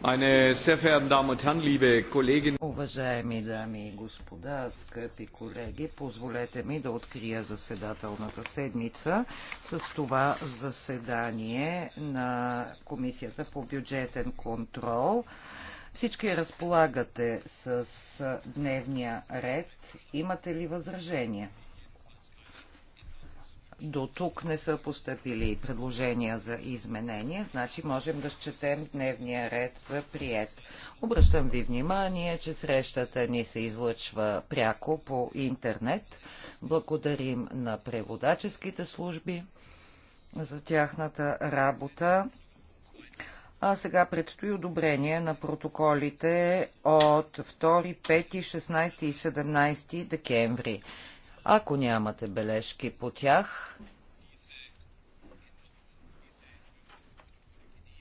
Meine sehr verehrten Damen und Herren, liebe Kolleginnen. Уважаеми дами и господа, скъпи колеги, позволете ми да открия заседателната седмица с това заседание на Комисията по бюджетен контрол. Всички разполагате с дневния ред. Имате ли възражения? До тук не са поступили предложения за изменения, значи можем да счетем дневния ред за прият. Обръщам ви внимание, че срещата ни се излъчва пряко по интернет. Благодарим на преводаческите служби за тяхната работа. А сега предстои одобрение на протоколите от 2, 5, 16 и 17 декември. Ако нямате бележки по тях,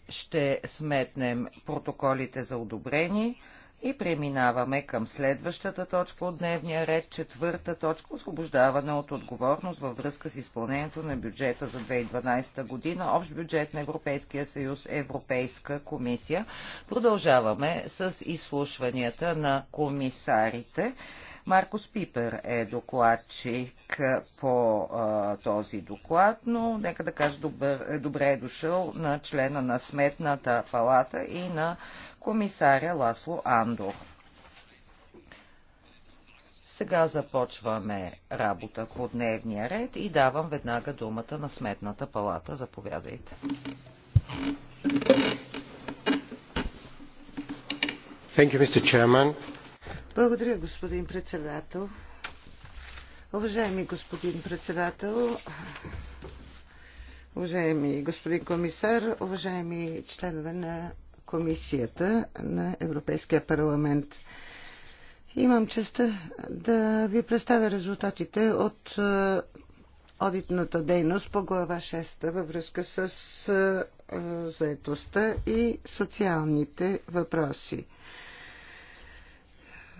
ще сметнем протоколите за одобрени. И преминаваме към следващата точка от дневния ред, четвърта точка – освобождаване от отговорност във връзка с изпълнението на бюджета за 2012 година, общ бюджет на Европейския съюз, Европейска комисия. Продължаваме с изслушванията на комисарите. Маркус Пипер е докладчик по а, този доклад, но нека да кажа добър, добре е дошъл на члена на Сметната палата и на комисаря Ласло Андор. Сега започваме работа по дневния ред и давам веднага думата на Сметната палата. Заповядайте. Thank you, Mr. Chairman. Благодаря, господин председател. Уважаеми господин председател, уважаеми господин комисар, уважаеми членове на комисията на Европейския парламент. Имам честа да ви представя резултатите от е, одитната дейност по глава 6 във връзка с е, заетостта и социалните въпроси.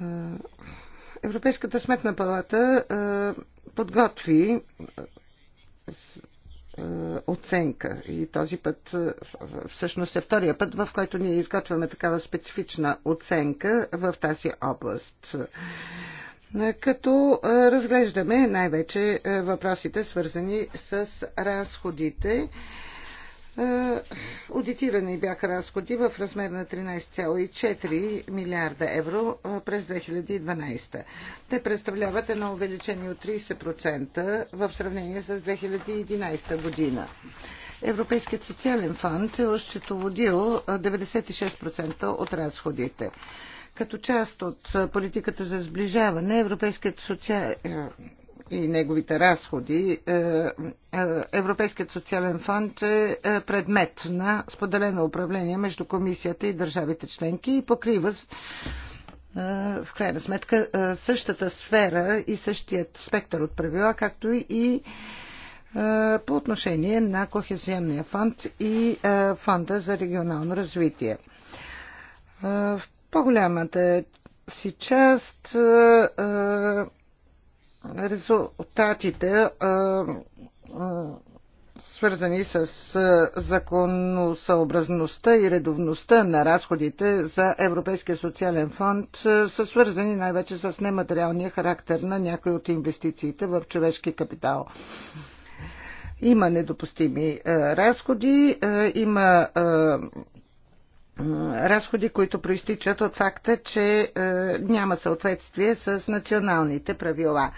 Е, Европейската сметна палата подготви е, оценка. И този път е, всъщност е втория път, в който ние изготвяме такава специфична оценка в тази област. Е, като разглеждаме най-вече въпросите свързани с разходите е, аудитирани бяха разходи в размер на 13,4 милиарда евро е, през 2012. Те представляват едно увеличение от 30% в сравнение с 2011 година. Европейският социален фонд е осчетоводил 96% е, от разходите. Като част от политиката за сближаване, Европейският социален и неговите разходи. Е, е, Европейският социален фонд е, е предмет на споделено управление между комисията и държавите членки и покрива в крайна сметка същата сфера и същият спектър от правила, както и по отношение на Кохезионния фонд и фонда за регионално развитие. В по-голямата си част резултатите, свързани с законосъобразността и редовността на разходите за Европейския социален фонд, са свързани най-вече с нематериалния характер на някои от инвестициите в човешки капитал. Има недопустими разходи, има разходи, които проистичат от факта, че е, няма съответствие с националните правила.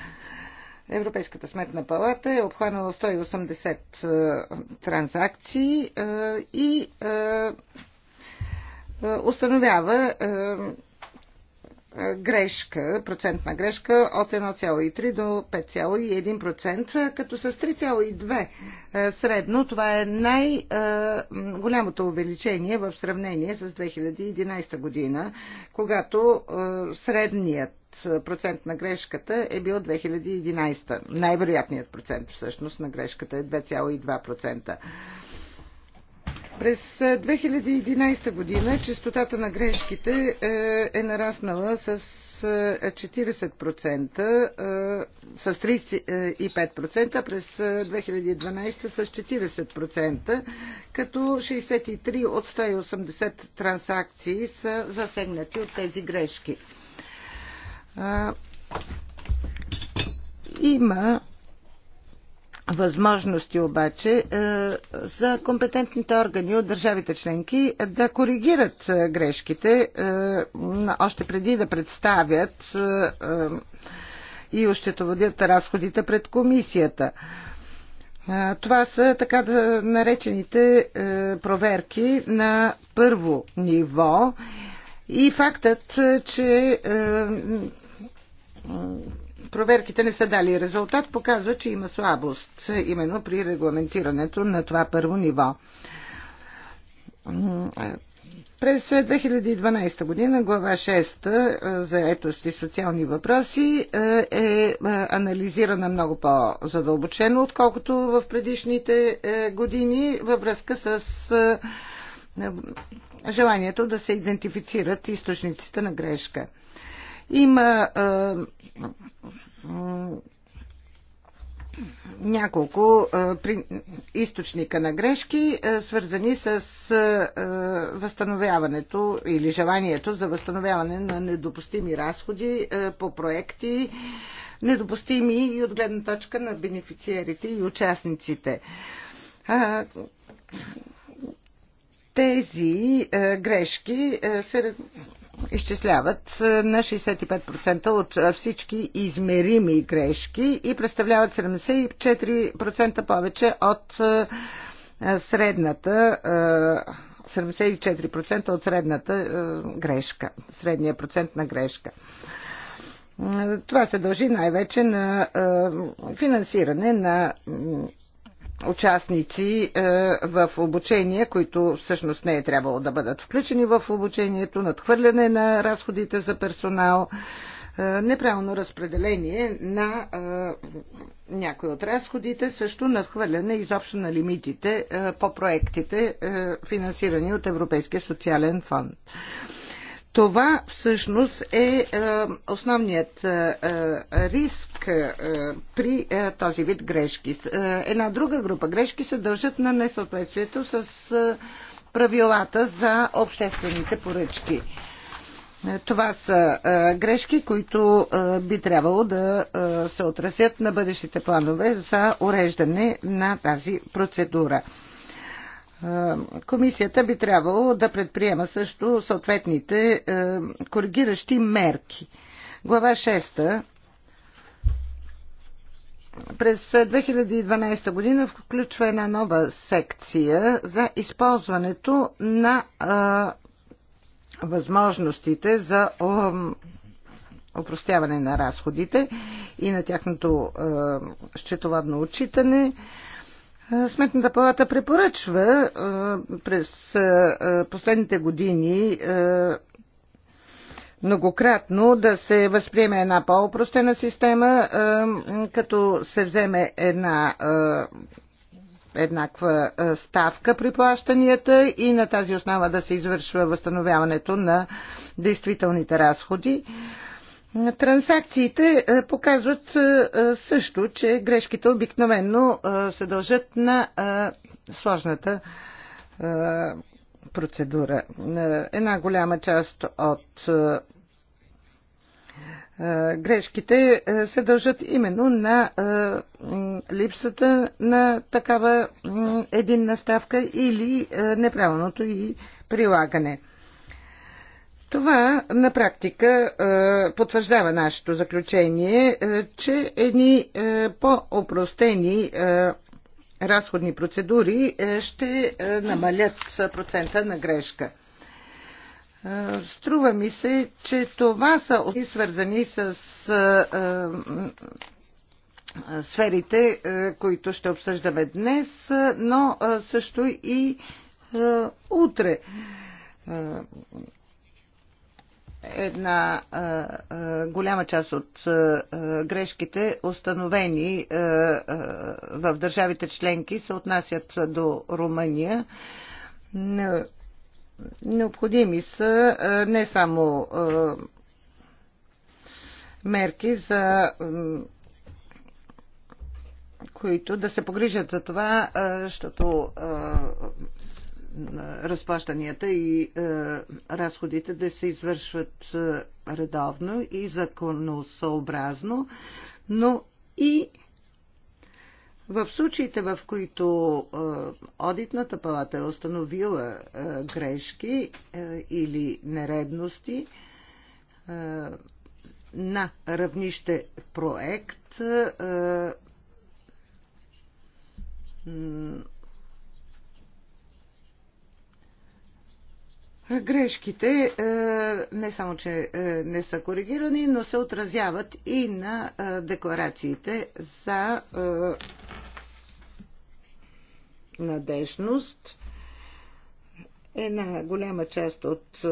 Европейската сметна палата е обхванала 180 е, транзакции е, и установява грешка, процентна грешка от 1,3 до 5,1%, като с 3,2 е, средно това е най-голямото увеличение в сравнение с 2011 година, когато е, средният процент на грешката е бил 2011. Най-вероятният процент всъщност на грешката е 2,2%. През 2011 е, година частотата на грешките е, е нараснала с 40%, е, с 35%, през 2012 с 40%, като 63 от 180 трансакции са засегнати от тези грешки. Има възможности обаче е, за компетентните органи от държавите членки да коригират е, грешките е, още преди да представят и ощетоводят разходите пред комисията. Това са така да наречените проверки на първо ниво и фактът, че проверките не са дали резултат, показва, че има слабост именно при регламентирането на това първо ниво. През 2012 година глава 6 е, за етост и социални въпроси е, е, е анализирана много по-задълбочено, отколкото в предишните години във връзка с желанието да се идентифицират източниците на грешка. Има няколко източника на грешки, свързани с възстановяването или желанието за възстановяване на недопустими разходи по проекти, недопустими и от гледна точка на бенефициерите и участниците тези е, грешки е, се изчисляват е, на 65% от всички измерими грешки и представляват 74% повече от средната 74% от средната грешка, средния процент на грешка. Това се дължи най-вече на финансиране на участници е, в обучение, които всъщност не е трябвало да бъдат включени в обучението, надхвърляне на разходите за персонал, е, неправилно разпределение на е, някои от разходите, също надхвърляне изобщо на лимитите по проектите, финансирани от Европейския социален фонд. Това всъщност е, е основният е, е, риск при този вид грешки. Една друга група грешки се дължат на несъответствието с правилата за обществените поръчки. Това са грешки, които би трябвало да се отразят на бъдещите планове за уреждане на тази процедура. Комисията би трябвало да предприема също съответните коригиращи мерки. Глава 6 през 2012 година включва една нова секция за използването на а, възможностите за опростяване на разходите и на тяхното а, счетоводно отчитане. А, е, Сметната палата препоръчва е, през е, последните години многократно да се възприеме една по-опростена система, като се вземе една еднаква ставка при плащанията и на тази основа да се извършва възстановяването на действителните разходи. Трансакциите е, показват е, е, също, че грешките обикновенно се дължат на сложната процедура. Една голяма част от грешките се дължат именно на липсата на такава единна ставка или неправилното и прилагане. Това на практика е, потвърждава нашето заключение, е, че едни е, по-опростени разходни процедури ще намалят процента на грешка. Струва ми се, че това са свързани с сферите, които ще обсъждаме днес, но също и утре една а, а, голяма част от а, грешките, установени а, а, в държавите членки, се отнасят до Румъния. Необходими са а, не само а, мерки за които да се погрижат за това, защото разплащанията и е, разходите да се извършват е, редовно и законосъобразно, но и в случаите, в които е, одитната палата е установила грешки или нередности на равнище проект, Грешките е, не само, че е, не са коригирани, но се отразяват и на е, декларациите за надежност. Една голяма част от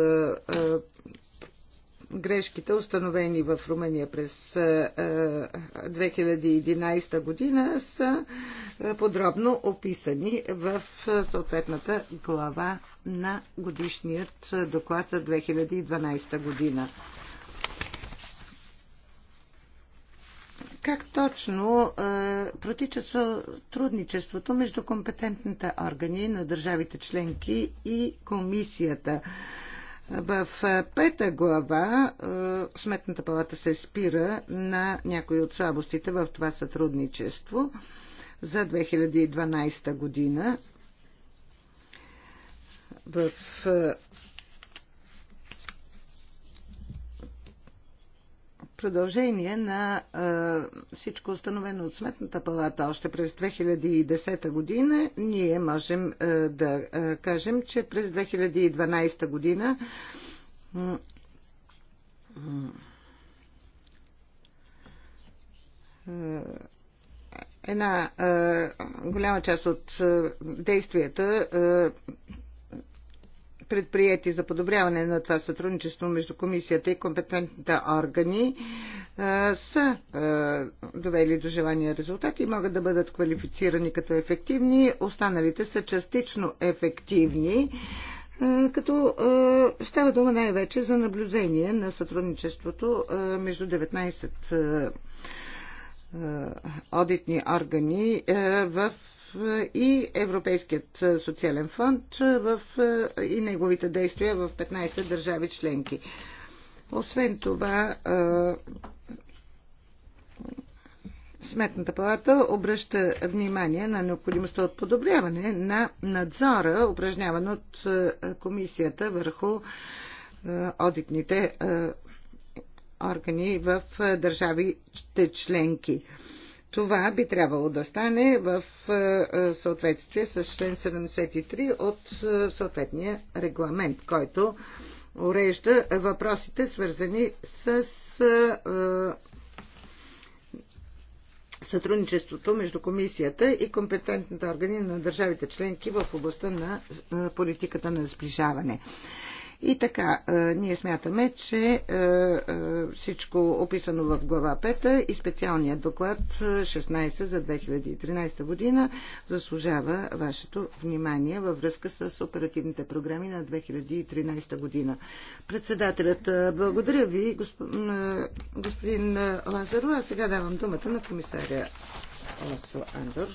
грешките, установени в Румъния през 2011 година, са подробно описани в съответната глава на годишният доклад за 2012 година. Как точно е, протича сътрудничеството между компетентните органи на държавите членки и комисията? В пета глава Сметната палата се спира на някои от слабостите в това сътрудничество за 2012 година. В продължение на а, всичко установено от Сметната палата още през 2010 година, ние можем а, да а, кажем, че през 2012 година една голяма част от действията предприяти за подобряване на това сътрудничество между комисията и компетентните органи са довели до желания резултат и могат да бъдат квалифицирани като ефективни. Останалите са частично ефективни, като става дума най-вече за наблюдение на сътрудничеството между 19 одитни органи в и Европейският социален фонд в, и неговите действия в 15 държави членки. Освен това, Сметната палата обръща внимание на необходимостта от подобряване на надзора, упражняван от комисията върху одитните органи в държавите членки. Това би трябвало да стане в е, е, съответствие с член 73 от е, съответния регламент, който урежда въпросите, свързани с сътрудничеството между комисията и компетентните органи на държавите членки в областта на политиката на сближаване. И така, е, ние смятаме, че е, е, всичко описано в глава 5 и специалният доклад 16 за 2013 година заслужава вашето внимание във връзка с оперативните програми на 2013 година. Председателят, благодаря ви, господин Лазаро, а сега давам думата на комисаря Ласо Андор,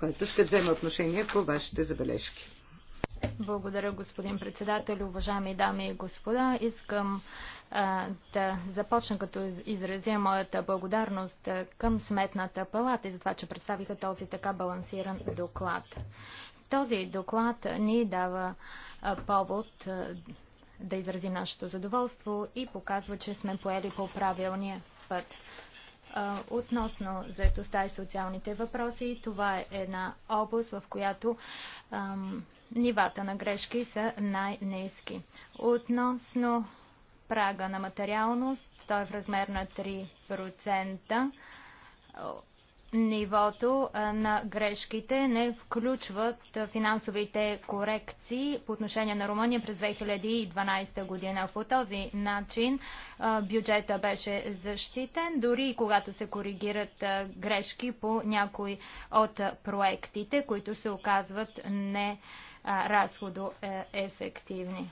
който ще вземе отношение по вашите забележки. Благодаря, господин председател. Уважаеми дами и господа, искам а, да започна като изразя моята благодарност към Сметната палата и за това, че представиха този така балансиран доклад. Този доклад ни дава а, повод а, да изрази нашето задоволство и показва, че сме поели по правилния път. Относно заедостта и социалните въпроси, това е една област, в която нивата на грешки са най-низки. Относно прага на материалност, той е в размер на 3% нивото на грешките не включват финансовите корекции по отношение на Румъния през 2012 година. По този начин бюджета беше защитен, дори когато се коригират грешки по някои от проектите, които се оказват не разходоефективни.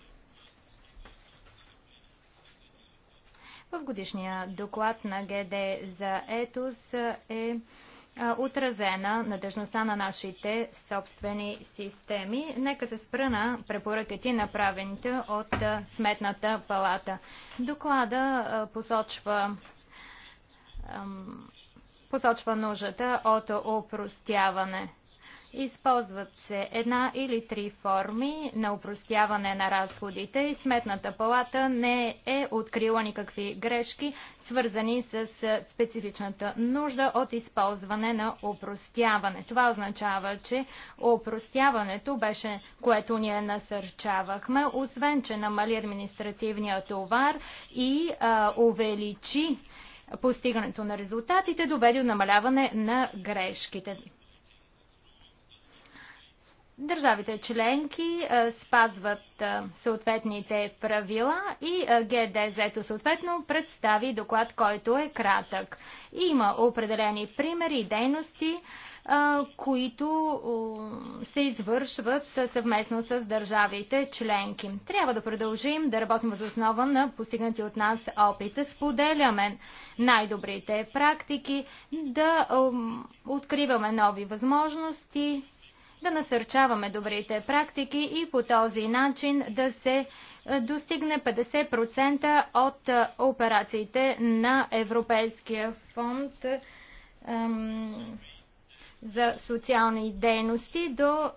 В годишния доклад на ГД за ЕТОС е отразена надежността на нашите собствени системи. Нека се спра на препоръките, направените от Сметната палата. Доклада посочва посочва нуждата от опростяване. Използват се една или три форми на упростяване на разходите и Сметната палата не е открила никакви грешки, свързани с е, специфичната нужда от използване на упростяване. Това означава, че упростяването беше, което ние насърчавахме, освен, че намали административния товар и а, е, увеличи постигането на резултатите, доведе до намаляване на грешките. Държавите членки е, спазват е, съответните правила и е, гдз съответно представи доклад, който е кратък. Има определени примери и дейности, които се извършват съвместно с държавите членки. Трябва да продължим да работим за основа на постигнати от нас опита. Споделяме най-добрите практики, да откриваме нови възможности, да насърчаваме добрите практики и по този начин да се е, достигне 50% от е, операциите на Европейския фонд ем, за социални дейности до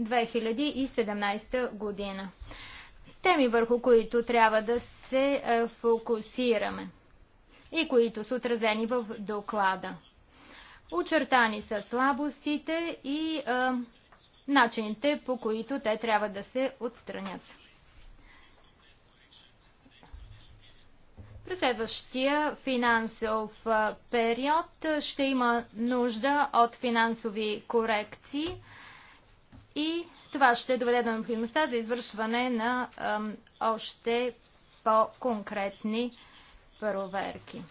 2017 година. Теми върху които трябва да се е, фокусираме и които са отразени в доклада. Очертани са слабостите и а, начините по които те трябва да се отстранят. През следващия финансов период ще има нужда от финансови корекции и това ще доведе до необходимостта за извършване на а, още по-конкретни проверки.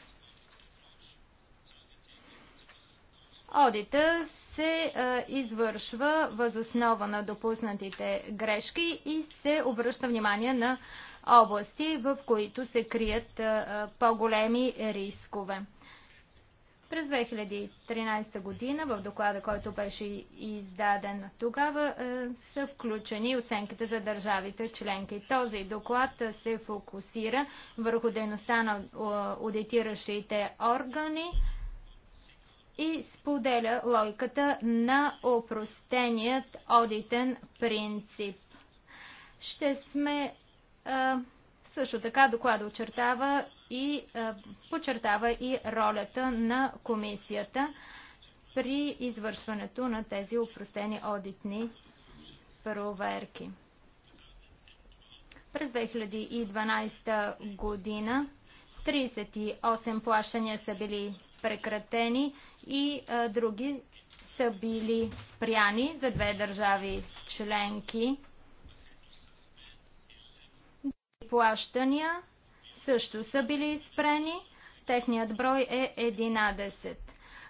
Одита се а, извършва възоснова на допуснатите грешки и се обръща внимание на области, в които се крият по-големи рискове. През 2013 година в доклада, който беше издаден тогава, са включени оценките за държавите членки. Този доклад се фокусира върху дейността на аудитиращите органи, и споделя логиката на опростеният одитен принцип. Ще сме а, също така доклада очертава и а, подчертава и ролята на комисията при извършването на тези опростени одитни проверки. През 2012 година 38 плащания са били прекратени и а, други са били спряни за две държави членки. Плащания също са били спрени. Техният брой е 11.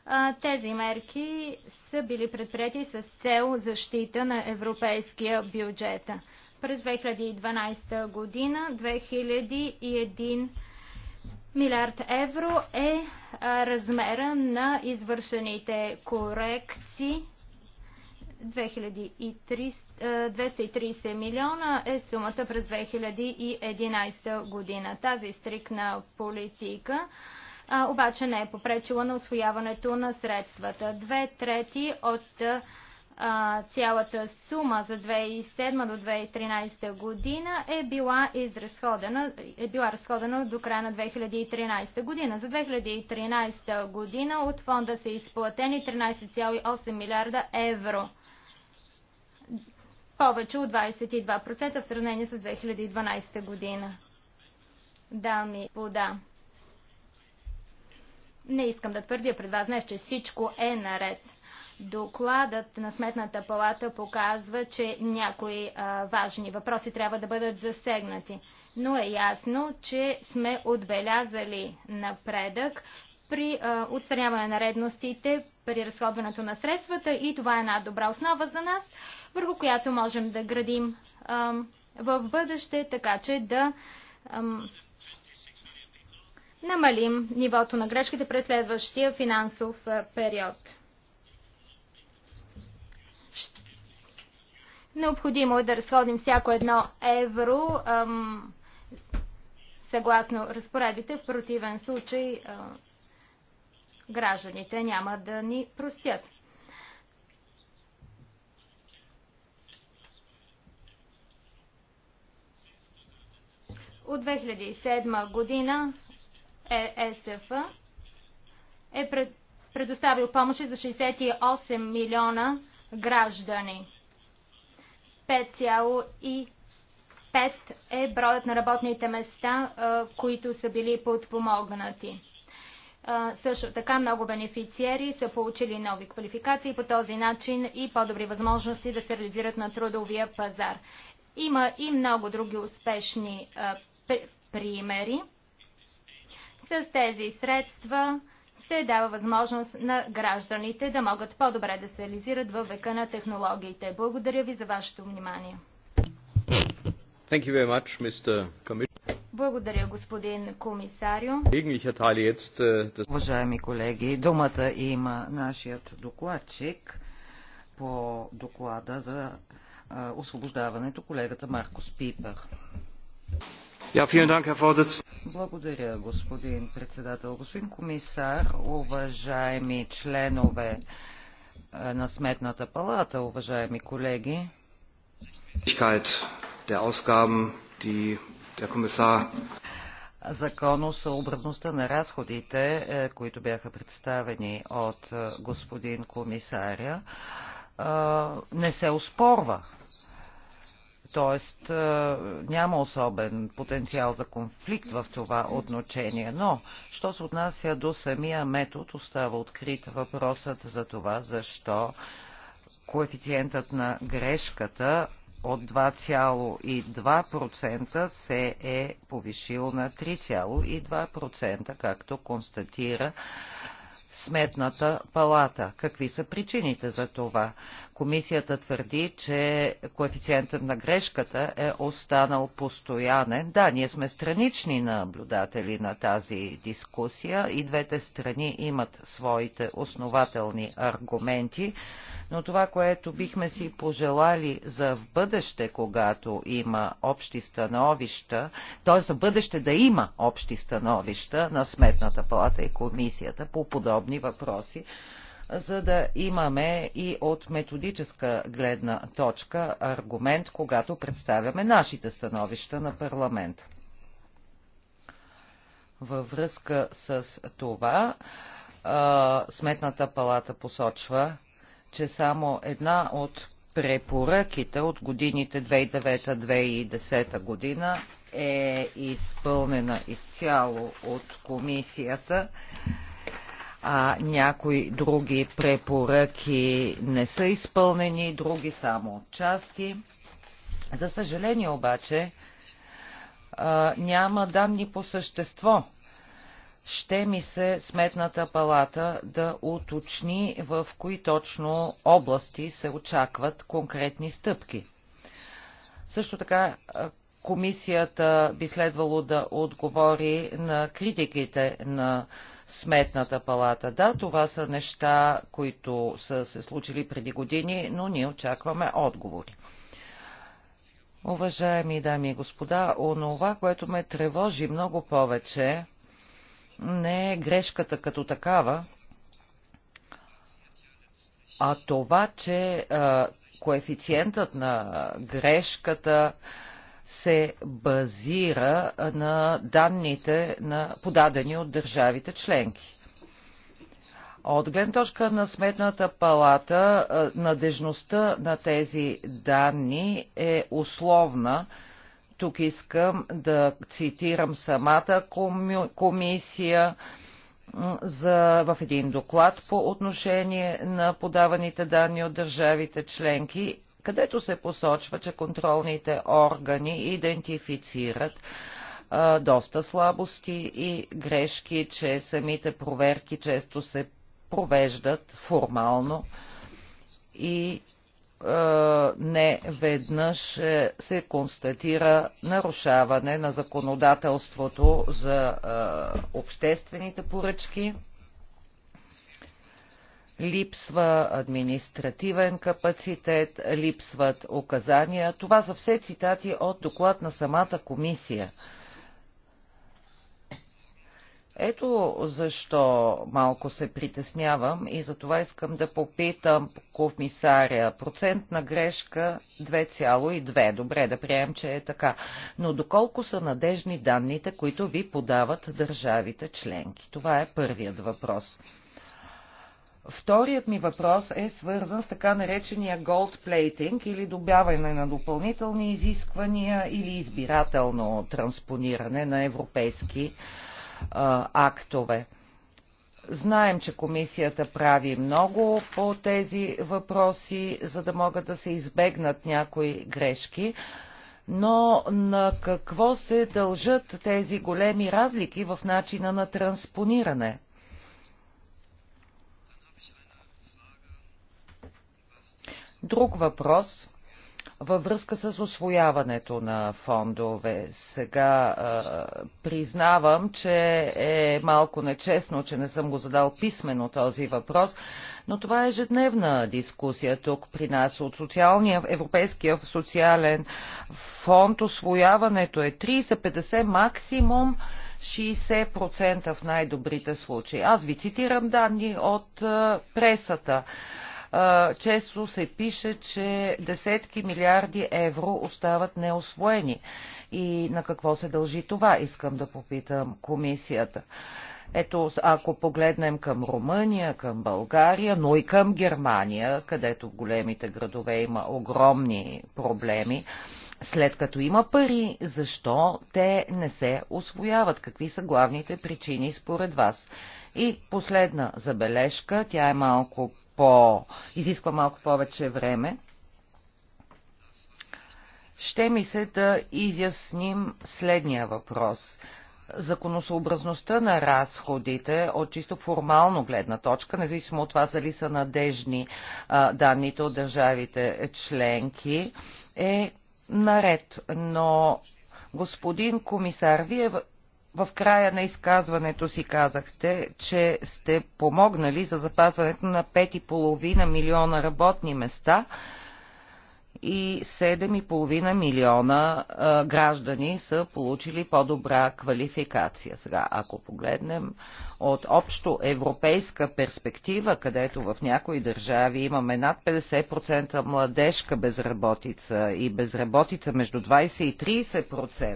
А, тези мерки са били предприяти с цел защита на европейския бюджет. През 2012 година 2001 Милиард евро е размера на извършените корекции. 230 милиона е сумата през 2011 година. Тази стрикна политика обаче не е попречила на освояването на средствата. Две трети от а, цялата сума за 2007 до 2013 година е била изразходена, е била разходена до края на 2013 година. За 2013 година от фонда са изплатени 13,8 милиарда евро. Повече от 22% в сравнение с 2012 година. Дами и вода. Не искам да твърдя пред вас днес, че всичко е наред Докладът на Сметната палата показва, че някои а, важни въпроси трябва да бъдат засегнати. Но е ясно, че сме отбелязали напредък при а, отстраняване на редностите, при разходването на средствата и това е една добра основа за нас, върху която можем да градим а, в бъдеще, така че да намалим нивото на грешките през следващия финансов период. Необходимо е да разходим всяко едно евро ам, съгласно разпоредбите. В противен случай ам, гражданите няма да ни простят. От 2007 година ЕСФ е, е, е предоставил помощи за 68 милиона граждани. 5,5 е броят на работните места, които са били подпомогнати. Също така много бенефициери са получили нови квалификации по този начин и по-добри възможности да се реализират на трудовия пазар. Има и много други успешни примери. С тези средства се дава възможност на гражданите да могат по-добре да се реализират във века на технологиите. Благодаря ви за вашето внимание. Thank you very much, Mr. Благодаря, господин комисарио. Äh, Уважаеми колеги, думата има нашият докладчик по доклада за освобождаването, колегата Маркос Пипер. Благодаря, господин председател. Господин комисар, уважаеми членове е, на Сметната палата, уважаеми колеги. Законосъобразността на разходите, е, които бяха представени от е, господин комисаря, не се оспорва Тоест е, няма особен потенциал за конфликт в това отношение, но що се отнася до самия метод, остава открит въпросът за това, защо коефициентът на грешката от 2,2% се е повишил на 3,2%, както констатира Сметната палата. Какви са причините за това? Комисията твърди, че коефициентът на грешката е останал постоянен. Да, ние сме странични наблюдатели на тази дискусия и двете страни имат своите основателни аргументи, но това, което бихме си пожелали за в бъдеще, когато има общи становища, т.е. за бъдеще да има общи становища на Сметната палата и комисията по подобни въпроси, за да имаме и от методическа гледна точка аргумент, когато представяме нашите становища на парламент. Във връзка с това, Сметната палата посочва, че само една от препоръките от годините 2009-2010 година е изпълнена изцяло от комисията а някои други препоръки не са изпълнени, други само части. За съжаление обаче няма данни по същество. Ще ми се Сметната палата да уточни в кои точно области се очакват конкретни стъпки. Също така комисията би следвало да отговори на критиките на Сметната палата. Да, това са неща, които са се случили преди години, но ние очакваме отговори. Уважаеми дами и господа, онова, което ме тревожи много повече, не е грешката като такава, а това, че а, коефициентът на грешката а, се базира на данните на подадени от държавите членки. От гледна точка на Сметната палата, надежността на тези данни е условна. Тук искам да цитирам самата комисия за, в един доклад по отношение на подаваните данни от държавите членки където се посочва, че контролните органи идентифицират а, доста слабости и грешки, че самите проверки често се провеждат формално и не веднъж е, се констатира нарушаване на законодателството за обществените поръчки липсва административен капацитет, липсват указания. Това са все цитати от доклад на самата комисия. Ето защо малко се притеснявам и за това искам да попитам комисаря. Процент на грешка 2,2. Добре, да приемем, че е така. Но доколко са надежни данните, които ви подават държавите членки? Това е първият въпрос. Вторият ми въпрос е свързан с така наречения gold plating или добяване на допълнителни изисквания или избирателно транспониране на европейски а, актове. Знаем, че комисията прави много по тези въпроси, за да могат да се избегнат някои грешки, но на какво се дължат тези големи разлики в начина на транспониране? Друг въпрос във връзка с освояването на фондове. Сега а, признавам, че е малко нечестно, че не съм го задал писменно този въпрос, но това е ежедневна дискусия тук при нас. От социалния, Европейския социален фонд освояването е 30-50 максимум. 60% в най-добрите случаи. Аз ви цитирам данни от пресата често се пише, че десетки милиарди евро остават неосвоени. И на какво се дължи това, искам да попитам комисията. Ето, ако погледнем към Румъния, към България, но и към Германия, където в големите градове има огромни проблеми, след като има пари, защо те не се освояват? Какви са главните причини според вас? И последна забележка, тя е малко по... изисква малко повече време. Ще ми се да изясним следния въпрос. Законосъобразността на разходите от чисто формално гледна точка, независимо от това дали са надежни а, данните от държавите членки, е наред. Но, господин комисар, вие в края на изказването си казахте, че сте помогнали за запазването на 5,5 милиона работни места и 7,5 милиона а, граждани са получили по-добра квалификация. Сега, ако погледнем от общо европейска перспектива, където в някои държави имаме над 50% младежка безработица и безработица между 20 и 30%,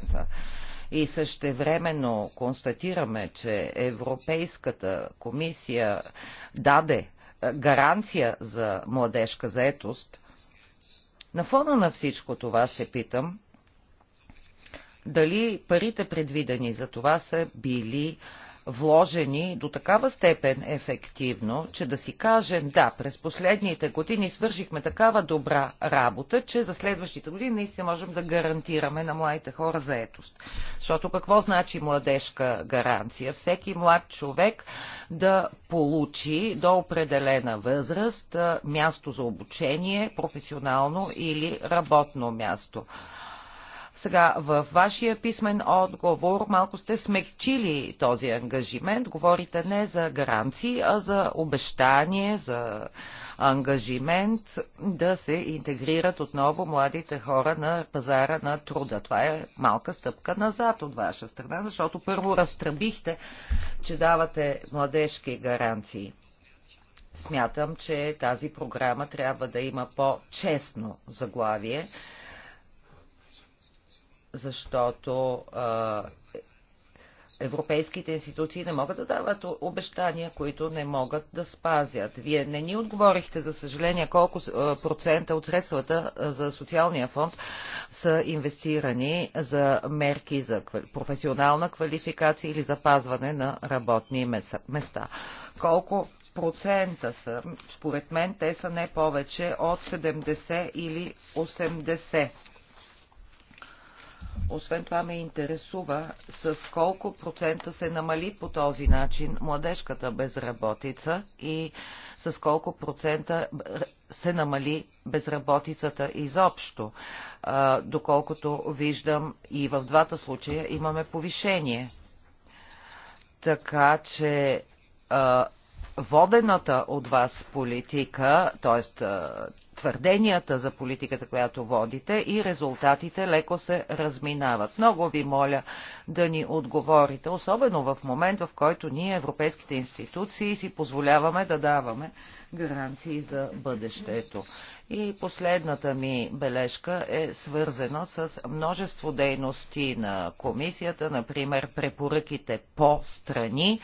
и същевременно констатираме, че Европейската комисия даде е, гаранция за младежка заетост, на фона на всичко това се питам, дали парите предвидени за това са били вложени до такава степен ефективно, че да си кажем, да, през последните години свършихме такава добра работа, че за следващите години наистина можем да гарантираме на младите хора заетост. Защото какво значи младежка гаранция? Всеки млад човек да получи до определена възраст място за обучение, професионално или работно място. Сега в вашия писмен отговор малко сте смекчили този ангажимент. Говорите не за гаранции, а за обещание, за ангажимент да се интегрират отново младите хора на пазара на труда. Това е малка стъпка назад от ваша страна, защото първо разтръбихте, че давате младежки гаранции. Смятам, че тази програма трябва да има по-честно заглавие защото а, европейските институции не могат да дават обещания, които не могат да спазят. Вие не ни отговорихте, за съжаление, колко процента от средствата за социалния фонд са инвестирани за мерки за професионална квалификация или запазване на работни места. Колко процента са? Според мен те са не повече от 70 или 80 освен това ме интересува с колко процента се намали по този начин младежката безработица и с колко процента се намали безработицата изобщо. Доколкото виждам и в двата случая имаме повишение. Така че водената от вас политика, т.е твърденията за политиката, която водите и резултатите леко се разминават. Много ви моля да ни отговорите, особено в момент, в който ние, европейските институции, си позволяваме да даваме гаранции за бъдещето. И последната ми бележка е свързана с множество дейности на комисията, например препоръките по страни,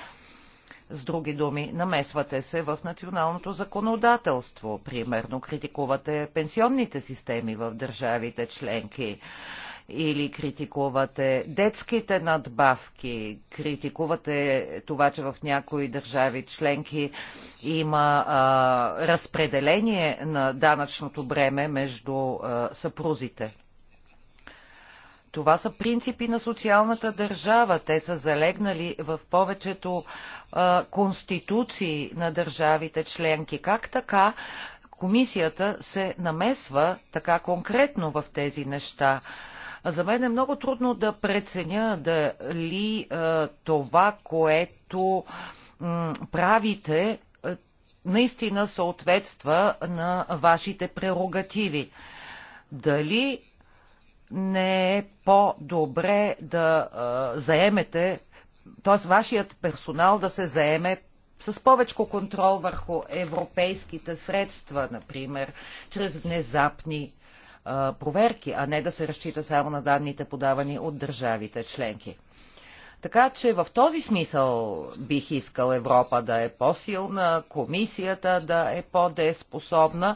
с други думи, намесвате се в националното законодателство, примерно критикувате пенсионните системи в държавите членки или критикувате детските надбавки, критикувате това, че в някои държави членки има а, разпределение на данъчното бреме между а, съпрузите. Това са принципи на социалната държава. Те са залегнали в повечето а, конституции на държавите членки. Как така комисията се намесва така конкретно в тези неща? За мен е много трудно да преценя дали а, това, което м, правите, а, наистина съответства на вашите прерогативи. Дали не е по-добре да а, заемете, т.е. вашият персонал да се заеме с повече контрол върху европейските средства, например, чрез внезапни а, проверки, а не да се разчита само на данните подавани от държавите членки. Така че в този смисъл бих искал Европа да е по-силна, комисията да е по деспособна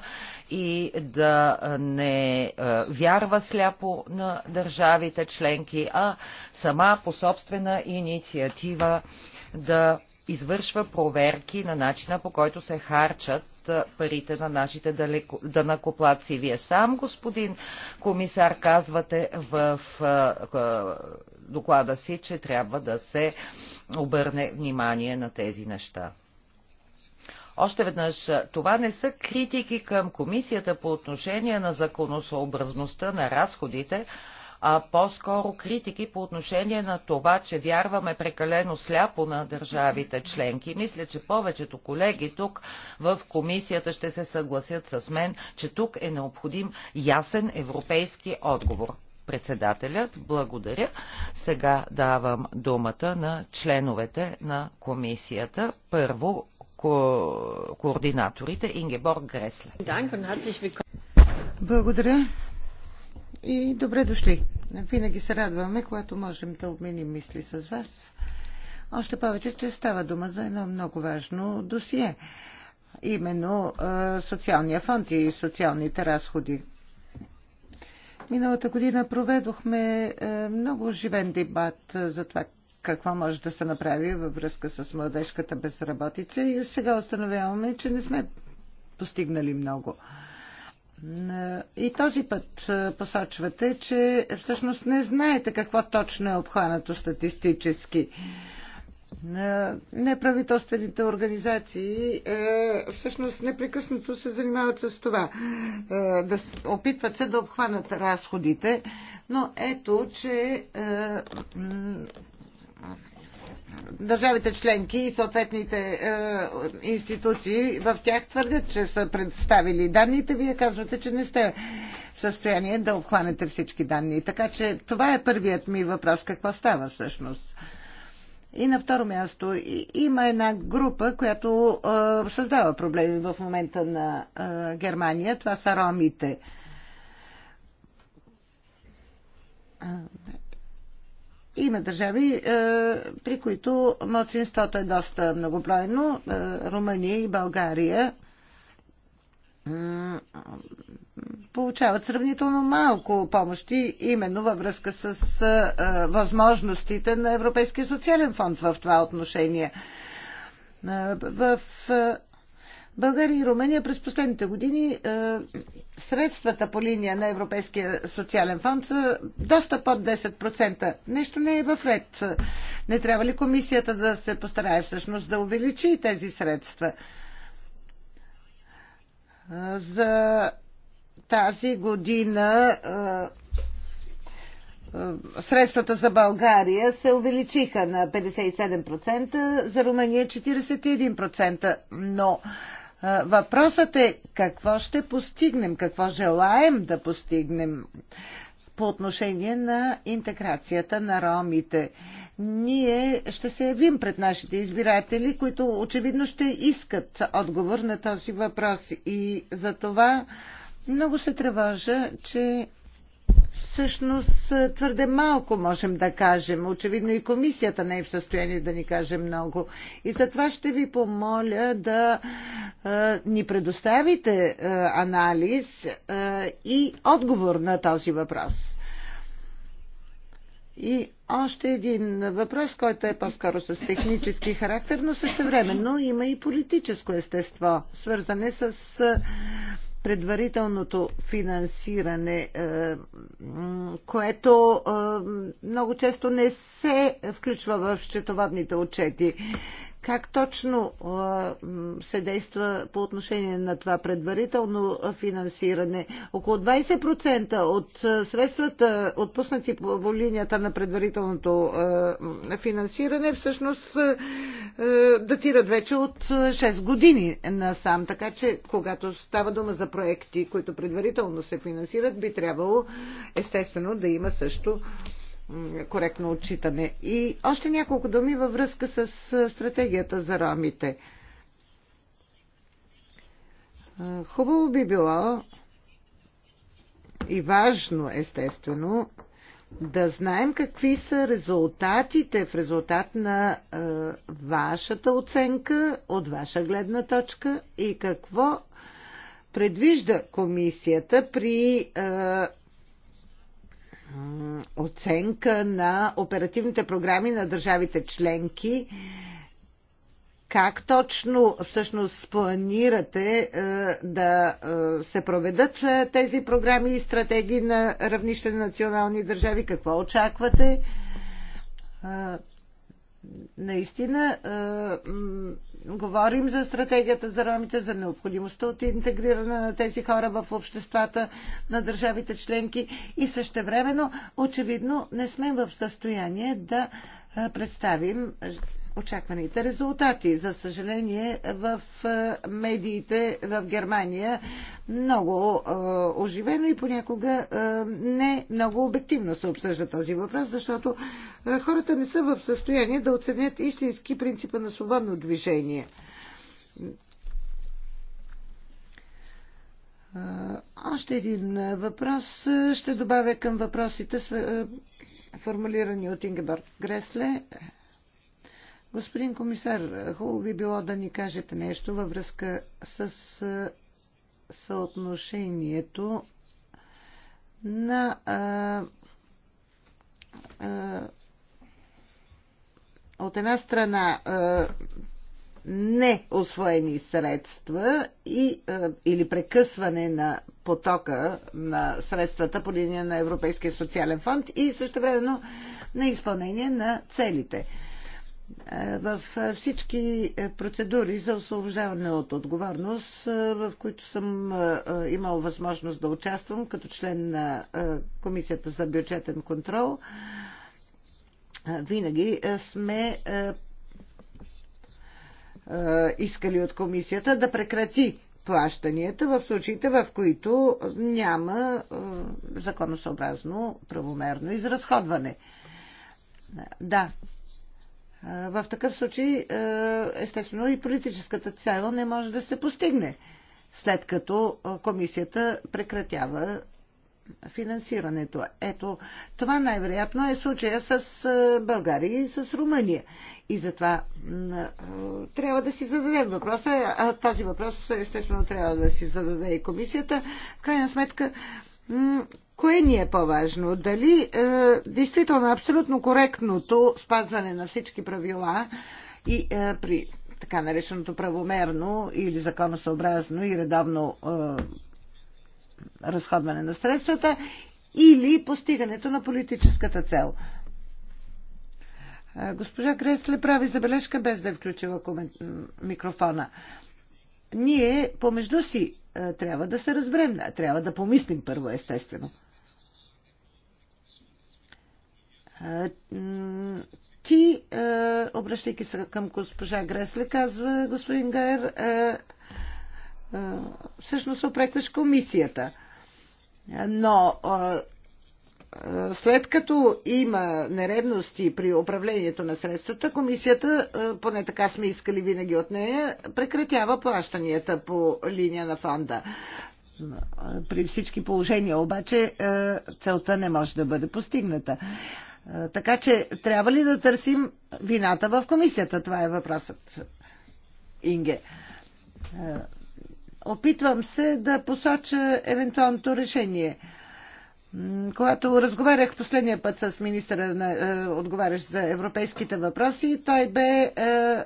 и да не е, вярва сляпо на държавите членки, а сама по собствена инициатива да извършва проверки на начина по който се харчат е, парите на нашите данакоплаци. Вие сам, господин комисар, казвате в е, доклада си, че трябва да се обърне внимание на тези неща. Още веднъж, това не са критики към комисията по отношение на законосъобразността на разходите, а по-скоро критики по отношение на това, че вярваме прекалено сляпо на държавите членки. Мисля, че повечето колеги тук в комисията ще се съгласят с мен, че тук е необходим ясен европейски отговор. Председателят, благодаря. Сега давам думата на членовете на комисията. Първо ко- координаторите Ингеборг Гресле. Благодаря и добре дошли. Винаги се радваме, когато можем да обменим мисли с вас. Още повече, че става дума за едно много важно досие. Именно социалния фонд и социалните разходи. Миналата година проведохме е, много живен дебат е, за това какво може да се направи във връзка с младежката безработица и сега установяваме, че не сме постигнали много. Е, и този път посочвате, че всъщност не знаете какво точно е обхванато статистически. На, неправителствените организации е, всъщност непрекъснато се занимават с това. Е, да опитват се да обхванат разходите, но ето, че е, държавите членки и съответните е, институции в тях твърдят, че са представили данните. Вие казвате, че не сте в състояние да обхванете всички данни. Така че това е първият ми въпрос. Какво става всъщност? И на второ място има една група, която а, създава проблеми в момента на а, Германия. Това са ромите. Има държави, при които младсинството е доста многобройно. Румъния и България получават сравнително малко помощи, именно във връзка с възможностите на Европейския социален фонд в това отношение. В България и Румъния през последните години средствата по линия на Европейския социален фонд са доста под 10%. Нещо не е в ред. Не трябва ли комисията да се постарае всъщност да увеличи тези средства? за тази година средствата за България се увеличиха на 57%, за Румъния 41%, но Въпросът е какво ще постигнем, какво желаем да постигнем по отношение на интеграцията на ромите. Ние ще се явим пред нашите избиратели, които очевидно ще искат отговор на този въпрос. И за това много се тревожа, че всъщност е, твърде малко можем да кажем. Очевидно и комисията не е в състояние да ни каже много. И затова ще ви помоля да е, ни предоставите е, анализ и отговор на този въпрос. И още един въпрос, който е по-скоро с технически характер, но също времено има и политическо естество, свързане с предварителното финансиране, е, което е, много често не се включва в счетоводните отчети. Как точно се действа по отношение на това предварително финансиране? Около 20% от средствата, отпуснати по линията на предварителното финансиране, всъщност датират вече от 6 години насам. Така че, когато става дума за проекти, които предварително се финансират, би трябвало естествено да има също коректно отчитане. И още няколко думи във връзка с стратегията за ромите. Хубаво би било и важно, естествено, да знаем какви са резултатите в резултат на е, вашата оценка от ваша гледна точка и какво предвижда комисията при е, оценка на оперативните програми на държавите членки. Как точно всъщност планирате е, да е, се проведат е, тези програми и стратегии на равнище на национални държави? Какво очаквате? наистина е, говорим за стратегията за ромите, за необходимостта от интегриране на тези хора в обществата на държавите членки и същевременно очевидно не сме в състояние да е, представим очакваните резултати. За съжаление, в е, медиите в Германия много е, оживено и понякога е, не много обективно се обсъжда този въпрос, защото хората не са в състояние да оценят истински принципа на свободно движение. Още един въпрос ще добавя към въпросите, формулирани от Ингеборг Гресле. Господин комисар, хубаво би било да ни кажете нещо във връзка с съотношението на а, а, от една страна а, неосвоени средства и, а, или прекъсване на потока на средствата по линия на Европейския социален фонд и също времено на изпълнение на целите. А, е, в е, всички е, процедури за освобождаване от отговорност, в които съм имал възможност да участвам като член на Комисията за бюджетен контрол, винаги сме искали от комисията да прекрати плащанията в случаите, в които няма законосъобразно правомерно изразходване. Да, в такъв случай, естествено, и политическата цел не може да се постигне, след като комисията прекратява финансирането. Ето, това най-вероятно е случая с България и с Румъния. И затова трябва да си зададем въпроса. А този въпрос, естествено, трябва да си зададе и комисията. В крайна сметка, Кое ни е по-важно? Дали е, действително е абсолютно коректното спазване на всички правила и е, при така нареченото правомерно или законосъобразно и редовно е, разходване на средствата или постигането на политическата цел? Е, госпожа Кресле прави забележка без да е включила микрофона. Ние помежду си е, трябва да се разберем, трябва да помислим първо, естествено. Ти, обръщайки се към госпожа Гресле, казва господин Гайер, всъщност опрекваш комисията. Но след като има нередности при управлението на средствата, комисията, поне така сме искали винаги от нея, прекратява плащанията по линия на фонда. При всички положения обаче целта не може да бъде постигната. Така че трябва ли да търсим вината в комисията? Това е въпросът. Инге. Опитвам се да посоча евентуалното решение. Когато разговарях последния път с министъра, на, е, отговарящ за европейските въпроси, той бе е,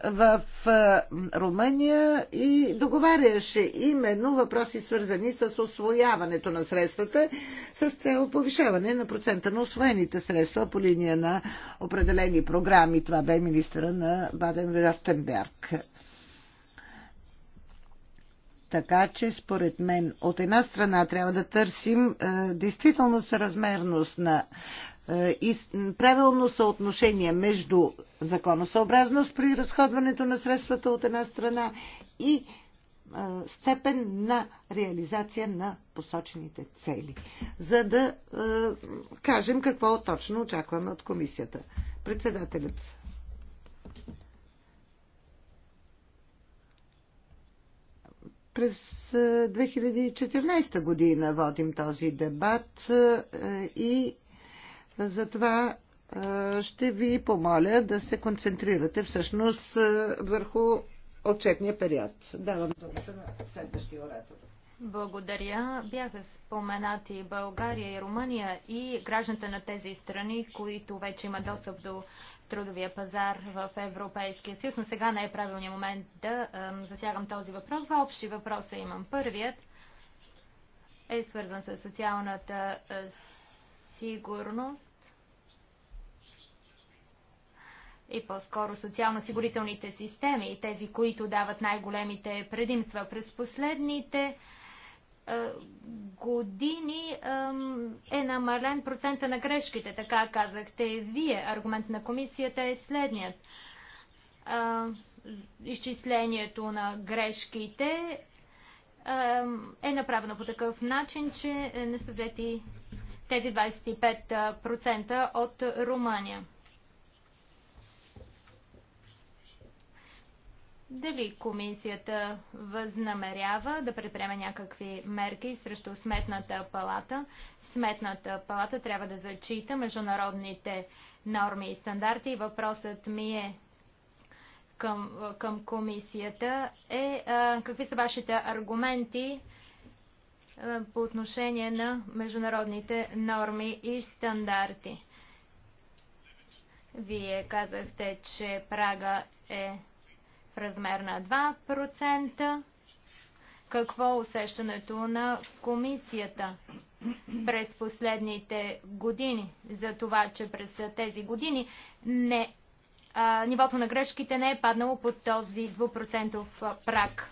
в е, Румъния и договаряше именно въпроси свързани с освояването на средствата с цел повишаване на процента на освоените средства по линия на определени програми. Това бе министъра на баден Вертенберг. Така че, според мен, от една страна трябва да търсим е, действително съразмерност на е, и правилно съотношение между законосъобразност при разходването на средствата от една страна и е, степен на реализация на посочените цели, за да е, кажем какво точно очакваме от комисията. Председателят. През 2014 е, година водим този дебат е, и затова е, ще ви помоля да се концентрирате всъщност върху отчетния период. Давам думата на следващия оратор. Благодаря. Бяха споменати България и Румъния и гражданите на тези страни, които вече имат достъп до трудовия пазар в Европейския съюз, но сега не е правилният момент да засягам този въпрос. Два общи въпроса имам. Първият е свързан с социалната сигурност и по-скоро социално-сигурителните системи, тези, които дават най-големите предимства. През последните е, години е намален процента на грешките, така казахте вие. Аргумент на комисията е следният. Изчислението на грешките е направено по такъв начин, че не са взети тези 25% от Румъния. Дали комисията възнамерява да предприеме някакви мерки срещу Сметната палата? Сметната палата трябва да зачита международните норми и стандарти. Въпросът ми е към, към комисията е а, какви са вашите аргументи а, по отношение на международните норми и стандарти? Вие казахте, че прага е размер на 2%. Какво е усещането на комисията през последните години за това, че през тези години не нивото на грешките не е паднало под този 2% прак.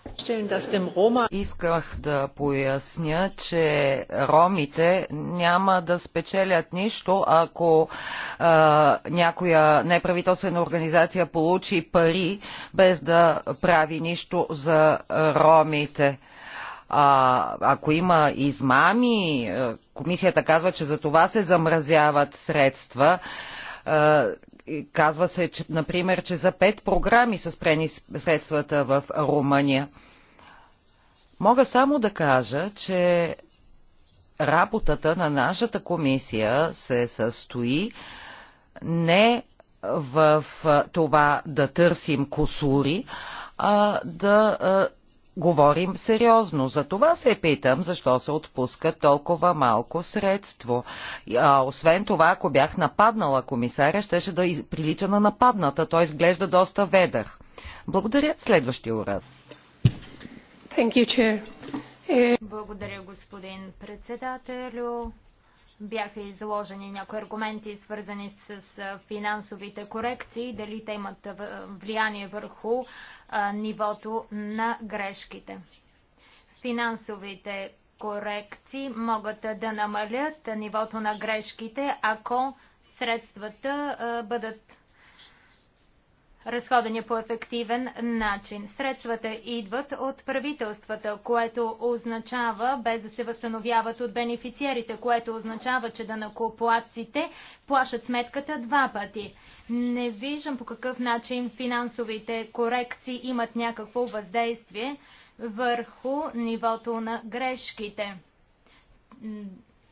Исках да поясня, че ромите няма да спечелят нищо, ако а, някоя неправителствена организация получи пари без да прави нищо за ромите а, ако има измами, комисията казва, че за това се замразяват средства. Казва се, че, например, че за пет програми са спрени средствата в Румъния. Мога само да кажа, че работата на нашата комисия се състои не в това да търсим косури, а да говорим сериозно. За това се питам, защо се отпуска толкова малко средство. А, освен това, ако бях нападнала комисаря, щеше да прилича на нападната. Той изглежда доста ведър. Благодаря. Следващия урад. Е, Благодаря, господин председателю. Бяха изложени някои аргументи, свързани с финансовите корекции, дали те имат влияние върху нивото на грешките. Финансовите корекции могат да намалят нивото на грешките, ако средствата бъдат разходени по ефективен начин. Средствата идват от правителствата, което означава без да се възстановяват от бенефициерите, което означава, че данакоплатците плашат сметката два пъти. Не виждам по какъв начин финансовите корекции имат някакво въздействие върху нивото на грешките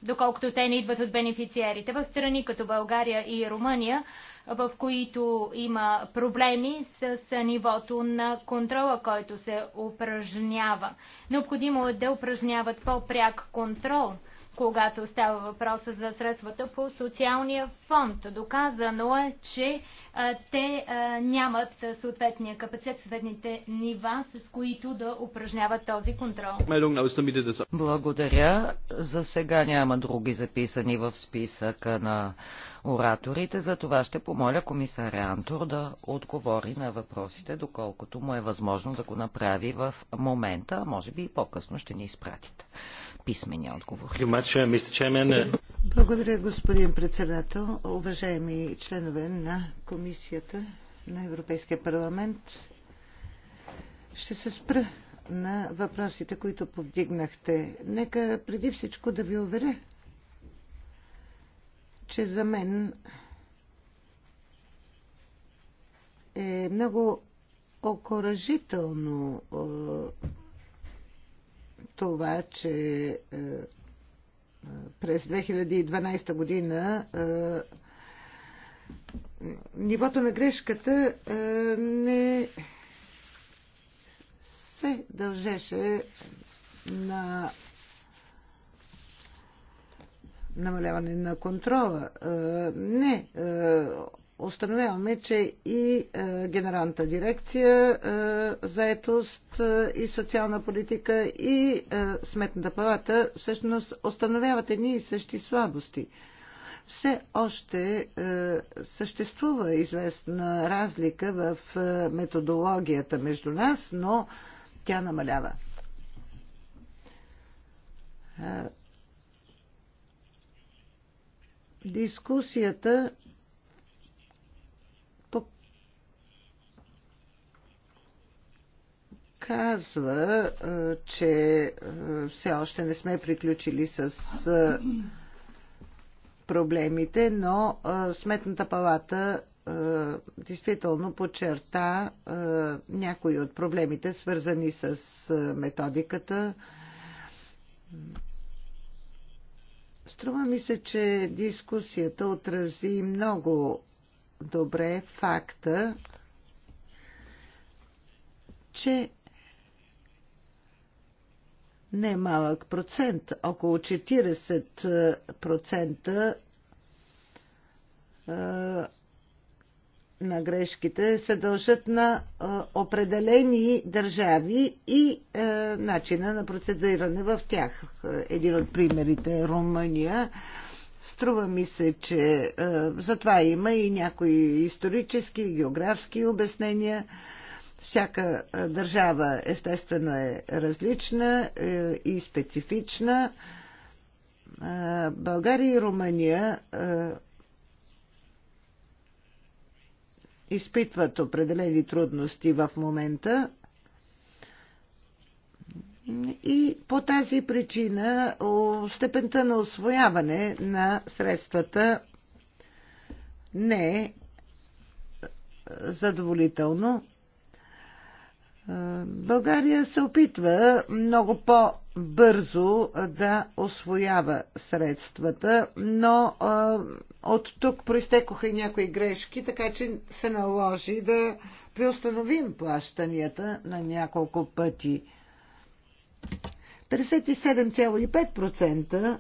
доколкото те не идват от бенефициерите. В страни като България и Румъния, в които има проблеми с, нивото на контрола, който се упражнява. Необходимо е да упражняват по-пряк контрол – когато става въпроса за средствата по социалния фонд. Доказано е, че а, те а, нямат съответния капацитет, съответните нива, с които да упражняват този контрол. Благодаря. За сега няма други записани в списъка на ораторите. За това ще помоля комисаря Антур да отговори на въпросите, доколкото му е възможно да го направи в момента, а може би и по-късно ще ни изпратите писмения отговор. Uh, uh, Благодаря, господин председател. Уважаеми членове на Комисията на Европейския парламент, ще се спра на въпросите, които повдигнахте. Нека преди всичко да ви уверя, че за мен е много окоръжително това, че е, е, през 2012 година е, нивото на грешката не се дължеше на намаляване на контрола. Не, установяваме, че и е, Генералната дирекция е, заетост е, и социална политика и Сметната палата всъщност установяват едни и същи слабости. Все още съществува известна разлика в методологията между нас, но тя намалява. Дискусията казва, че все още не сме приключили с проблемите, но Сметната палата действително подчерта някои от проблемите, свързани с методиката. Струва ми се, че дискусията отрази много добре факта, че не малък процент, около 40% на грешките се дължат на определени държави и начина на процедиране в тях. Един от примерите е Румъния. Струва ми се, че затова има и някои исторически и географски обяснения. Всяка държава естествено е различна е, и специфична. България и Румъния изпитват определени трудности в момента. И по тази причина степента на освояване на средствата не е задоволително. България се опитва много по-бързо да освоява средствата, но от тук проистекоха и някои грешки, така че се наложи да приостановим плащанията на няколко пъти. 57,5%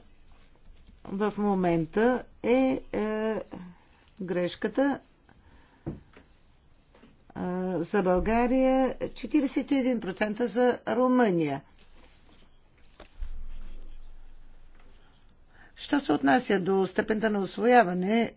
в момента е, е грешката за България, 41% за Румъния. Що се отнася до степента на освояване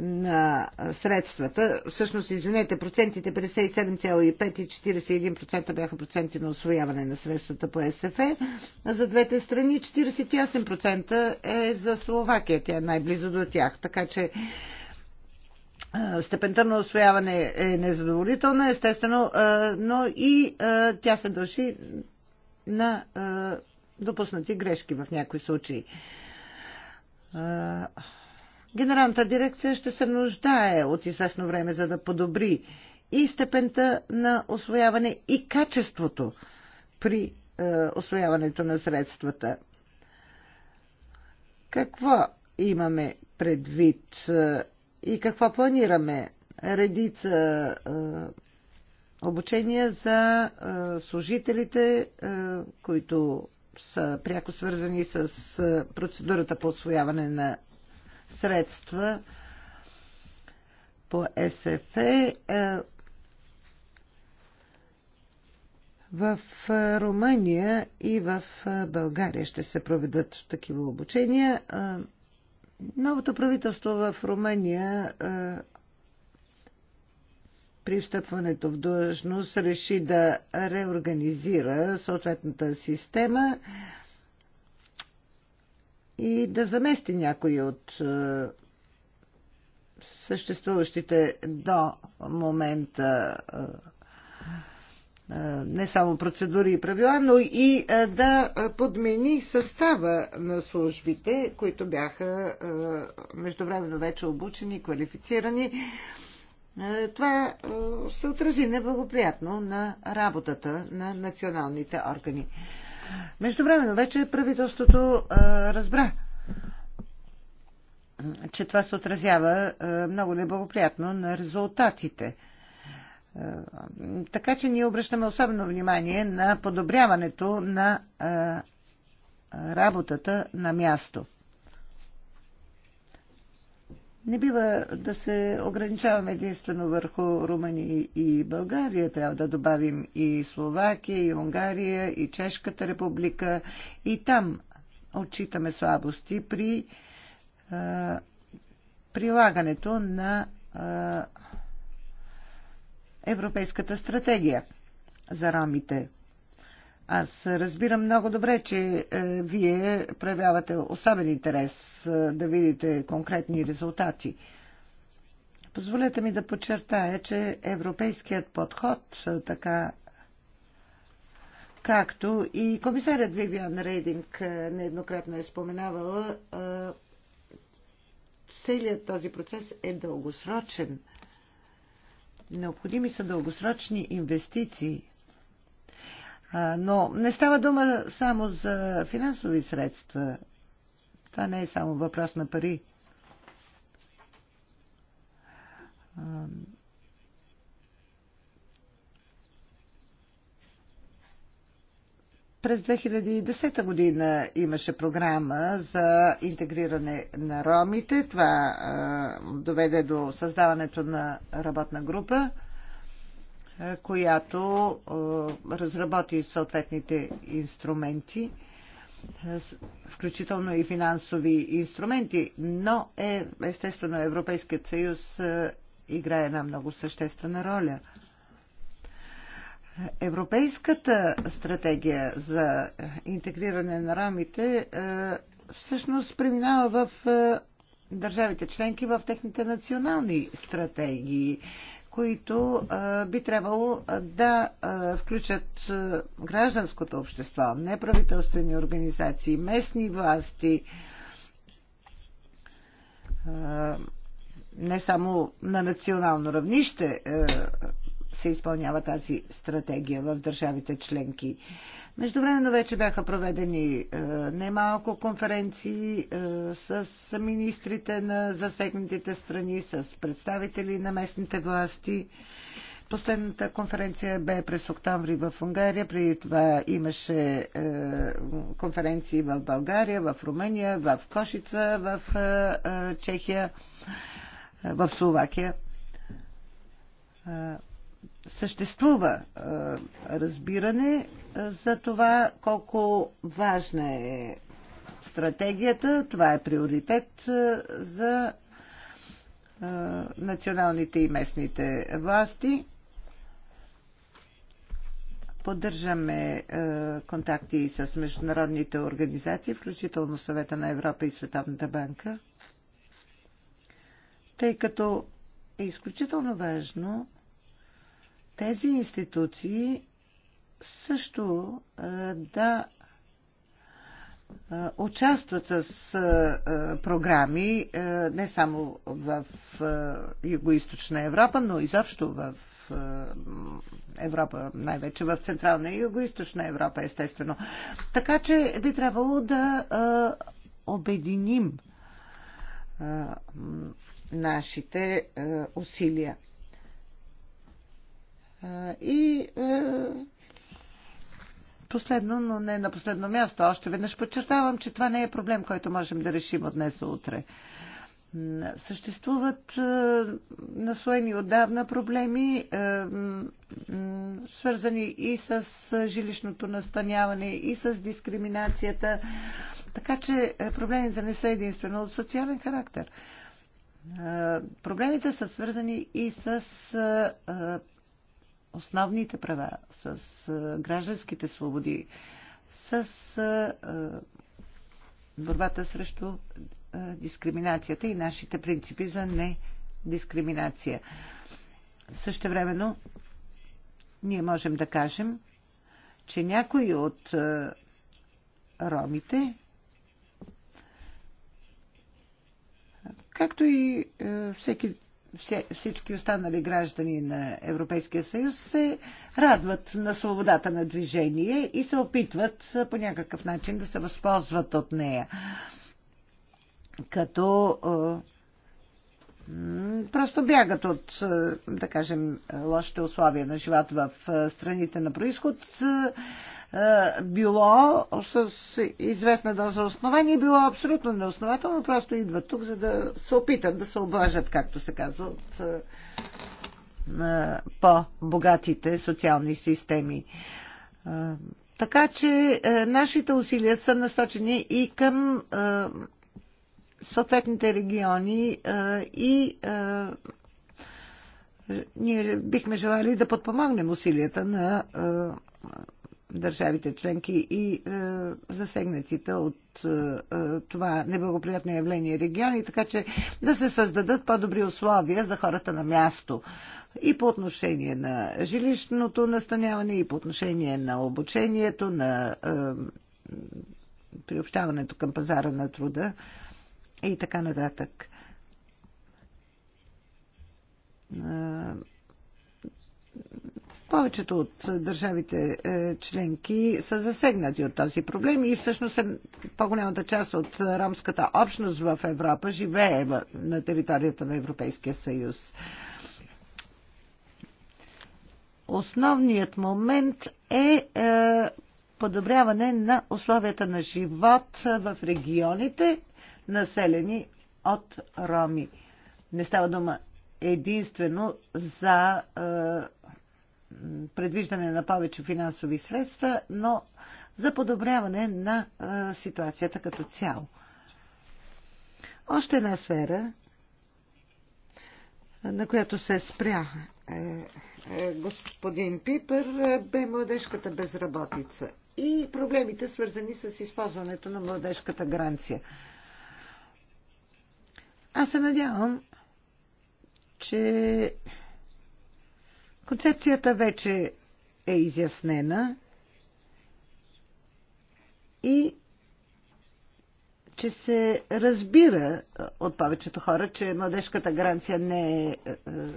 на средствата, всъщност, извинете, процентите 57,5 и 41% бяха проценти на освояване на средствата по СФЕ. За двете страни 48% е за Словакия, тя е най-близо до тях. Така че степента на освояване е незадоволителна, естествено, но и тя се дължи на допуснати грешки в някои случаи. Генералната дирекция ще се нуждае от известно време, за да подобри и степента на освояване и качеството при освояването на средствата. Какво имаме предвид? и какво планираме. Редица обучения за служителите, които са пряко свързани с процедурата по освояване на средства по СФЕ. В Румъния и в България ще се проведат такива обучения. Новото правителство в Румъния при встъпването в длъжност реши да реорганизира съответната система и да замести някои от съществуващите до момента не само процедури и правила, но и да подмени състава на службите, които бяха междувременно вече обучени и квалифицирани. Това се отрази неблагоприятно на работата на националните органи. Междувременно вече правителството разбра, че това се отразява много неблагоприятно на резултатите – така че ние обръщаме особено внимание на подобряването на работата на място. Не бива да се ограничаваме единствено върху Румъния и България. Трябва да добавим и Словакия, и Унгария, и Чешката република. И там отчитаме слабости при е, прилагането на Европейската стратегия за ромите. Аз разбирам много добре, че е, вие проявявате особен интерес е, да видите конкретни резултати. Позволете ми да подчертая, че европейският подход, е, така както и комисарят Вивиан Рейдинг е, нееднократно е споменавала, е, целият този процес е дългосрочен. Необходими са дългосрочни инвестиции. Но не става дума само за финансови средства. Това не е само въпрос на пари През 2010 година имаше програма за интегриране на ромите. Това доведе до създаването на работна група, която разработи съответните инструменти включително и финансови инструменти, но е, естествено Европейският съюз играе една много съществена роля – Европейската стратегия за е, интегриране на рамите е, всъщност преминава в е, държавите членки в техните национални стратегии, които би трябвало да включат гражданското общество, неправителствени организации, местни власти, не само на национално равнище се изпълнява тази стратегия в държавите членки. Междувременно вече бяха проведени е, немалко конференции е, с министрите на засегнатите страни, с представители на местните власти. Последната конференция бе през октомври в Унгария, преди това имаше е, конференции в България, в Румъния, в Кошица, в е, е Чехия, в Словакия. Е, съществува разбиране за това колко важна е стратегията. Това е приоритет за националните и местните власти. Поддържаме контакти с международните организации, включително Съвета на Европа и Световната банка, тъй като е изключително важно тези институции също да участват с програми не само в Юго-Источна Европа, но изобщо в Европа, най-вече в Централна и Юго-Источна Европа, естествено. Така че би трябвало да обединим нашите усилия. И е, последно, но не на последно място, още веднъж подчертавам, че това не е проблем, който можем да решим от днес за утре. Съществуват е, наслоени отдавна проблеми, е, свързани и с жилищното настаняване, и с дискриминацията. Така че проблемите не са единствено от социален характер. Проблемите са свързани и с основните права, с гражданските свободи, с борбата срещу дискриминацията и нашите принципи за недискриминация. времено, ние можем да кажем, че някои от ромите, както и всеки всички останали граждани на Европейския съюз се радват на свободата на движение и се опитват по някакъв начин да се възползват от нея. Като просто бягат от, да кажем, лошите условия на живот в страните на происход е, било с известна доза основание, било абсолютно неоснователно, просто идват тук, за да се опитат да се облажат, както се казва, от е, е, по-богатите социални системи. Така че нашите усилия са насочени и към съответните региони и ние бихме желали да подпомогнем усилията на държавите членки и е, засегнатите от е, е, това неблагоприятно явление региони, така че да се създадат по-добри условия за хората на място и по отношение на жилищното настаняване, и по отношение на обучението, на приобщаването към пазара на труда и така нататък повечето от държавите е, членки са засегнати от този проблем и всъщност е по-голямата част от ромската общност в Европа живее на територията на Европейския съюз. Основният момент е, е подобряване на условията на живот в регионите, населени от роми. Не става дума единствено за предвиждане на повече финансови средства, но за подобряване на ситуацията като цяло. Още една сфера, на която се спря е, е, господин Пипер, бе младежката безработица и проблемите, свързани с използването на младежката гаранция. Аз се надявам, че Концепцията вече е изяснена и че се разбира от повечето хора, че младежката гаранция не е, е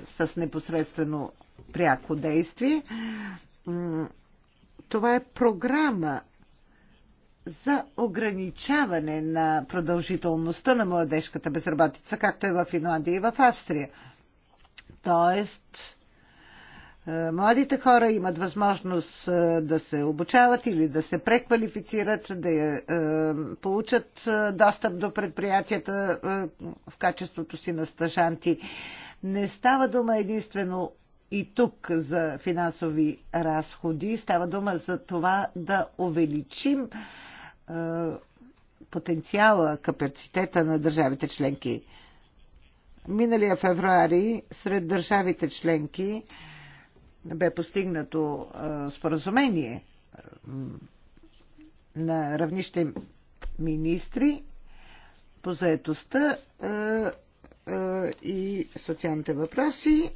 с непосредствено пряко действие. Това е програма за ограничаване на продължителността на младежката безработица, както е в Финландия и в Австрия. Тоест, е, младите хора имат възможност е, да се обучават или да се преквалифицират, да е, получат достъп до предприятията в качеството си на стажанти. Не става дума единствено и тук за финансови разходи, става дума за това да увеличим потенциала, капацитета на държавите членки. Миналия февруари сред държавите членки бе постигнато споразумение на равнище министри по заетостта и социалните въпроси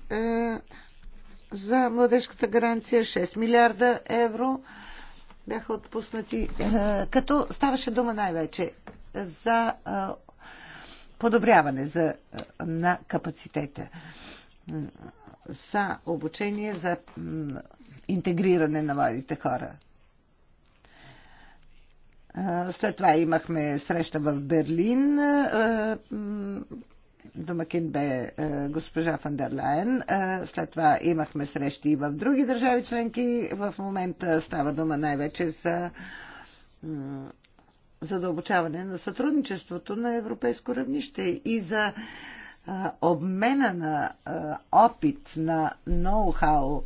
за младежката гаранция 6 милиарда евро бяха отпуснати, като ставаше дума най-вече за подобряване за, на капацитета за обучение, за интегриране на младите хора. След това имахме среща в Берлин. Домакин бе госпожа Фандерлайн. След това имахме срещи и в други държави членки. В момента става дума най-вече за задълбочаване на сътрудничеството на европейско равнище и за обмена на опит, на ноу-хау,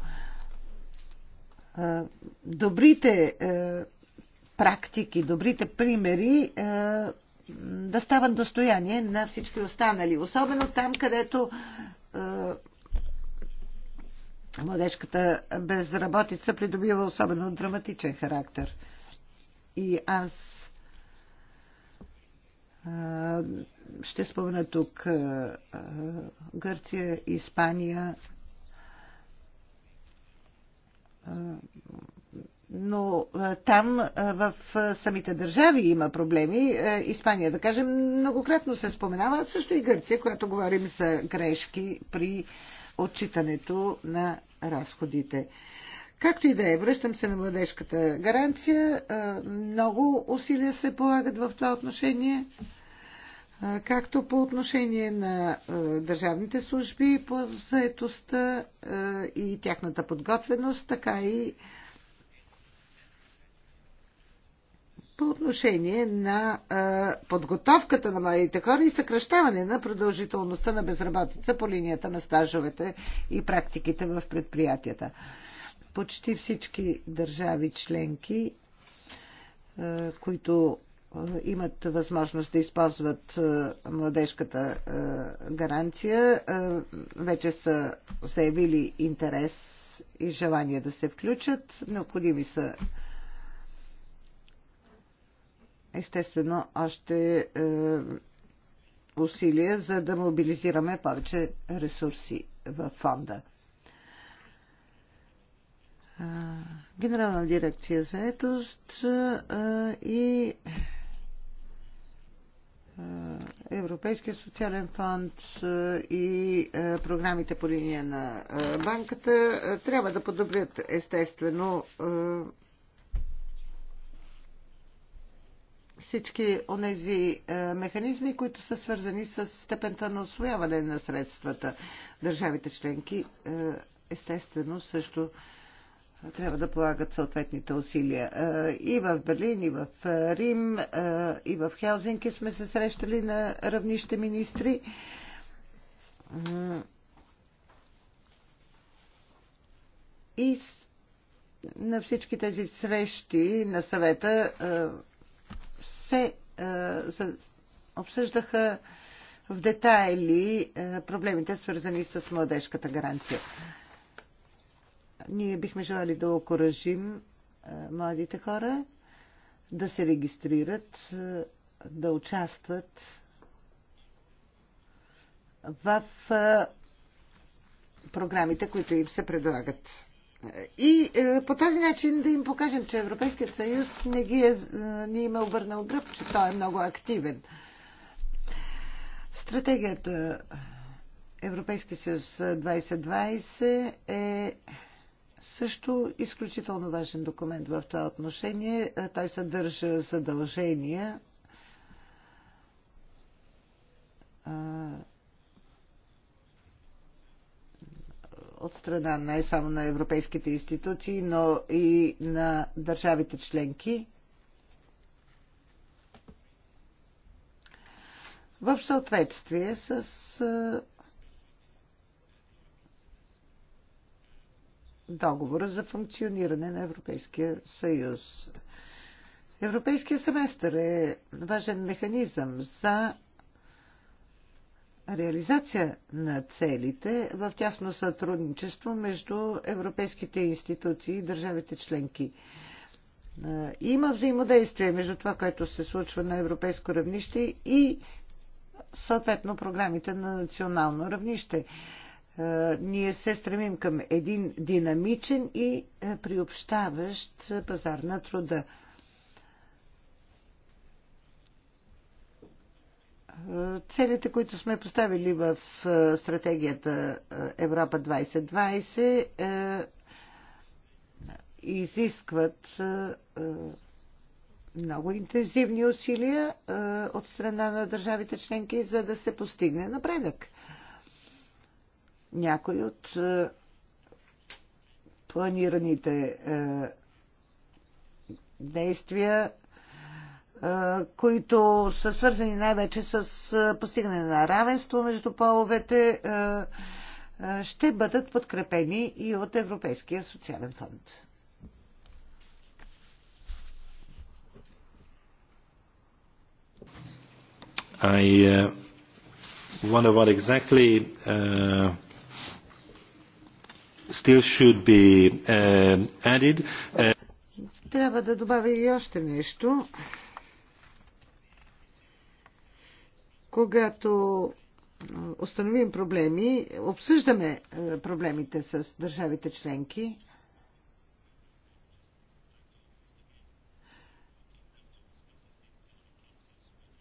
добрите практики, добрите примери да стават достояние на всички останали. Особено там, където младежката безработица придобива особено драматичен характер. И аз ще спомена тук Гърция, Испания, но там в самите държави има проблеми. Испания, да кажем, многократно се споменава, също и Гърция, която говорим за грешки при отчитането на разходите. Както и да е, връщам се на младежката гаранция. Много усилия се полагат в това отношение както по отношение на държавните служби по заетостта и тяхната подготвеност, така и по отношение на подготовката на младите хора и съкръщаване на продължителността на безработица по линията на стажовете и практиките в предприятията. Почти всички държави членки, които е, имат възможност да използват е, младежката е, гаранция, вече са заявили интерес и желание да се включат. Необходими са естествено още усилия, за да мобилизираме повече ресурси в фонда. Генерална дирекция за етост и е, Европейския социален фонд е, и е, програмите по линия на банката трябва да подобрят естествено всички онези механизми, които са свързани с степента на освояване на средствата. Държавите членки естествено също трябва да полагат съответните усилия. И в Берлин, и в Рим, и в Хелзинки сме се срещали на равнище министри. И на всички тези срещи на съвета се обсъждаха в детайли проблемите, свързани с младежката гаранция. Ние бихме желали да окоръжим младите хора да се регистрират, да участват в програмите, които им се предлагат. И е, по този начин да им покажем, че Европейският съюз не ги е, не им е обърнал гръб, че той е много активен. Стратегията Европейски съюз 2020 е също изключително важен документ в това отношение. Е, той съдържа задължения е, от страна не само на европейските институции, но и на държавите членки. В съответствие с е, договора за функциониране на Европейския съюз. Европейския семестър е важен механизъм за реализация на целите в тясно сътрудничество между европейските институции и държавите членки. Е, има взаимодействие между това, което се случва на европейско равнище и съответно програмите на национално равнище. Е, ние се стремим към един динамичен и е, приобщаващ пазар на труда. Е, целите, които сме поставили в стратегията Европа 2020, изискват много интензивни усилия от страна на държавите членки, за да се постигне напредък. Някои от е, планираните е, действия, е, които са свързани най-вече с постигане на равенство между половете, ще бъдат подкрепени и от Европейския социален фонд. I uh, wonder what exactly uh, still should be uh, added. Uh, Трябва да добавя и още нещо. Когато установим проблеми, обсъждаме проблемите с държавите членки,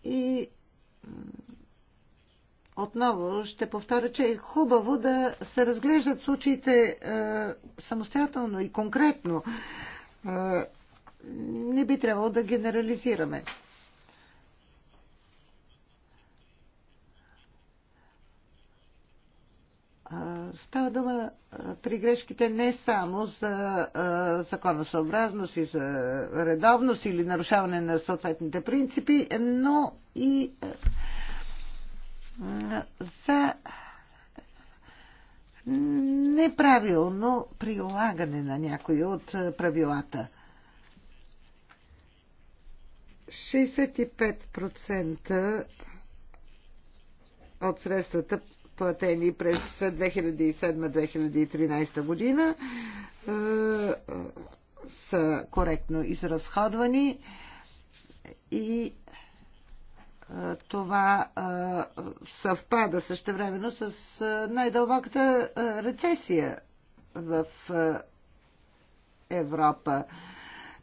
и отново ще повторя, че е хубаво да се разглеждат случаите е, самостоятелно и конкретно. Е, не би трябвало да генерализираме. Е, става дума е, при грешките не само за е, законосъобразност и за редовност или нарушаване на съответните принципи, но и за неправилно прилагане на някои от правилата. 65% от средствата платени през 2007-2013 година е, са коректно изразходвани и това съвпада същевременно с най-дълбоката рецесия в Европа.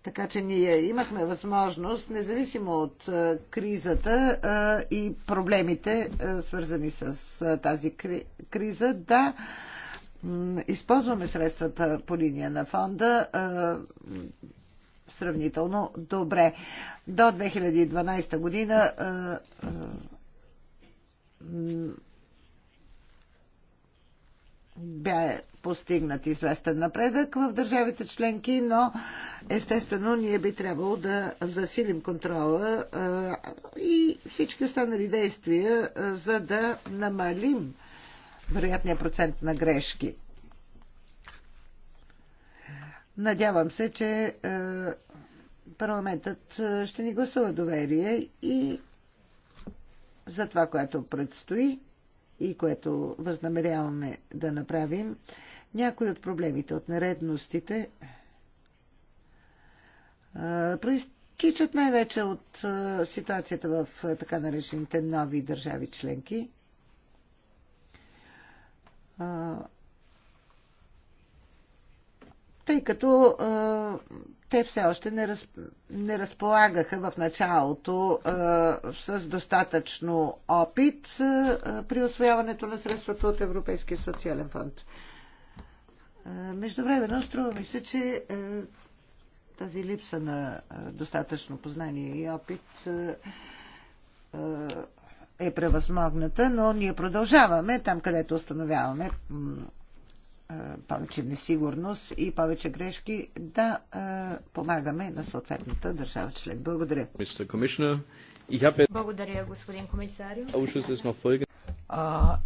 Така че ние имахме възможност, независимо от кризата и проблемите, свързани с тази криза, да използваме средствата по линия на фонда сравнително добре. До 2012 година е, е, бе постигнат известен напредък в държавите членки, но естествено ние би трябвало да засилим контрола е, и всички останали действия, за да намалим вероятния процент на грешки. Надявам се, че е, парламентът е, ще ни гласува доверие и за това, което предстои и което възнамеряваме да направим. Някои от проблемите, от нередностите, е, проистичат най-вече от ситуацията в така наречените нови държави членки тъй като те все още не, раз, не разполагаха в началото а, с достатъчно опит а, при освояването на средствата от Европейския социален фонд. Е, Междувременно струва ми се, че а, тази липса на а, достатъчно познание и опит а, а, е превъзмогната, но ние продължаваме там, където установяваме повече несигурност и повече грешки, да помагаме на съответната държава член. Благодаря. Благодаря, господин комисарио.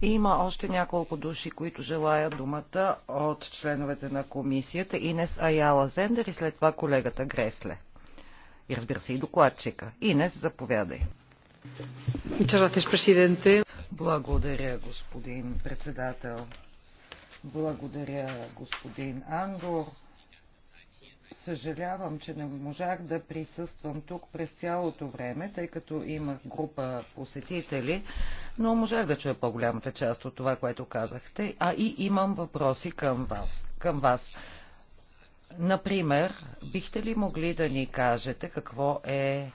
Е има още няколко души, които желаят думата от членовете на комисията. Инес Аяла Зендер и след това колегата Гресле. И разбира се и докладчика. Инес, заповядай. Благодаря, господин председател. Благодаря, господин Ангор. Съжалявам, че не можах да присъствам тук през цялото време, тъй като имах група посетители, но можах да чуя по-голямата част от това, което казахте, а и имам въпроси към вас. Към вас. Например, бихте ли могли да ни кажете какво е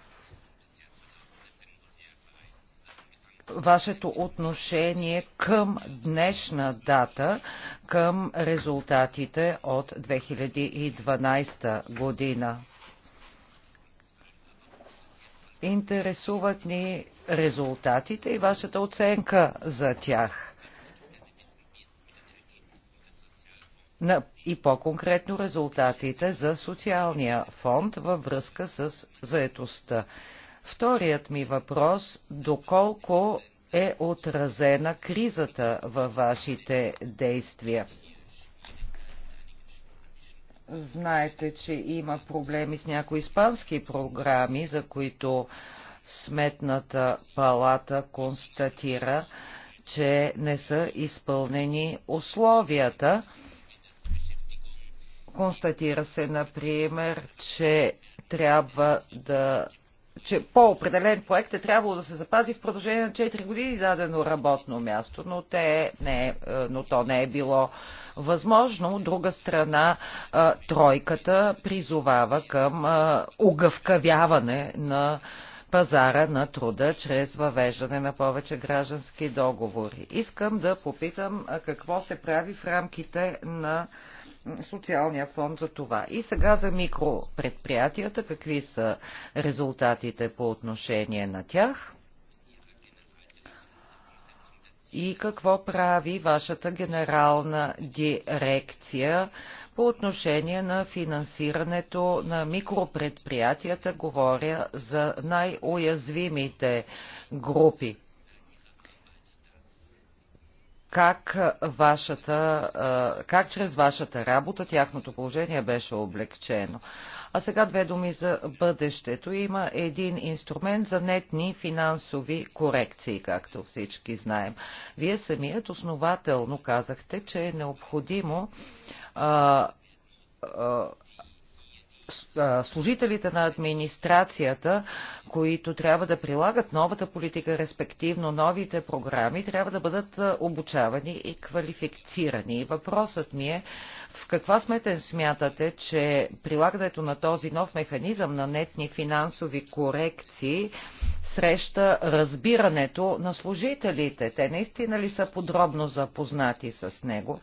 вашето отношение към днешна дата, към резултатите от 2012 година. Интересуват ни резултатите и вашата оценка за тях. и по-конкретно резултатите за социалния фонд във връзка с заетостта. Вторият ми въпрос – доколко е отразена кризата във вашите действия? Знаете, че има проблеми с някои испански програми, за които Сметната палата констатира, че не са изпълнени условията. Констатира се, например, че трябва да че по-определен проект е трябвало да се запази в продължение на 4 години дадено работно място, но, те не, е, но то не е било възможно. От друга страна, е, тройката призовава към е, огъвкавяване на пазара на труда чрез въвеждане на повече граждански договори. Искам да попитам какво се прави в рамките на социалния фонд за това. И сега за микропредприятията, какви са резултатите по отношение на тях? И какво прави вашата генерална дирекция? по отношение на финансирането на микропредприятията, говоря за най-уязвимите групи как, вашата, как чрез вашата работа тяхното положение беше облегчено. А сега две думи за бъдещето. Има един инструмент за нетни финансови корекции, както всички знаем. Вие самият основателно казахте, че е необходимо а, служителите на администрацията, които трябва да прилагат новата политика, респективно новите програми, трябва да бъдат обучавани и квалифицирани. И въпросът ми е в каква сметен смятате, че прилагането на този нов механизъм на нетни финансови корекции среща разбирането на служителите? Те наистина ли са подробно запознати с него?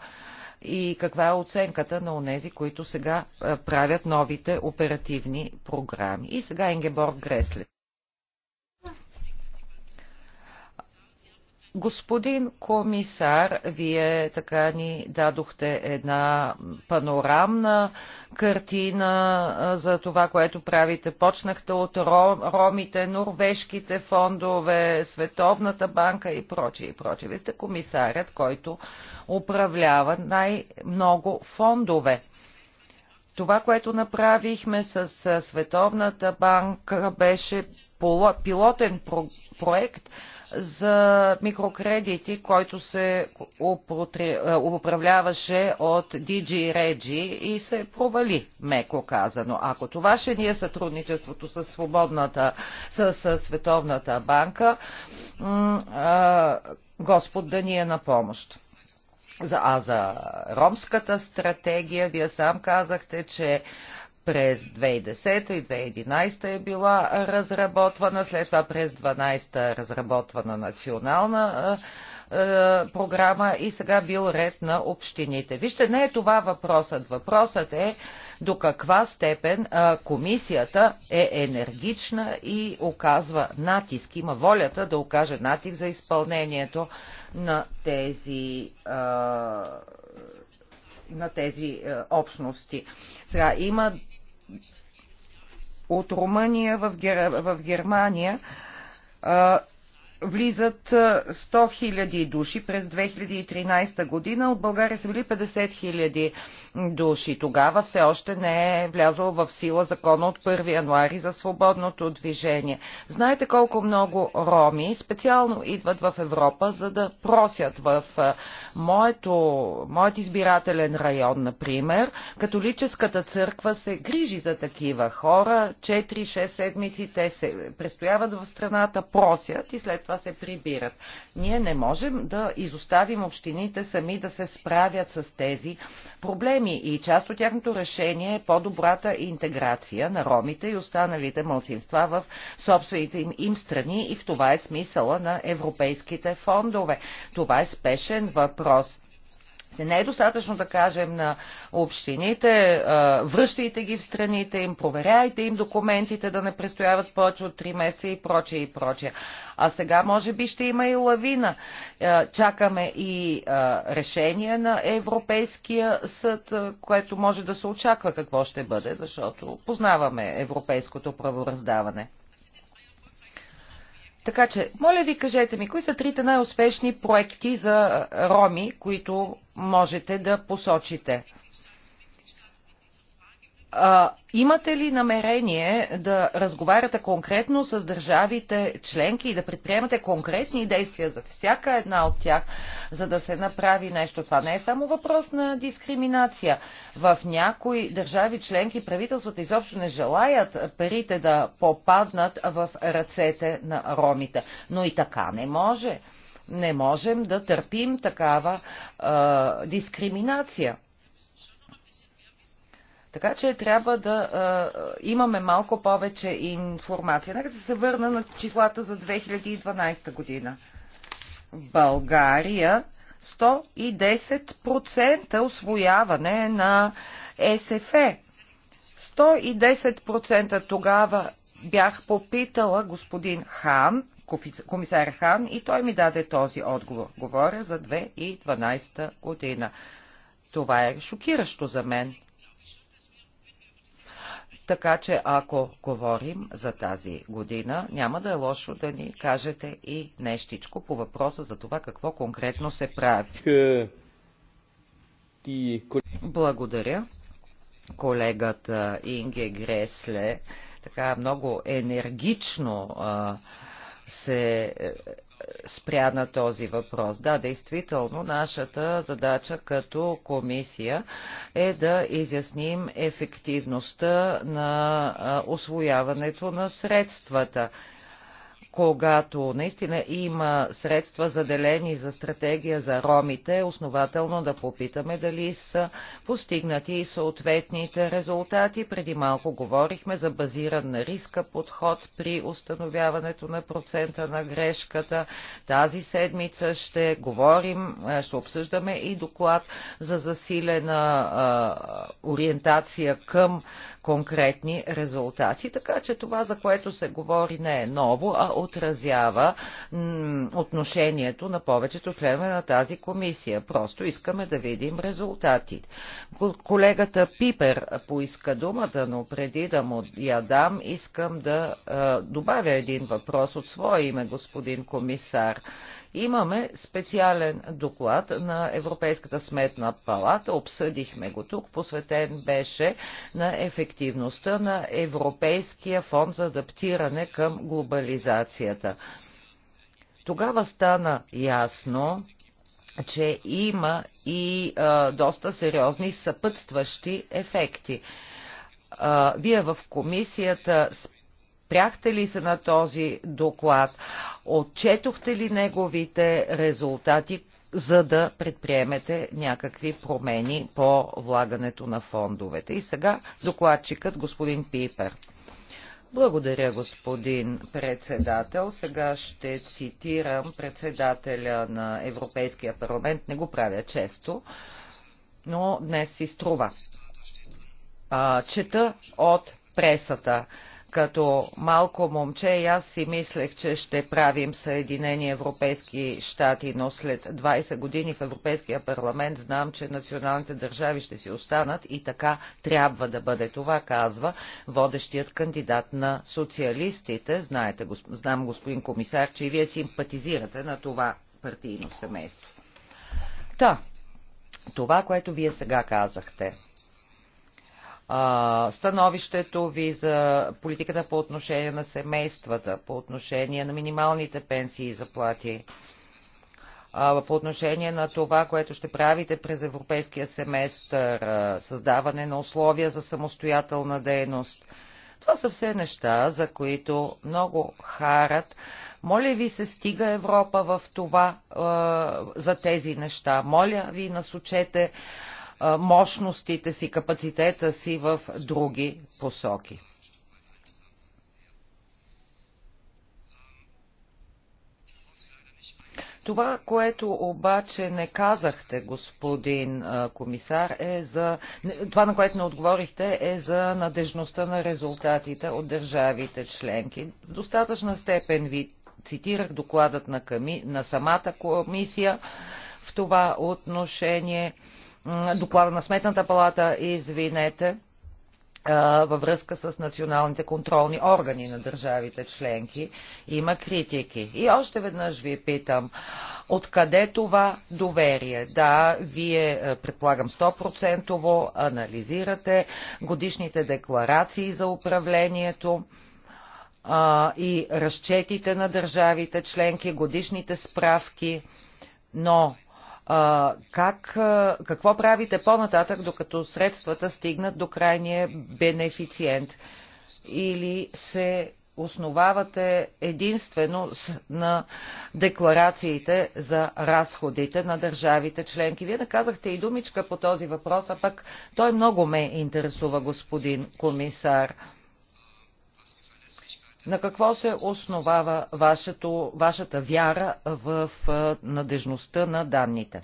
и каква е оценката на онези, които сега правят новите оперативни програми. И сега Ингеборг Гресле. Господин комисар, вие така ни дадохте една панорамна картина за това, което правите. Почнахте от ромите, норвежките фондове, Световната банка и прочие и прочие. Вие сте комисарят, който управлява най-много фондове. Това, което направихме с Световната банка, беше пилотен проект за микрокредити, който се управляваше от DG Regi и се провали, меко казано. Ако това ще ни е сътрудничеството с свободната, с, с Световната банка, Господ да ни е на помощ. За, а за ромската стратегия, вие сам казахте, че през 2010 и 2011 е била разработвана, след това през 2012 е разработвана национална програма и сега бил ред на общините. Вижте, не е това въпросът. Въпросът е до каква степен а, комисията е енергична и оказва натиск, има волята да окаже натиск за изпълнението на тези а, на тези е, общности. Сега има от Румъния в, Гер... в Германия влизат 100 000 души през 2013 година. От България са били 50 000 души. Тогава все още не е влязъл в сила закона от 1 януари за свободното движение. Знаете колко много роми специално идват в Европа, за да просят в моето, моят избирателен район, например. Католическата църква се грижи за такива хора. 4-6 седмици те се престояват в страната, просят и след това това се прибират. Ние не можем да изоставим общините сами да се справят с тези проблеми и част от тяхното решение е по-добрата интеграция на ромите и останалите мълсинства в собствените им, им страни и в това е смисъла на европейските фондове. Това е спешен въпрос не е достатъчно да кажем на общините, връщайте ги в страните им, проверяйте им документите да не престояват повече от 3 месеца и прочее и прочее. А сега може би ще има и лавина. Чакаме и решение на Европейския съд, което може да се очаква какво ще бъде, защото познаваме европейското правораздаване. Така че, моля ви, кажете ми, кои са трите най-успешни проекти за роми, които можете да посочите? А, имате ли намерение да разговаряте конкретно с държавите членки и да предприемате конкретни действия за всяка една от тях, за да се направи нещо? Това не е само въпрос на дискриминация. В някои държави членки правителствата изобщо не желаят парите да попаднат в ръцете на ромите. Но и така не може. Не можем да търпим такава а, дискриминация. Така че трябва да а, имаме малко повече информация. Нека да се върна на числата за 2012 година. България 110% освояване на СФЕ. 110% тогава бях попитала господин Хан, комисар Хан, и той ми даде този отговор. Говоря за 2012 година. Това е шокиращо за мен. Така че ако говорим за тази година, няма да е лошо да ни кажете и нещичко по въпроса за това какво конкретно се прави. Е, Благодаря. Колегата Инге Гресле така много енергично а, се е, спря на този въпрос. Да, действително, нашата задача като комисия е да изясним ефективността на освояването на средствата когато наистина има средства заделени за стратегия за ромите, е основателно да попитаме дали са постигнати и съответните резултати. Преди малко говорихме за базиран на риска подход при установяването на процента на грешката. Тази седмица ще говорим, ще обсъждаме и доклад за засилена а, ориентация към конкретни резултати. Така че това, за което се говори, не е ново, а отразява отношението на повечето членове на тази комисия. Просто искаме да видим резултатите. Колегата Пипер поиска думата, но преди да му я дам, искам да добавя един въпрос от свое име, господин комисар. Имаме специален доклад на Европейската сметна палата, обсъдихме го тук, посветен беше на ефективността на Европейския фонд за адаптиране към глобализацията. Тогава стана ясно, че има и а, доста сериозни съпътстващи ефекти. А, вие в комисията спряхте ли се на този доклад, отчетохте ли неговите резултати, за да предприемете някакви промени по влагането на фондовете. И сега докладчикът господин Пипер. Благодаря, господин председател. Сега ще цитирам председателя на Европейския парламент. Не го правя често, но днес си струва. А, чета от пресата. Като малко момче и аз си мислех, че ще правим Съединени Европейски щати, но след 20 години в Европейския парламент знам, че националните държави ще си останат и така трябва да бъде. Това казва водещият кандидат на социалистите. Знаете, знам господин комисар, че и вие симпатизирате на това партийно семейство. Та, това, което вие сега казахте – становището ви за политиката по отношение на семействата, по отношение на минималните пенсии и заплати, по отношение на това, което ще правите през европейския семестър, създаване на условия за самостоятелна дейност. Това са все неща, за които много харат. Моля ви се стига Европа в това, за тези неща. Моля ви насочете мощностите си, капацитета си в други посоки. Това, което обаче не казахте, господин комисар, е за... Това, на което не отговорихте, е за надежността на резултатите от държавите членки. В достатъчна степен ви цитирах докладът на, ками... на самата комисия в това отношение доклада на Сметната палата, извинете, във връзка с националните контролни органи на държавите членки. Има критики. И още веднъж ви питам, откъде това доверие? Да, вие, предполагам, 100% анализирате годишните декларации за управлението и разчетите на държавите членки, годишните справки, но а, как, а, какво правите по-нататък, докато средствата стигнат до крайния бенефициент? Или се основавате единствено на декларациите за разходите на държавите членки. Вие да казахте и думичка по този въпрос, а пък той много ме интересува, господин комисар. На какво се основава вашето, вашата вяра в надежността на данните?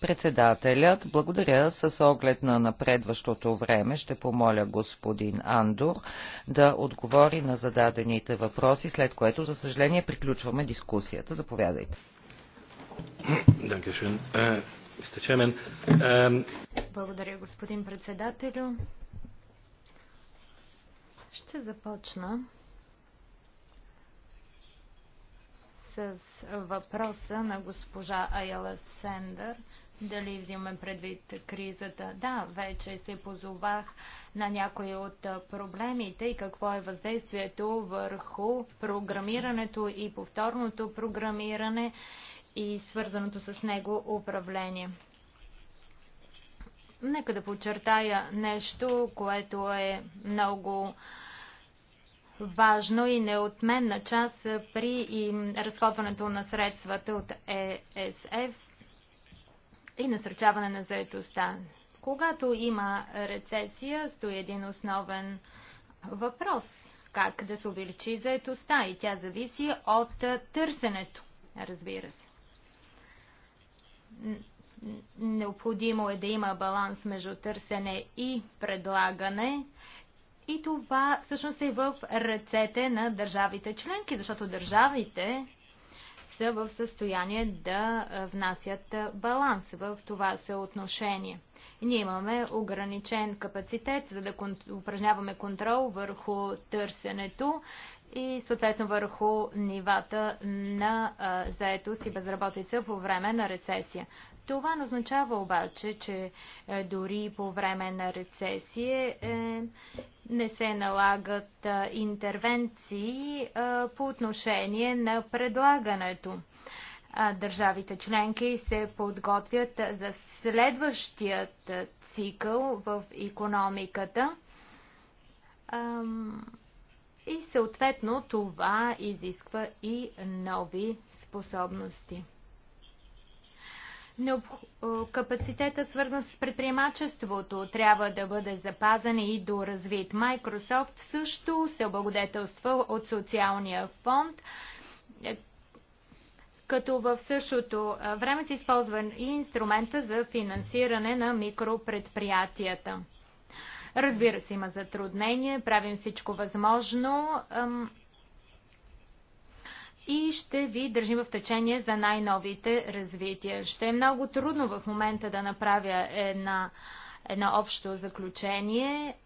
Председателят, благодаря с оглед на напредващото време, ще помоля господин Андор да отговори на зададените въпроси, след което, за съжаление, приключваме дискусията. Заповядайте. Äh, ähm, благодаря, господин председателю. Ще започна с въпроса на госпожа Айла Сендър. Дали взимаме предвид кризата? Да, вече се позовах на някои от проблемите и какво е въздействието върху програмирането и повторното програмиране и свързаното с него управление. Нека да подчертая нещо, което е много важно и неотменна част при разходването на средствата от ЕСФ и насърчаване на заедостта. Когато има рецесия, стои един основен въпрос – как да се увеличи заедостта и тя зависи от търсенето, разбира се. Необходимо е да има баланс между търсене и предлагане и това всъщност е в ръцете на държавите членки, защото държавите са в състояние да внасят баланс в това съотношение. Ние имаме ограничен капацитет, за да упражняваме контрол върху търсенето и съответно върху нивата на заетост и безработица по време на рецесия. Това не означава обаче, че е, дори по време на рецесия е, не се налагат интервенции по отношение на предлагането. Държавите членки се подготвят за следващият цикъл в економиката и съответно това изисква и нови способности. Необ... Капацитета, свързан с предприемачеството, трябва да бъде запазен и доразвит. Microsoft също се облагодетелства от социалния фонд, е, като в същото време се използва и инструмента за финансиране на микропредприятията. Разбира се, има затруднения, правим всичко възможно и ще ви държим в течение за най-новите развития. Ще е много трудно в момента да направя една, едно общо заключение.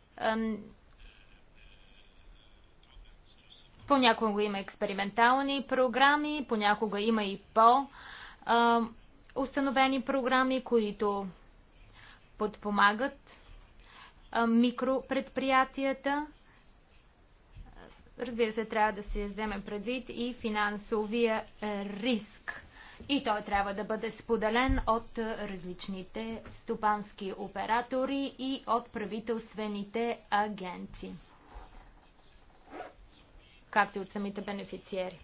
Понякога има експериментални програми, понякога има и по-установени програми, които подпомагат микропредприятията. Разбира се, трябва да се вземе предвид и финансовия е, риск. И той трябва да бъде споделен от е, различните стопански оператори и от правителствените агенции, както и от самите бенефициери.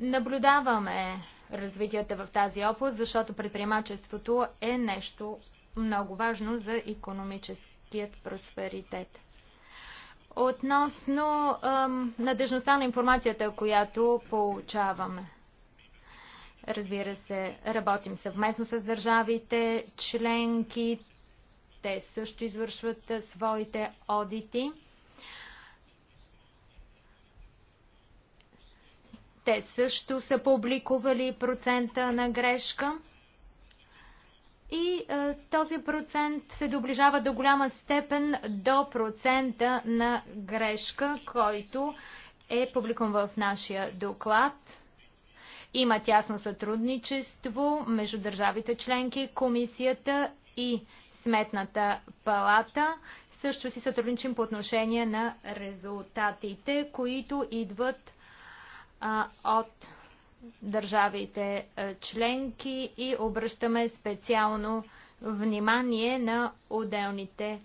Наблюдаваме развитията в тази област, защото предприемачеството е нещо много важно за економическият просперитет. Относно ам, надежността на информацията, която получаваме. Разбира се, работим съвместно с държавите, членки, те също извършват своите одити. Те също са публикували процента на грешка и а, е, този процент се доближава до голяма степен до процента на грешка, който е публикуван в нашия доклад. Има тясно сътрудничество между държавите членки, комисията и Сметната палата. Също си сътрудничим по отношение на резултатите, които идват а, от държавите е, членки и обръщаме специално внимание на отделните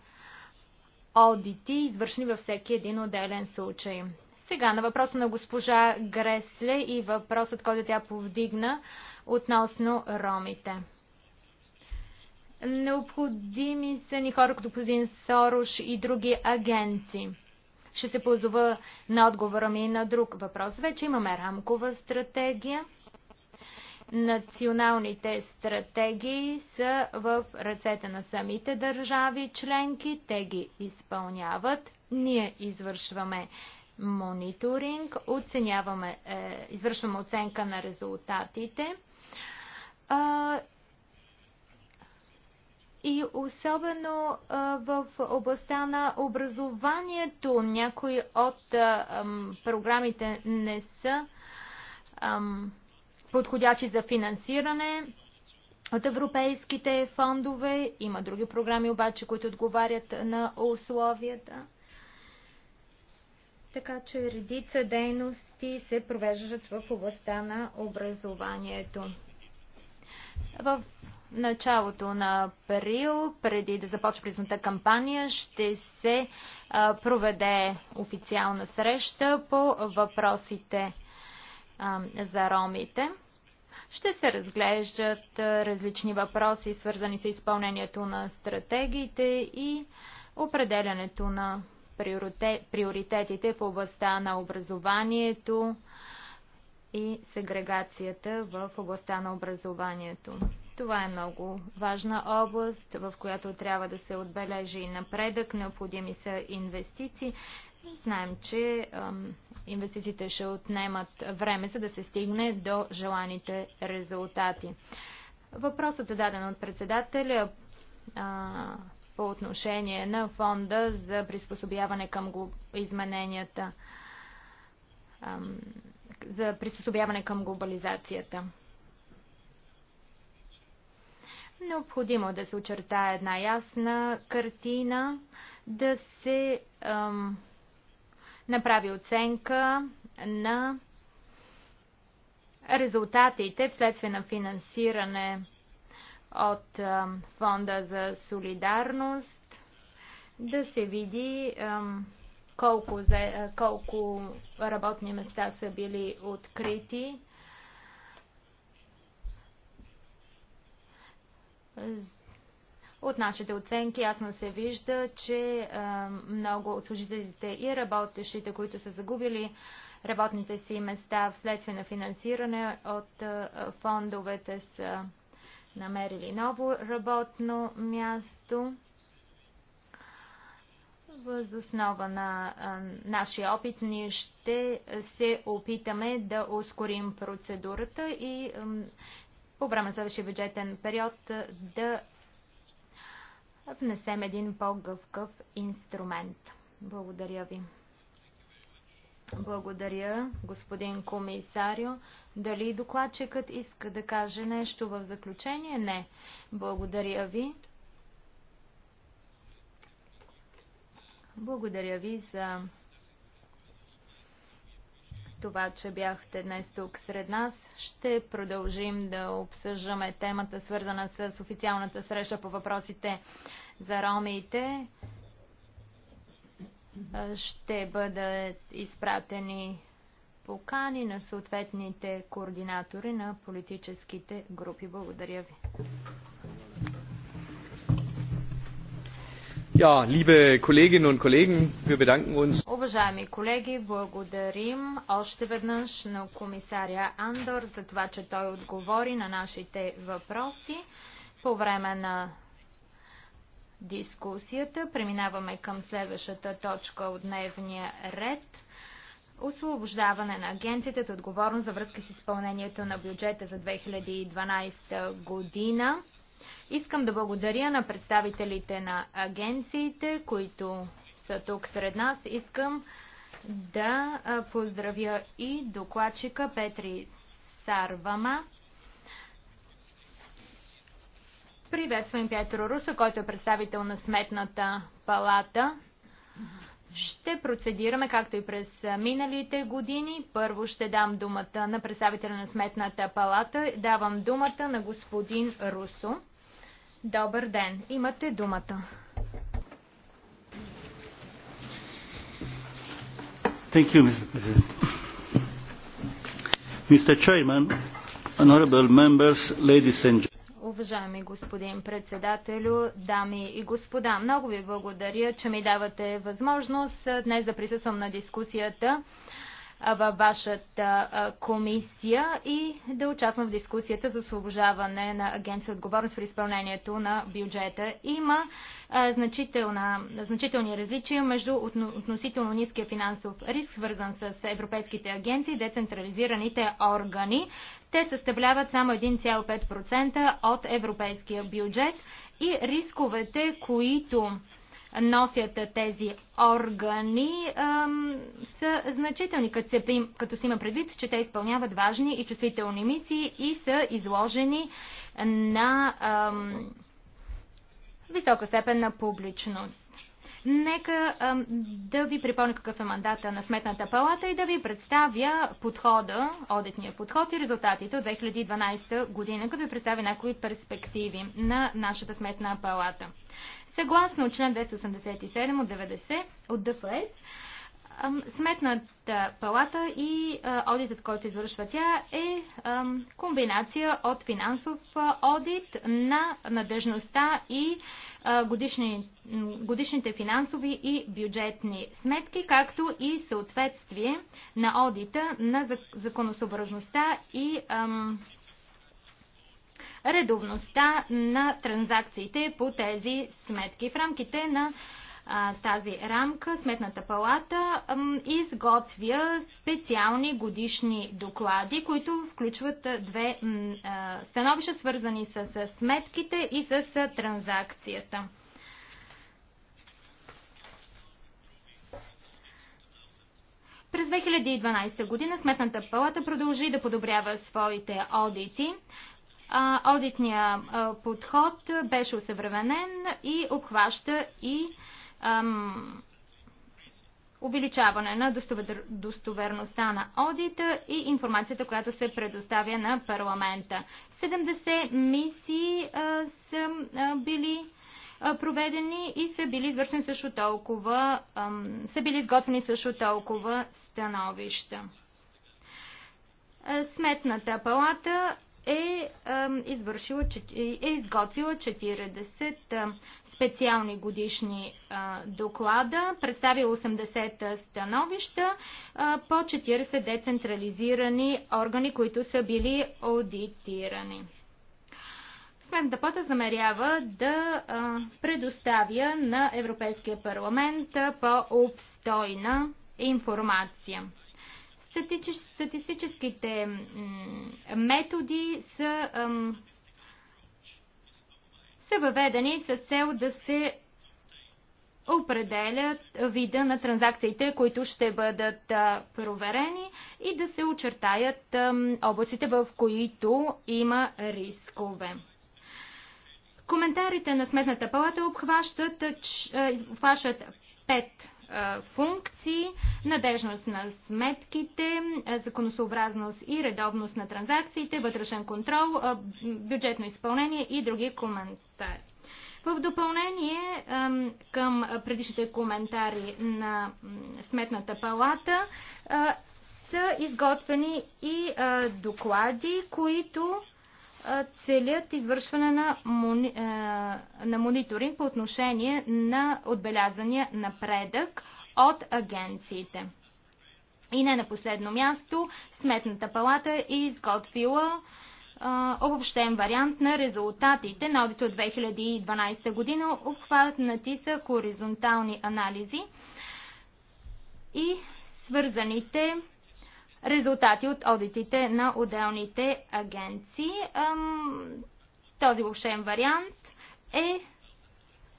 одити, извършени във всеки един отделен случай. Сега на въпроса на госпожа Гресле и въпросът, който тя повдигна относно ромите. Необходими са ни хора като Позин Сорош и други агенци ще се позова на отговора ми и на друг въпрос. Вече имаме рамкова стратегия. Националните стратегии са в ръцете на самите държави членки. Те ги изпълняват. Ние извършваме мониторинг, оценяваме, е, извършваме оценка на резултатите. Е, и особено в областта на образованието. Някои от програмите не са подходящи за финансиране от европейските фондове. Има други програми обаче, които отговарят на условията. Така че редица дейности се провеждат в областта на образованието. В началото на април, преди да започне призната кампания, ще се проведе официална среща по въпросите за ромите. Ще се разглеждат различни въпроси, свързани с изпълнението на стратегиите и определянето на приоритетите в областта на образованието и сегрегацията в областта на образованието. Това е много важна област, в която трябва да се отбележи и напредък. Необходими са инвестиции. Знаем, че ам, инвестициите ще отнемат време, за да се стигне до желаните резултати. Въпросът е даден от председателя а, по отношение на фонда за приспособяване към измененията, ам, за приспособяване към глобализацията. Необходимо е да се очертае една ясна картина, да се ам, направи оценка на резултатите вследствие на финансиране от ам, Фонда за солидарност, да се види ам, колко, колко работни места са били открити От нашите оценки ясно се вижда, че много от служителите и работещите, които са загубили работните си места вследствие на финансиране от фондовете, са намерили ново работно място. Възоснова на а, нашия опит ние ще се опитаме да ускорим процедурата и а, по време на следващия бюджетен период да внесем един по-гъвкав инструмент. Благодаря ви. Благодаря, господин комисарио. Дали докладчикът иска да каже нещо в заключение? Не. Благодаря ви. Благодаря ви за това, че бяхте днес тук сред нас. Ще продължим да обсъждаме темата, свързана с официалната среща по въпросите за ромиите. Ще бъдат изпратени покани на съответните координатори на политическите групи. Благодаря ви. Ja, liebe Kolleginnen und Kollegen, wir bedanken uns. Уважаеми колеги, благодарим още веднъж на комисаря Андор за това, че той отговори на нашите въпроси по време на дискусията. Преминаваме към следващата точка от дневния ред. Освобождаване на агенцията от е отговорност за връзка с изпълнението на бюджета за 2012 година. Искам да благодаря на представителите на агенциите, които са тук сред нас. Искам да поздравя и докладчика Петри Сарвама. Приветствам Петро Руса, който е представител на Сметната палата. Ще процедираме, както и през миналите години. Първо ще дам думата на представителя на Сметната палата. Давам думата на господин Русо. Добър ден! Имате думата. Thank you, Mr. President. Mr. Chairman, honorable members, ladies and gentlemen, Уважаеми господин председателю, дами и господа, много ви благодаря, че ми давате възможност днес да присъствам на дискусията във вашата комисия и да участвам в дискусията за освобождаване на агенция отговорност при изпълнението на бюджета. Има значителни различия между относително ниския финансов риск, свързан с европейските агенции и децентрализираните органи. Те съставляват само 1,5% от европейския бюджет и рисковете, които носят тези органи, са значителни, като, се, си има предвид, че те изпълняват важни и чувствителни мисии и са изложени на висока степен на публичност. Нека да ви припомня какъв е мандата на Сметната палата и да ви представя подхода, одитния подход и резултатите от 2012 година, като ви представя някои перспективи на нашата Сметна палата. Съгласно член 287 от 90 от ДФС, Сметната палата и одитът, който извършва тя е комбинация от финансов одит на надежността и годишни, годишните финансови и бюджетни сметки, както и съответствие на одита на законосъобразността и редовността на транзакциите по тези сметки. В рамките на а, тази рамка Сметната палата изготвя специални годишни доклади, които включват две а, становища, свързани с, с сметките и с транзакцията. През 2012 година Сметната палата продължи да подобрява своите одити. Одитният подход беше усъвременен и обхваща и ам, увеличаване на достоверността на одита и информацията, която се предоставя на парламента. 70 мисии а, са а, били проведени и са били извършени също толкова, са били изготвени също толкова становища. Е, Сметната палата е, извършила, е изготвила 40 специални годишни доклада, представила 80 становища по 40 децентрализирани органи, които са били аудитирани. Сметната пота замерява да предоставя на Европейския парламент по-обстойна информация. Статистическите методи са, ам, са въведени с цел да се определят вида на транзакциите, които ще бъдат проверени и да се очертаят областите, в които има рискове. Коментарите на Сметната палата обхващат, обхващат пет функции, надежност на сметките, законосообразност и редовност на транзакциите, вътрешен контрол, бюджетно изпълнение и други коментари. В допълнение към предишните коментари на Сметната палата са изготвени и доклади, които целят извършване на, мони, на мониторинг по отношение на отбелязания напредък от агенциите. И не на последно място, Сметната палата е изготвила обобщен вариант на резултатите на одита от 2012 година. Обхватнати са хоризонтални анализи и свързаните резултати от одитите на отделните агенции. Този обобщен вариант е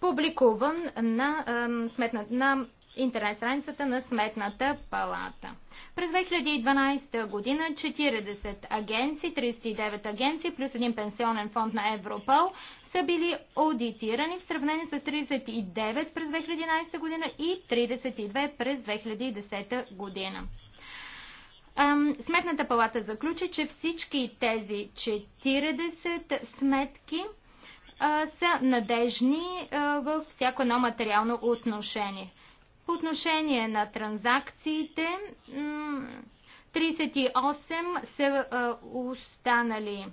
публикуван на, сметна, на интернет страницата на Сметната палата. През 2012 година 40 агенции, 39 агенции плюс един пенсионен фонд на Европол са били аудитирани в сравнение с 39 през 2011 година и 32 през 2010 година. Сметната палата заключи, че всички тези 40 сметки са надежни във всяко едно материално отношение. По отношение на транзакциите, 38 са останали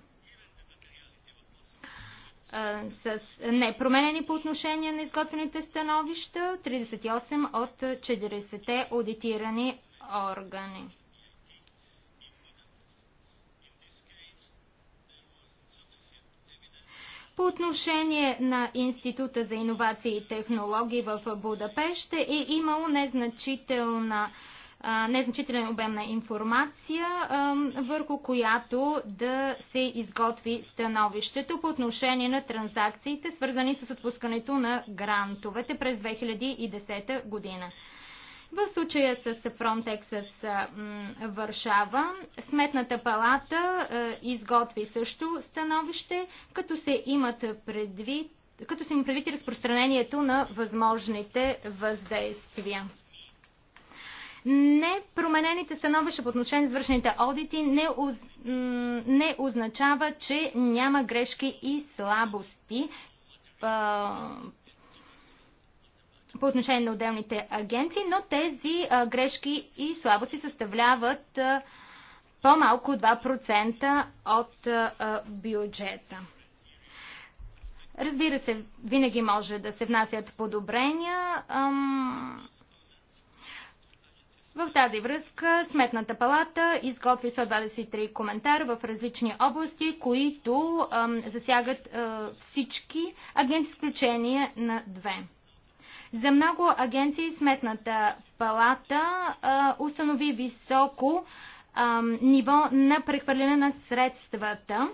с непроменени по отношение на изготвените становища, 38 от 40-те аудитирани органи. По отношение на Института за иновации и технологии в Будапешт е имало незначителна незначителен обем на информация, върху която да се изготви становището по отношение на транзакциите, свързани с отпускането на грантовете през 2010 година. В случая с Frontex с Варшава, Сметната палата изготви също становище, като се имат предвид като се им предвид разпространението на възможните въздействия. Непроменените становища по отношение на извършените одити не, оз... не означава, че няма грешки и слабости по отношение на отделните агенции, но тези а, грешки и слабости съставляват по-малко 2% от а, бюджета. Разбира се, винаги може да се внасят подобрения. Ам... В тази връзка Сметната палата изготви 123 коментара в различни области, които ам, засягат а, всички агенти, изключение на две. За много агенции Сметната палата а, установи високо а, ниво на прехвърляне на средствата.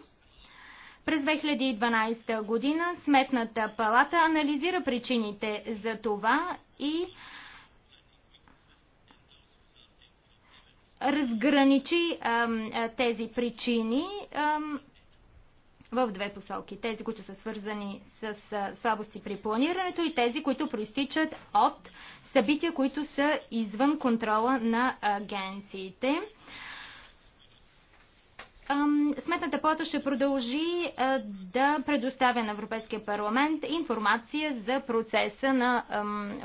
През 2012 година Сметната палата анализира причините за това и разграничи а, тези причини. А, в две посоки. Тези, които са свързани с слабости при планирането и тези, които проистичат от събития, които са извън контрола на агенциите. Сметната плата ще продължи да предоставя на Европейския парламент информация за процеса на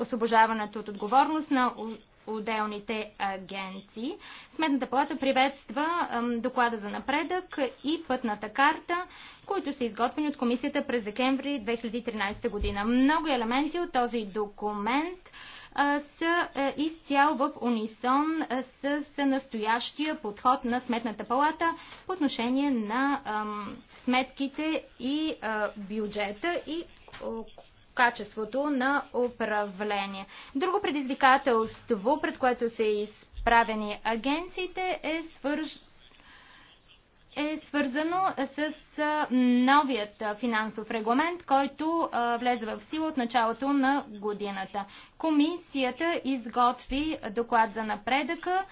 освобождаването от отговорност на отделните агенции. Сметната палата приветства доклада за напредък и пътната карта, които са изготвени от комисията през декември 2013 година. Много елементи от този документ са е, изцяло в унисон е, с настоящия подход на Сметната палата по отношение на сметките и бюджета и качеството на управление. Друго предизвикателство, пред което са изправени агенциите, е, свърж... е свързано с новият финансов регламент, който влезе в сила от началото на годината. Комисията изготви доклад за напредъка,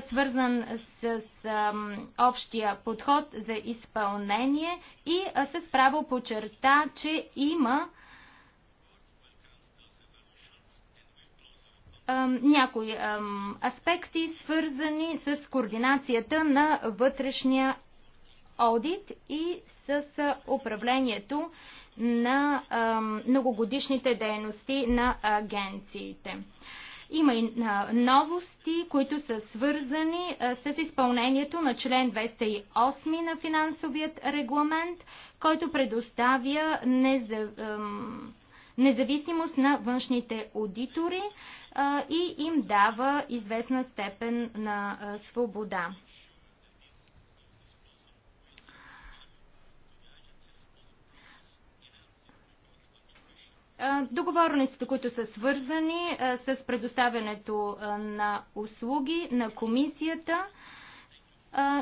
свързан с общия подход за изпълнение и с право почерта, че има някои аспекти, свързани с координацията на вътрешния одит и с управлението на многогодишните дейности на агенциите. Има и новости, които са свързани с изпълнението на член 208 на финансовият регламент, който предоставя независимост на външните аудитори и им дава известна степен на свобода. Договорностите, които са свързани с предоставянето на услуги на комисията,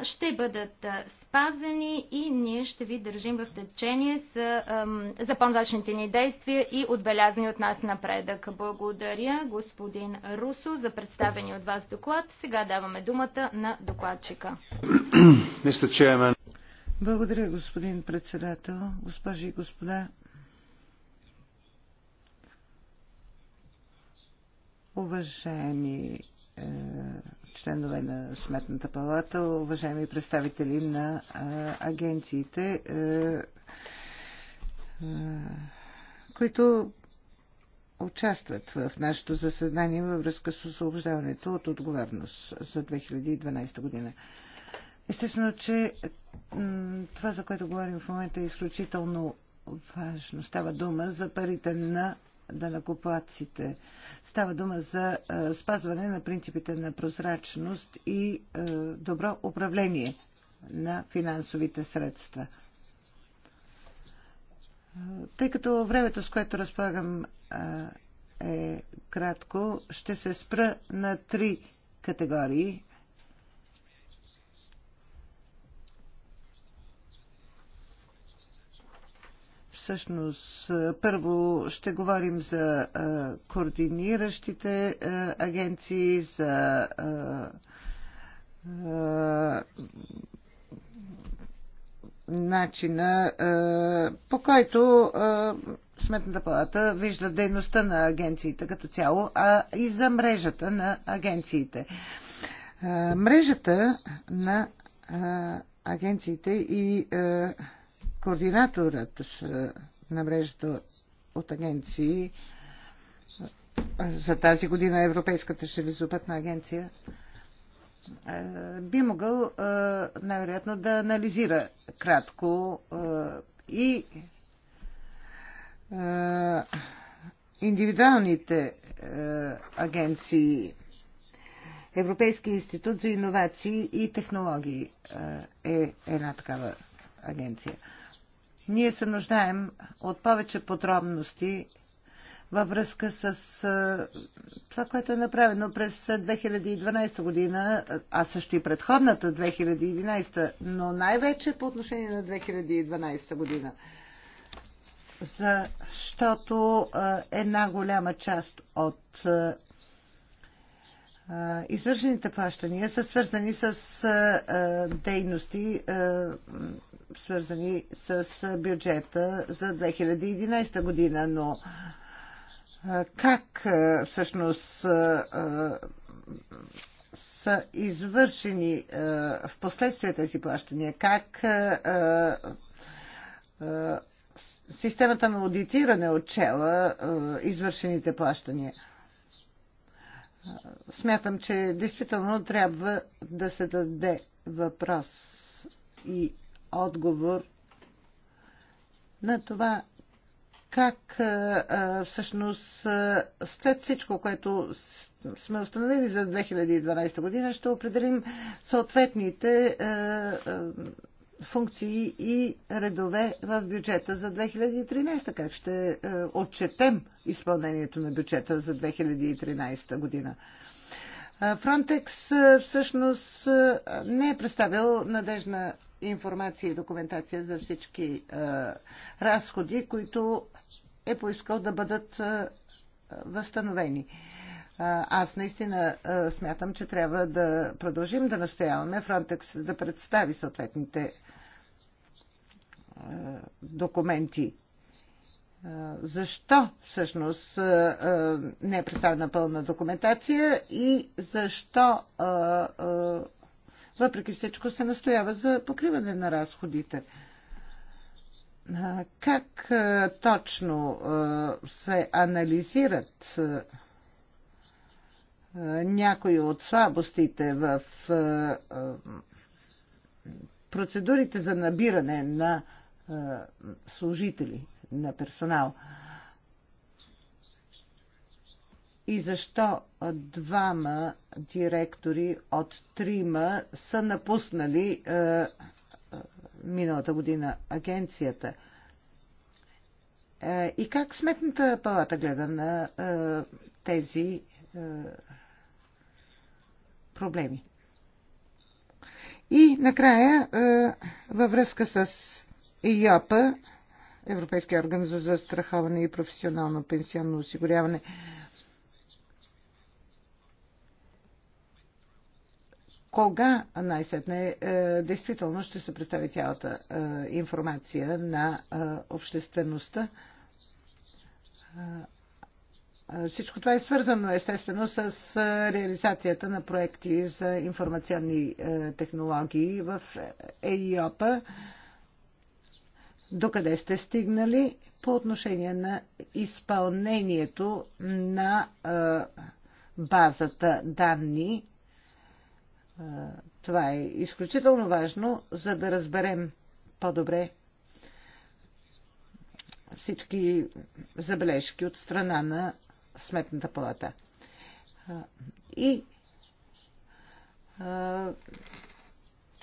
ще бъдат спазени и ние ще ви държим в течение за, за по-нататъчните ни действия и отбелязани от нас напредък. Благодаря господин Русо за представени от вас доклад. Сега даваме думата на докладчика. Благодаря, господин председател, госпожи и господа. Уважаеми е членове на Сметната палата, уважаеми представители на агенциите, е, е, които участват в нашето заседание във връзка с освобождаването от отговорност за 2012 година. Естествено, че това, за което говорим в момента, е изключително важно. Става дума за парите на данакоплаците. Става дума за е, спазване на принципите на прозрачност и е, добро управление на финансовите средства. Тъй като времето, с което разполагам, е, е кратко, ще се спра на три категории всъщност първо ще говорим за координиращите агенции, за начина по който Сметната палата вижда дейността на агенциите като цяло, а и за мрежата на агенциите. Мрежата на агенциите и координаторът на мрежата от агенции за тази година Европейската железопътна агенция би могъл най-вероятно да анализира кратко и индивидуалните агенции Европейския институт за иновации и технологии е една такава агенция. Ние се нуждаем от повече подробности във връзка с това, което е направено през 2012 година, а също и предходната 2011, но най-вече по отношение на 2012 година. Защото една голяма част от извършените плащания са свързани с дейности свързани с бюджета за 2011 година, но как всъщност са извършени в последствие тези плащания, как системата на аудитиране отчела извършените плащания. Смятам, че действително трябва да се даде въпрос и отговор на това как всъщност след всичко, което сме установили за 2012 година, ще определим съответните функции и редове в бюджета за 2013, как ще отчетем изпълнението на бюджета за 2013 година. Фронтекс всъщност не е представил надежна информация и документация за всички е, разходи, които е поискал да бъдат е, възстановени. Е, аз наистина смятам, че трябва да продължим да настояваме Frontex да представи съответните документи. Защо всъщност не е представена пълна документация и защо въпреки всичко се настоява за покриване на разходите. Как точно се анализират някои от слабостите в процедурите за набиране на служители, на персонал? и защо двама директори от трима са напуснали е, е, миналата година агенцията. Е, и как сметната палата гледа на е, тези е, проблеми? И накрая, е, във връзка с ИОПА, Европейския орган за застраховане и професионално пенсионно осигуряване, е, кога най-сетне е, действително ще се представи цялата е, информация на е, обществеността. Всичко това е свързано естествено с реализацията на проекти за информационни технологии в ЕИОПа. Докъде сте стигнали по отношение на изпълнението на базата данни това е изключително важно, за да разберем по-добре всички забележки от страна на Сметната палата. И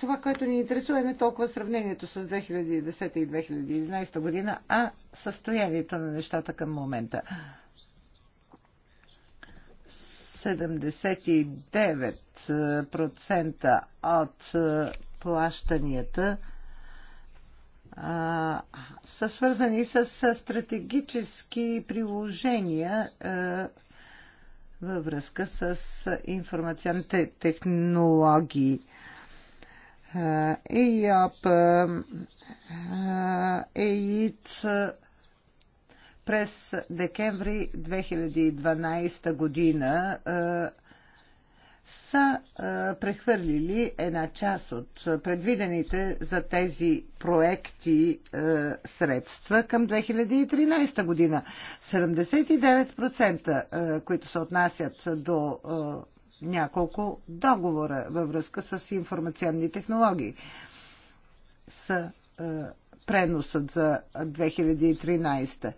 това, което ни интересува, не толкова сравнението с 2010 и 2011 година, а състоянието на нещата към момента. 79% от плащанията са свързани с стратегически приложения във връзка с информационните технологии. ЕИОП, uh, през декември 2012 година е, са е, прехвърлили една част от предвидените за тези проекти е, средства към 2013 година. 79%, които се отнасят до няколко договора във връзка с информационни технологии, са преносът за 2013.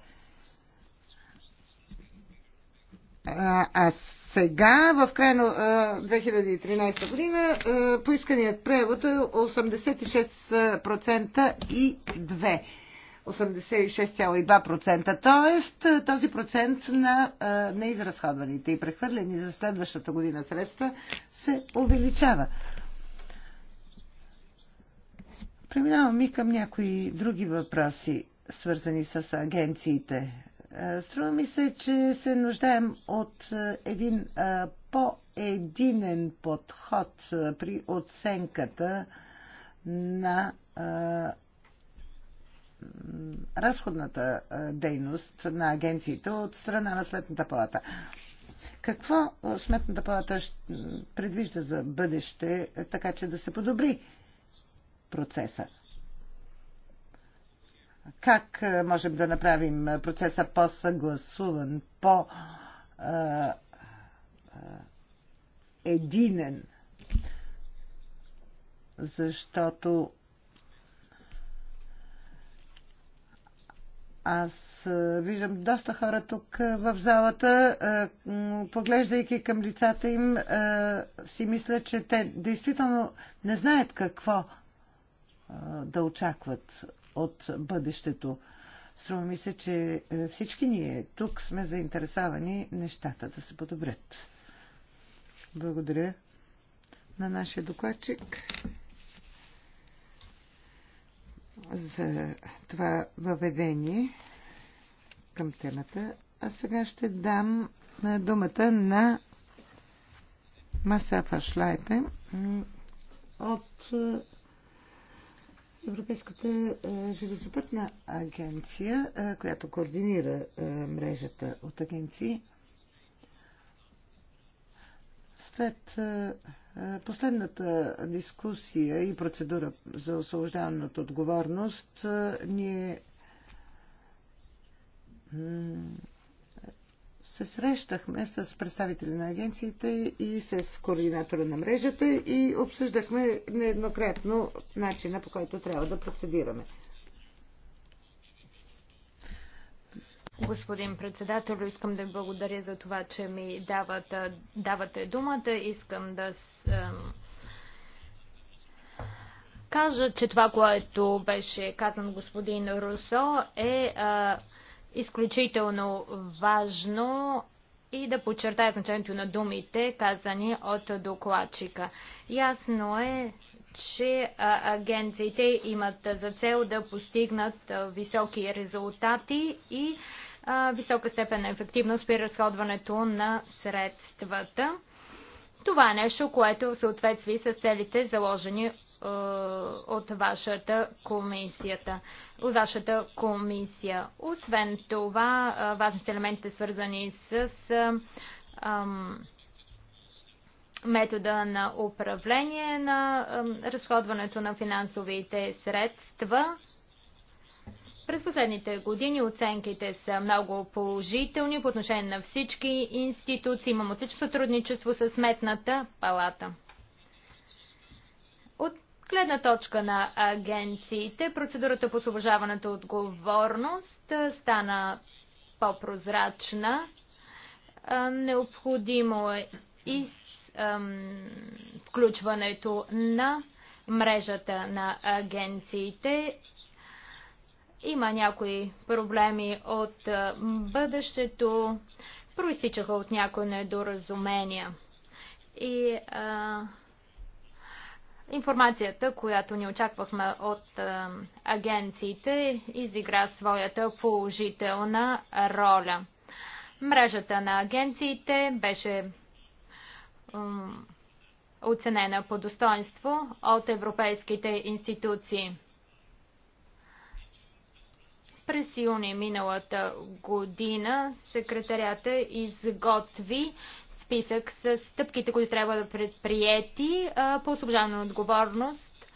А сега, в края на 2013 година, поисканият превод е 86% и 2. 86,2%. Тоест, този процент на неизразходваните и прехвърлени за следващата година средства се увеличава. Преминавам и към някои други въпроси, свързани с агенциите. Е, струва ми се, че се нуждаем от е, един е, по-единен подход при оценката на разходната дейност на агенциите от страна на Сметната палата. Какво Сметната палата предвижда за бъдеще, така че да се подобри процеса? как е, можем да направим е, процеса по-съгласуван, по-единен, е, защото Аз виждам доста хора тук в залата, поглеждайки към лицата им, си мисля, че те действително не знаят какво да очакват от бъдещето. Струва ми се, че е, всички ние тук сме заинтересовани нещата да се подобрят. Благодаря на нашия докладчик за това въведение към темата. А сега ще дам е, думата на Масафа Шлайпе от е, Европейската е, железопътна агенция, е, която координира е, мрежата от агенции, след последната дискусия и процедура за освобождаване от отговорност, ние се срещахме с представители на агенциите и с координатора на мрежата и обсъждахме нееднократно начина по който трябва да процедираме. Господин председател, искам да ви благодаря за това, че ми дават, давате думата. Искам да кажа, че това, което беше казан господин Русо е а, изключително важно и да подчертая значението на думите, казани от докладчика. Ясно е, че агенциите имат за цел да постигнат високи резултати и висока степен на ефективност при разходването на средствата. Това е нещо, което в съответствие с целите заложени е, от вашата комисията. От вашата комисия. Освен това, е, важни са елементите свързани с е, метода на управление на разходването на финансовите средства. През последните години оценките са много положителни по отношение на всички институции. Имам отлично сътрудничество с Сметната палата гледна точка на агенциите, процедурата по освобождаването е отговорност е, стана по-прозрачна. Е, необходимо е и включването на мрежата на агенциите. Има някои проблеми от бъдещето, проистичаха от някои недоразумения. И а, Информацията, която ни очаквахме от е, агенциите, изигра своята положителна роля. Мрежата на агенциите беше оценена по достоинство от европейските институции. През юни миналата година секретарята изготви списък с стъпките, които трябва да предприяти по освобождаване на отговорност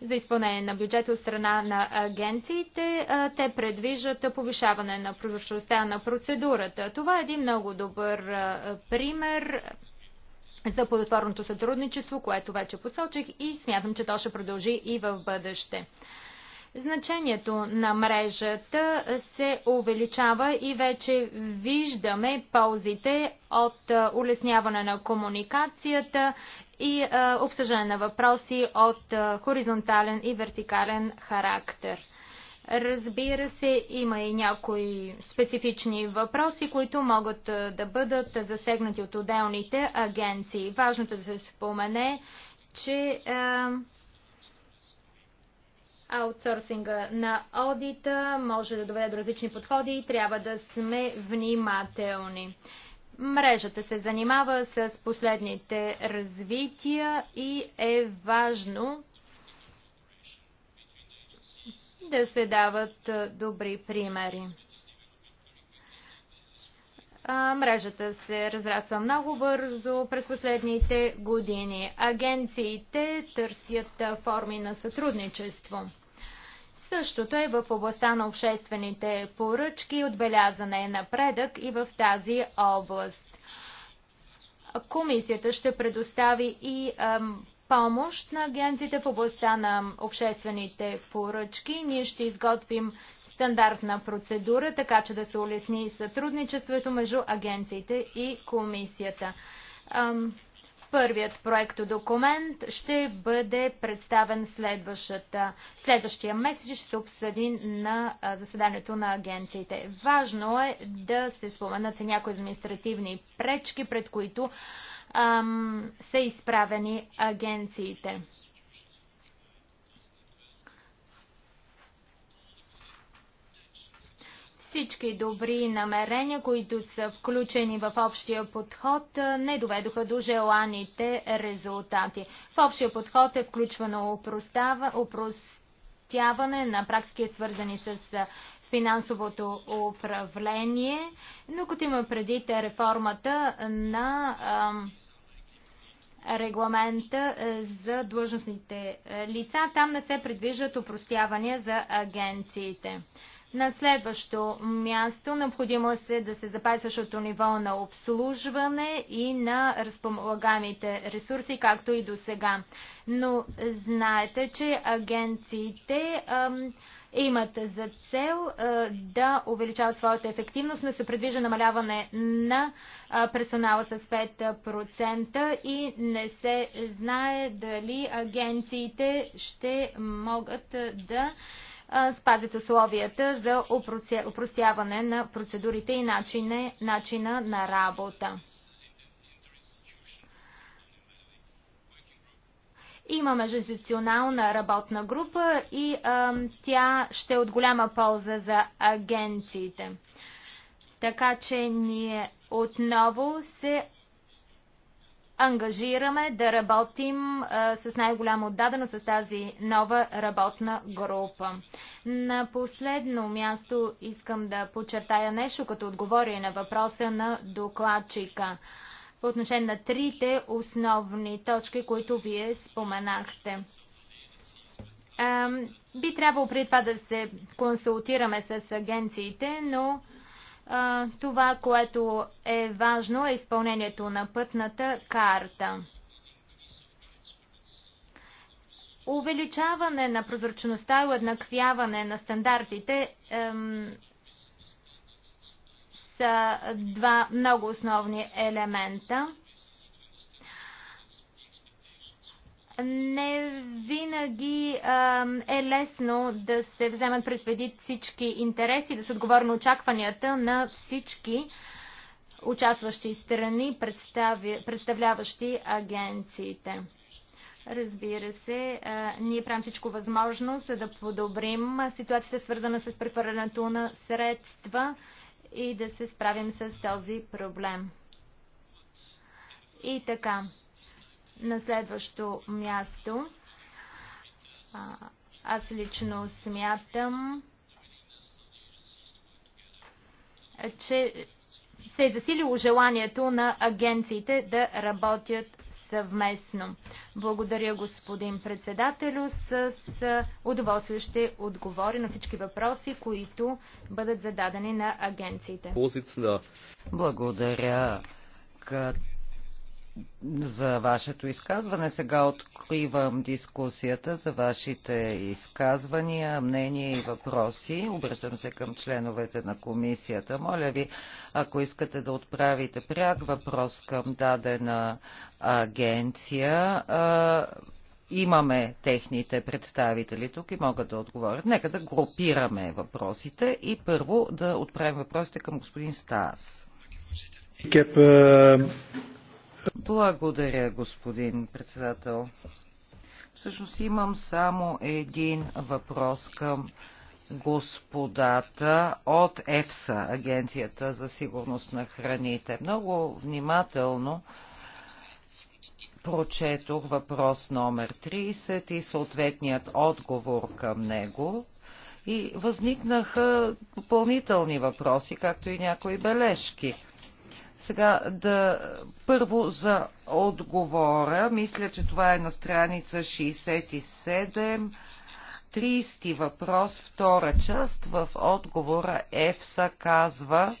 за изпълнение на бюджета от страна на агенциите. Те предвиждат повишаване на прозрачността на процедурата. Това е един много добър пример за плодотворното сътрудничество, което вече посочих и смятам, че то ще продължи и в бъдеще. Значението на мрежата се увеличава и вече виждаме ползите от улесняване на комуникацията и обсъждане на въпроси от хоризонтален и вертикален характер. Разбира се, има и някои специфични въпроси, които могат да бъдат засегнати от отделните агенции. Важното е да се спомене, че е, аутсорсинга на одита може да доведе до различни подходи и трябва да сме внимателни. Мрежата се занимава с последните развития и е важно да се дават добри примери. Мрежата се разраства много бързо през последните години. Агенциите търсят форми на сътрудничество. Същото е в областта на обществените поръчки, отбелязане е напредък и в тази област. Комисията ще предостави и ам, помощ на агенциите в областта на обществените поръчки. Ние ще изготвим стандартна процедура, така че да се улесни сътрудничеството между агенциите и комисията. Ам, Първият проект документ ще бъде представен следващия месец и ще се обсъди на заседанието на агенциите. Важно е да се споменат някои административни пречки, пред които ам, са изправени агенциите. Всички добри намерения, които са включени в общия подход, не доведоха до желаните резултати. В общия подход е включвано упростяване на практики, свързани с финансовото управление, но като има преди реформата на регламента за длъжностните лица, там не се предвиждат упростявания за агенциите. На следващо място необходимо е да се запази същото ниво на обслужване и на разполагамите ресурси, както и до сега. Но знаете, че агенциите ам, имат за цел а, да увеличават своята ефективност, но се предвижда намаляване на а, персонала с 5% и не се знае дали агенциите ще могат да спазят условията за упростяване на процедурите и начине, начина на работа. Има междуинституционална работна група и а, тя ще е от голяма полза за агенциите. Така че ние отново се ангажираме да работим а, с най-голяма отдаденост с тази нова работна група. На последно място искам да подчертая нещо, като отговоря на въпроса на докладчика по отношение на трите основни точки, които вие споменахте. А, би трябвало при това да се консултираме с агенциите, но това, което е важно, е изпълнението на пътната карта. Увеличаване на прозрачността и уеднаквяване на стандартите ем, са два много основни елемента. не винаги а, е лесно да се вземат предвид всички интереси, да се отговори на очакванията на всички участващи страни, представляващи агенциите. Разбира се, а, ние правим всичко възможно, за да подобрим ситуацията, свързана с прехвърлянето на средства и да се справим с този проблем. И така. На следващо място, аз лично смятам, че се е засилило желанието на агенциите да работят съвместно. Благодаря, господин председателю. С, удоволствие ще отговори на всички въпроси, които бъдат зададени на агенциите. Благодаря. Като за вашето изказване. Сега откривам дискусията за вашите изказвания, мнения и въпроси. Обръщам се към членовете на комисията. Моля ви, ако искате да отправите пряк въпрос към дадена агенция, имаме техните представители тук и могат да отговорят. Нека да групираме въпросите и първо да отправим въпросите към господин Стас. Ik heb uh, благодаря, господин председател. Всъщност имам само един въпрос към господата от ЕФСА, Агенцията за сигурност на храните. Много внимателно прочетох въпрос номер 30 и съответният отговор към него. И възникнаха допълнителни въпроси, както и някои бележки. Сега да първо за отговора. Мисля, че това е на страница 67. 30 въпрос, втора част. В отговора ЕФСА казва,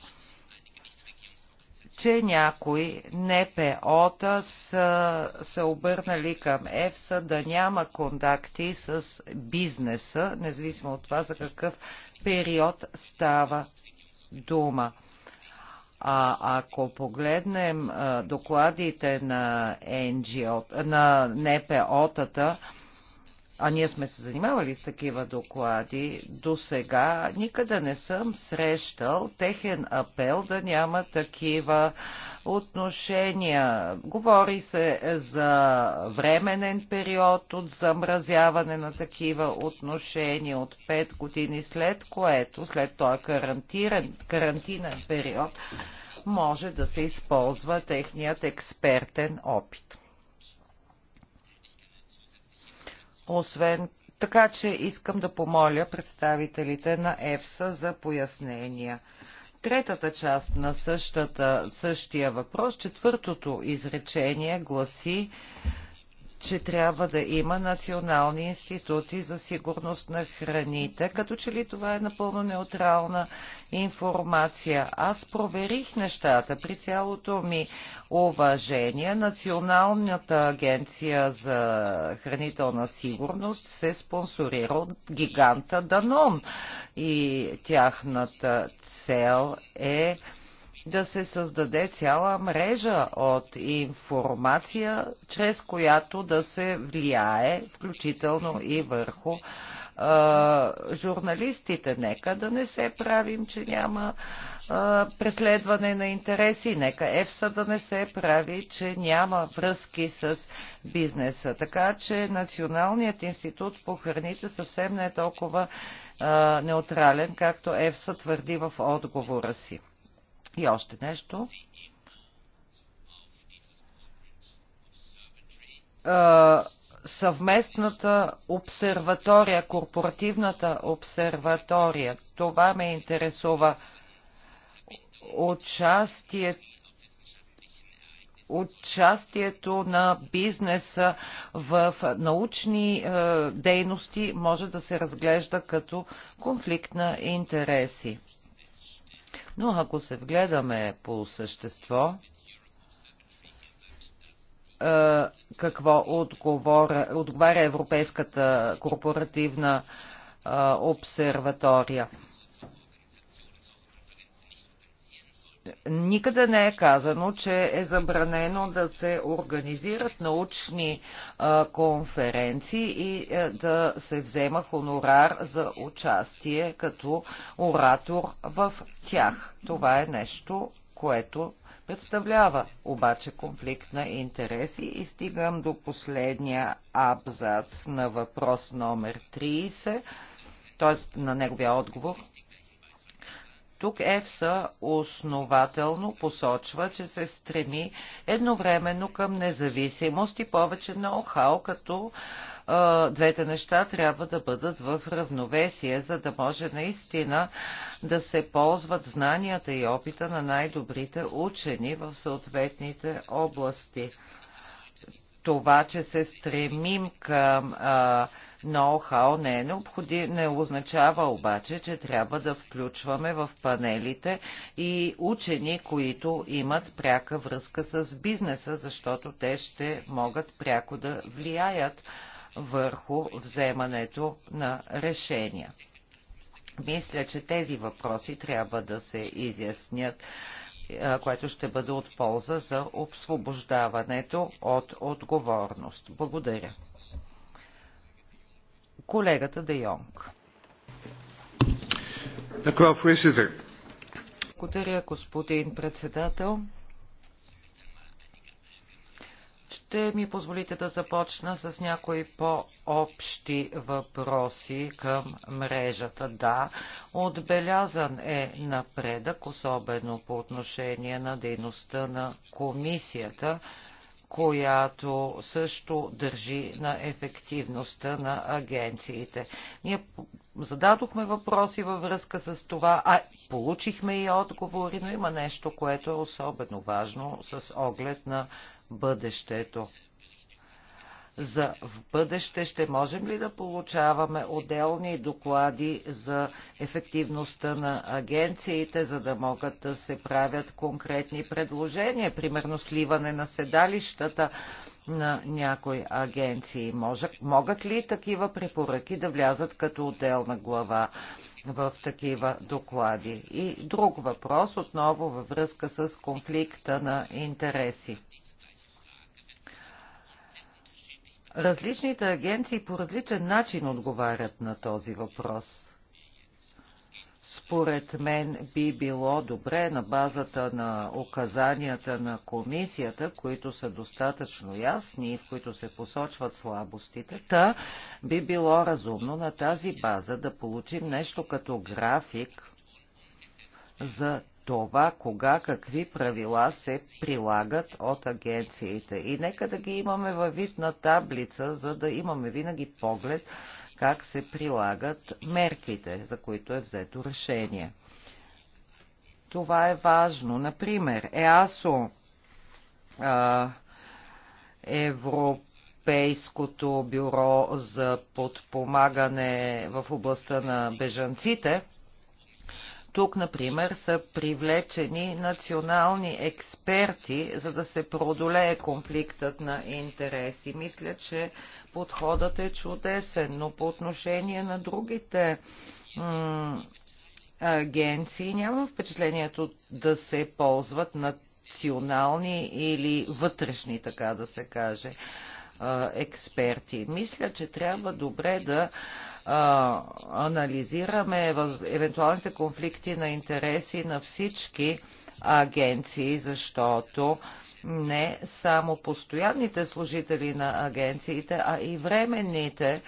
че някои НПО-та са се обърнали към ЕФСА да няма контакти с бизнеса, независимо от това за какъв период става дума. А ако погледнем докладите на, NGO, на НПО-тата, а ние сме се занимавали с такива доклади, до сега никъде не съм срещал техен апел да няма такива отношения. Говори се за временен период от замразяване на такива отношения от 5 години, след което, след този карантинен период, може да се използва техният експертен опит. Освен така, че искам да помоля представителите на ЕФСА за пояснения. Третата част на същата, същия въпрос, четвъртото изречение гласи, че трябва да има национални институти за сигурност на храните, като че ли това е напълно неутрална информация. Аз проверих нещата при цялото ми уважение. Националната агенция за хранителна сигурност се спонсорира от гиганта Данон и тяхната цел е да се създаде цяла мрежа от информация, чрез която да се влияе, включително и върху журналистите. Нека да не се правим, че няма а, преследване на интереси. Нека ЕФСА да не се прави, че няма връзки с бизнеса. Така че Националният институт по храните съвсем не е толкова неутрален, както ЕФСА твърди в отговора си. И още нещо. съвместната обсерватория, корпоративната обсерватория. Това ме интересува. Участие, участието на бизнеса в научни е, дейности може да се разглежда като конфликт на интереси. Но ако се вгледаме по същество, какво отговаря Европейската корпоративна обсерватория. Никъде не е казано, че е забранено да се организират научни а, конференции и а, е, да се взема хонорар за участие като оратор в тях. Това е нещо, което представлява обаче конфликт на интереси и стигам до последния абзац на въпрос номер 30, т.е. на неговия отговор тук ЕФСА основателно посочва, че се стреми едновременно към независимост и повече ноу-хау, като е, двете неща трябва да бъдат в равновесие, за да може наистина да се ползват знанията и опита на най-добрите учени в съответните области. Това, че се стремим към Е, Ноу-хау не е необходим, не означава обаче, че трябва да включваме в панелите и учени, които имат пряка връзка с бизнеса, защото те ще могат пряко да влияят върху вземането на решения. Мисля, че тези въпроси трябва да се изяснят, което ще бъде от полза за освобождаването от отговорност. Благодаря колегата Де Йонг. Благодаря, господин председател. Ще ми позволите да започна с някои по-общи въпроси към мрежата. Да, отбелязан е напредък, особено по отношение на дейността на комисията която също държи на ефективността на агенциите. Ние зададохме въпроси във връзка с това, а получихме и отговори, но има нещо, което е особено важно с оглед на бъдещето за в бъдеще ще можем ли да получаваме отделни доклади за ефективността на агенциите, за да могат да се правят конкретни предложения, примерно сливане на седалищата на някои агенции. Могат ли такива препоръки да влязат като отделна глава в такива доклади? И друг въпрос, отново във връзка с конфликта на интереси. Различните агенции по различен начин отговарят на този въпрос. Според мен би било добре на базата на указанията на комисията, които са достатъчно ясни и в които се посочват слабостите, та би било разумно на тази база да получим нещо като график за това кога, какви правила се прилагат от агенциите. И нека да ги имаме във вид на таблица, за да имаме винаги поглед как се прилагат мерките, за които е взето решение. Това е важно. Например, ЕАСО, Европейското бюро за подпомагане в областта на бежанците, тук, например, са привлечени национални експерти, за да се продолее конфликтът на интереси. Мисля, че подходът е чудесен, но по отношение на другите агенции нямам впечатлението да се ползват национални или вътрешни, така да се каже, експерти. Мисля, че трябва добре да анализираме евентуалните конфликти на интереси на всички агенции, защото не само постоянните служители на агенциите, а и временните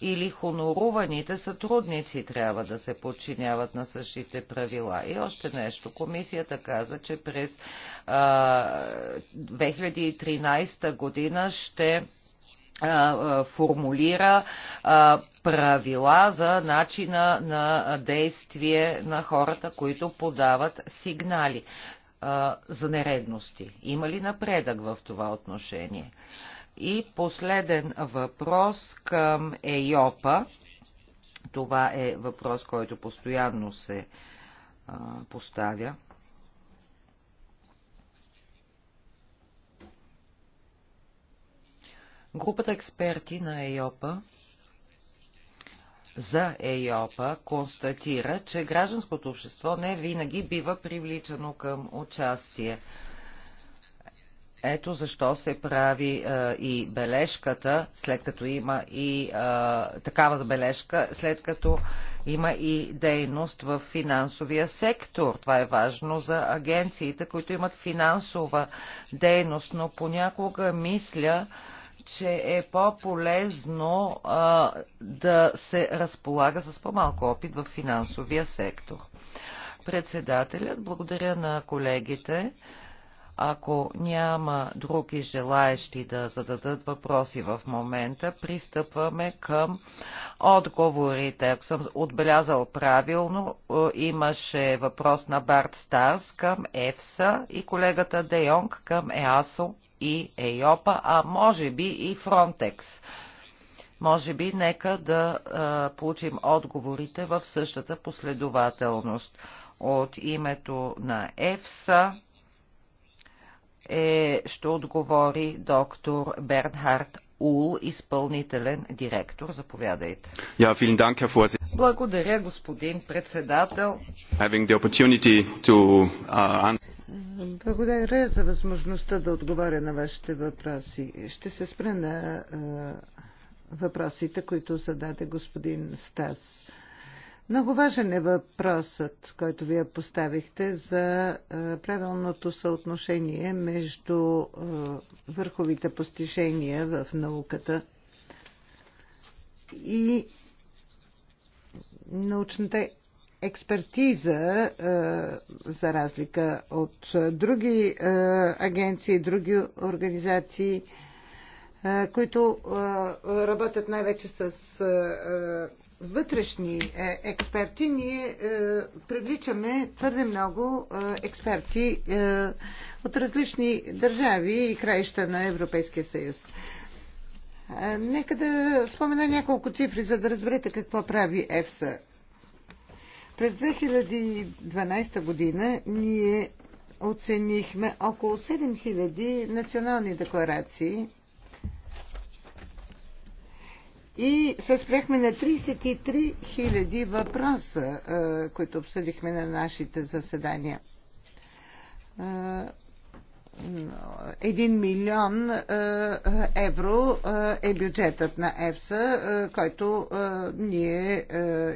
или хоноруваните сътрудници трябва да се подчиняват на същите правила. И още нещо. Комисията каза, че през а, 2013 година ще формулира правила за начина на действие на хората, които подават сигнали за нередности. Има ли напредък в това отношение? И последен въпрос към ЕЙОПА. Това е въпрос, който постоянно се поставя Групата експерти на ЕЙОПА за ЕЙОПА констатира, че гражданското общество не винаги бива привличано към участие. Ето защо се прави а, и бележката, след като има и а, такава забележка, след като има и дейност в финансовия сектор. Това е важно за агенциите, които имат финансова дейност, но понякога мисля, а, че е по-полезно да се разполага с по-малко опит в финансовия сектор. Председателят, благодаря на колегите. Ако няма други желаещи да зададат въпроси в момента, пристъпваме към отговорите. Ако съм отбелязал правилно, е, имаше въпрос на Барт Старс към ЕФСА и колегата Де Йонг към ЕАСО и ЕЙОПА, а може би и Фронтекс. Може би нека да а, получим отговорите в същата последователност. От името на ЕФСА е, ще отговори доктор Бернхард Ул, изпълнителен директор. Заповядайте. Dank, Herr Благодаря, господин председател. To... Uh, Благодаря за възможността да отговаря на вашите въпроси. Ще се спра на uh, въпросите, които зададе господин Стас. Много важен е въпросът, който вие поставихте за правилното съотношение между върховите постижения в науката и научната експертиза, за разлика от други агенции, други организации, които работят най-вече с вътрешни е, експерти, ние е, привличаме твърде много е, експерти от различни държави и краища на Европейския съюз. Нека да спомена няколко цифри, за да разберете какво прави ЕФСА. През 2012 година ние оценихме около 7000 национални декларации и се спряхме на 33 000 въпроса, които обсъдихме на нашите заседания. 1 милион евро е бюджетът на ЕФСА, който ние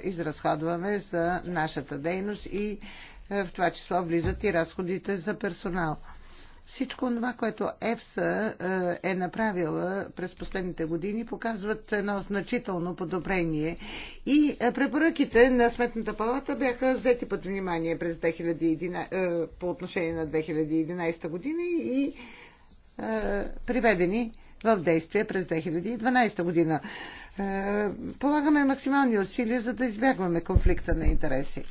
изразходваме за нашата дейност и в това число влизат и разходите за персонал. Всичко това, което ЕФСА е, е направила през последните години, показват едно значително подобрение. И е, препоръките на Сметната палата бяха взети под внимание през 2011, е, по отношение на 2011 година и приведени в действие през 2012 година. Полагаме максимални усилия, за да избягваме конфликта на интереси.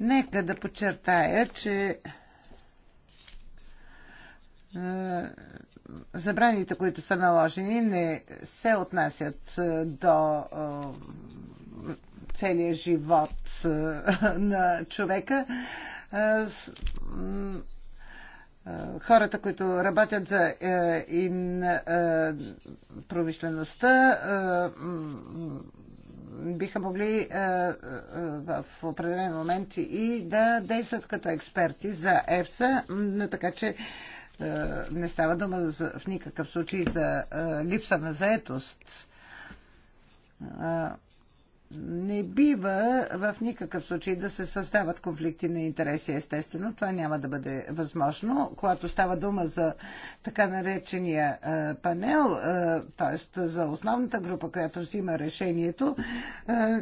Нека да подчертая, че е, забраните, които са наложени, не се отнасят е, до е, целия живот на човека. Хората, които работят за промишлеността, биха могли в определен момент и да действат като експерти за ЕФСА, така че е, не става дума за, в никакъв случай за е, липса на заетост. Е, не бива в никакъв случай да се създават конфликти на интереси, естествено. Това няма да бъде възможно. Когато става дума за така наречения панел, т.е. за основната група, която взима решението,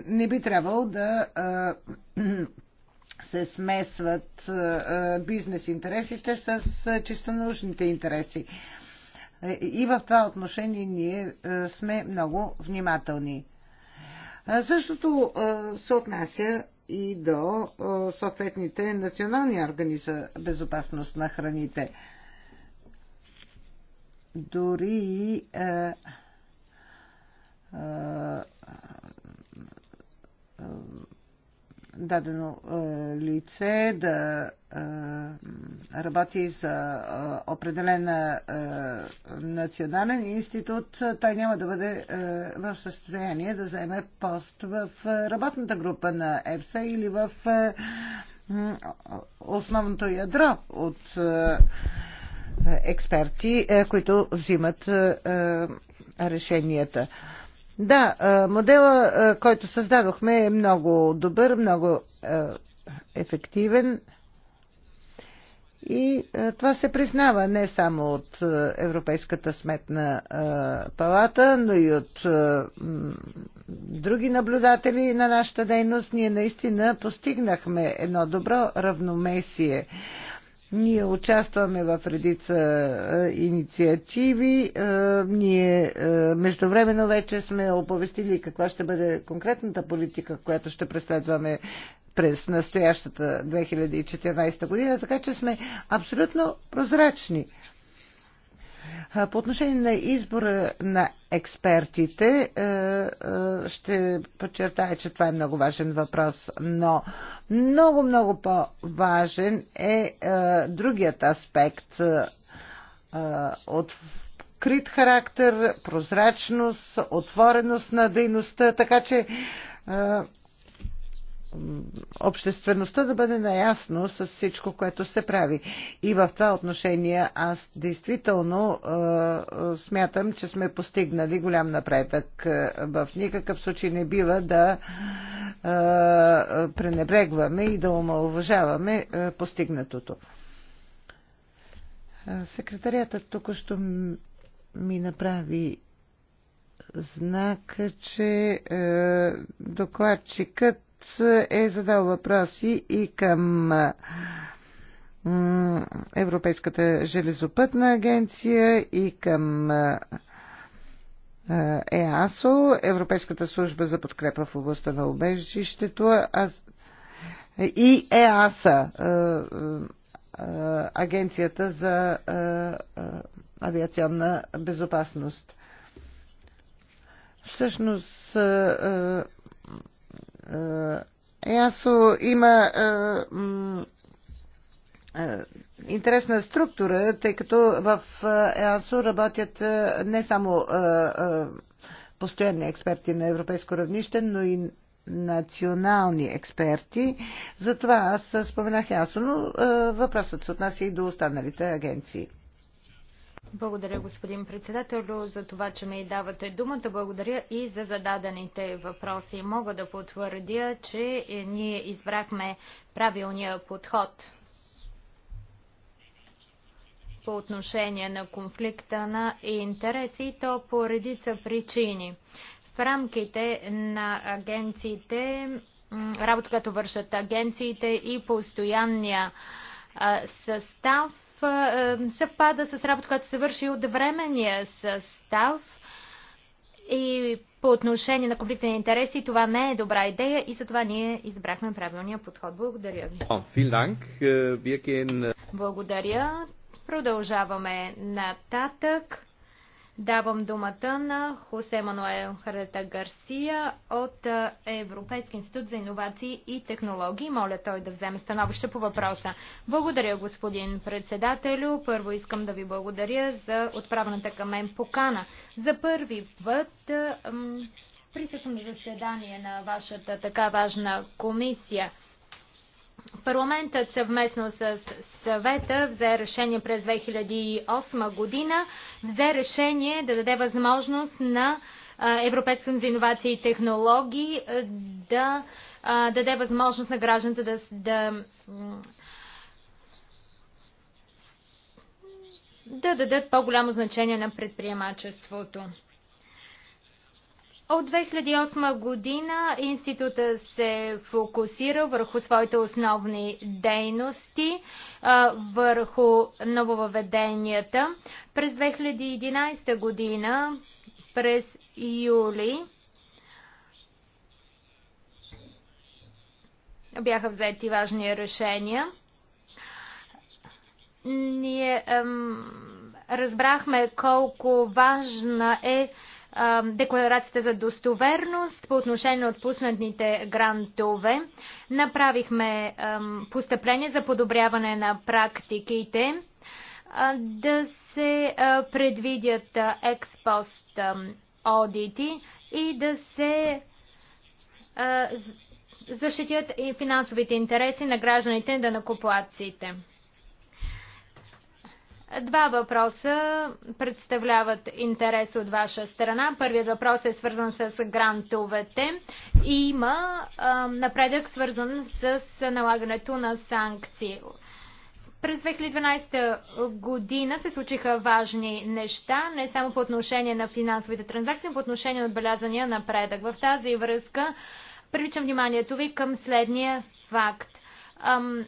не би трябвало да се смесват бизнес интересите с чисто научните интереси. И в това отношение ние сме много внимателни. Същото се отнася и до съответните национални органи за безопасност на храните. Дори е, е, дадено е, лице да е, работи за е, определен национален институт, той няма да бъде в състояние да заеме пост в работната група на ЕФСА или в основното ядро от експерти, които взимат решенията. Да, модела, който създадохме е много добър, много ефективен. И това се признава не само от Европейската сметна палата, но и от други наблюдатели на нашата дейност. Ние наистина постигнахме едно добро равномесие ние участваме в редица е, инициативи. Е, ние е, междувременно вече сме оповестили каква ще бъде конкретната политика, която ще преследваме през настоящата 2014 година, така че сме абсолютно прозрачни. По отношение на избора на експертите, е, е, ще подчертая, че това е много важен въпрос, но много, много по-важен е, е другият аспект от крит характер, прозрачност, отвореност на дейността, така че обществеността да бъде наясно с всичко, което се прави. И в това отношение аз действително е, е смятам, че сме постигнали голям напредък. Е, в никакъв случай не бива да е, пренебрегваме и да омалуважаваме е, постигнатото. Е, секретарията току-що ми направи знак, че е, докладчикът е задал въпроси и към Европейската железопътна агенция и към ЕАСО, Европейската служба за подкрепа в областта на убежището и ЕАСА, Агенцията за авиационна безопасност. Всъщност, ЕАСО има е, е, интересна структура, тъй като в ЕАСО работят е, не само постоянни експерти на европейско равнище, но и национални експерти. Затова аз споменах ясно, но въпросът се отнася и до останалите агенции. Благодаря, господин председател, за това, че ми давате думата. Благодаря и за зададените въпроси. Мога да потвърдя, че ние избрахме правилния подход по отношение на конфликта на интереси, то по редица причини. В рамките на агенциите, работа, като вършат агенциите и постоянния състав, съвпада с работа, която се върши от временния състав. И по отношение на конфликта на интереси това не е добра идея и затова ние избрахме правилния подход. Благодаря ви. Е, е, Благодаря. Продължаваме нататък. Давам думата на Хосе Мануел Харета Гарсия от Европейски институт за иновации и технологии. Моля той да вземе становище по въпроса. Благодаря, господин председателю. Първо искам да ви благодаря за отправената към мен покана. За първи път присъствам на заседание на вашата така важна комисия – Парламентът съвместно с съвета взе решение през 2008 година, взе решение да даде възможност на Европейството за инновации и технологии да даде възможност на гражданите да, да, да дадат по-голямо значение на предприемачеството. От 2008 година института се фокусира върху своите основни дейности, върху нововведенията. През 2011 година, през юли, бяха взети важни решения. Ние ем, разбрахме колко важна е декларацията за достоверност по отношение на отпуснатите грантове. Направихме постъпление за подобряване на практиките да се предвидят експост одити и да се защитят и финансовите интереси на гражданите и данакоплатците. Два въпроса представляват интерес от ваша страна. Първият въпрос е свързан с грантовете. и Има а, напредък свързан с налагането на санкции. През 2012 година се случиха важни неща, не само по отношение на финансовите транзакции, но по отношение на отбелязания напредък. В тази връзка привличам вниманието ви към следния факт. Ам,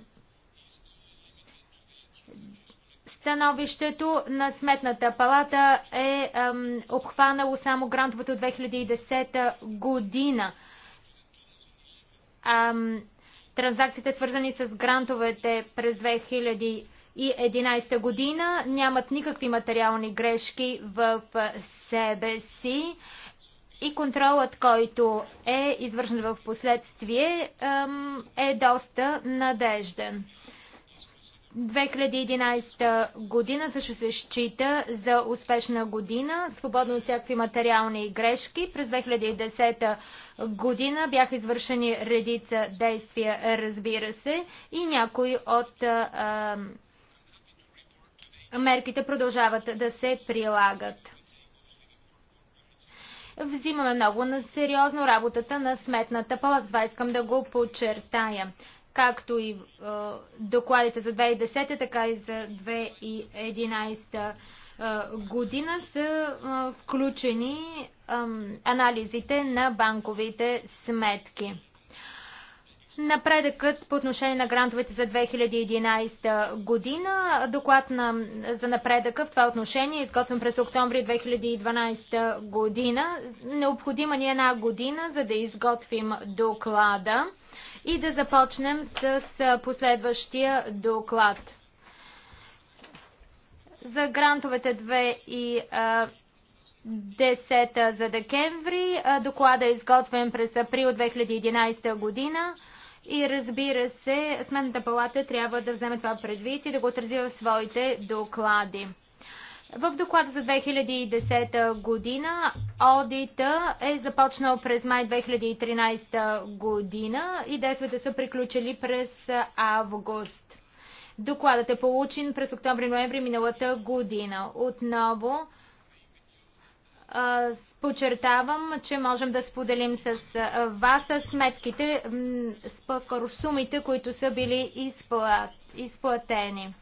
Становището на Сметната палата е ам, обхванало само грантовете от 2010 година. Ам, транзакциите, свързани с грантовете през 2011 година, нямат никакви материални грешки в себе си и контролът, който е извършен в последствие, е доста надежден. 2011 година също се счита за успешна година, свободно от всякакви материални грешки. През 2010 година бяха извършени редица действия, разбира се, и някои от а, мерките продължават да се прилагат. Взимаме много на сериозно работата на Сметната палата. Това искам да го подчертая както и докладите за 2010, така и за 2011 година са включени анализите на банковите сметки. Напредъкът по отношение на грантовете за 2011 година. Доклад на, за напредъка в това отношение е изготвен през октомври 2012 година. Необходима ни е една година, за да изготвим доклада и да започнем с последващия доклад. За грантовете 2 и 10 за декември. Докладът е изготвен през април 2011 година. И разбира се, Сметната палата трябва да вземе това предвид и да го отрази в своите доклади. В доклада за 2010 година одита е започнал през май 2013 година и действията са приключили през август. Докладът е получен през октомври-ноември миналата година. Отново подчертавам, че можем да споделим с вас сметките, с скоро сумите, които са били изплатени.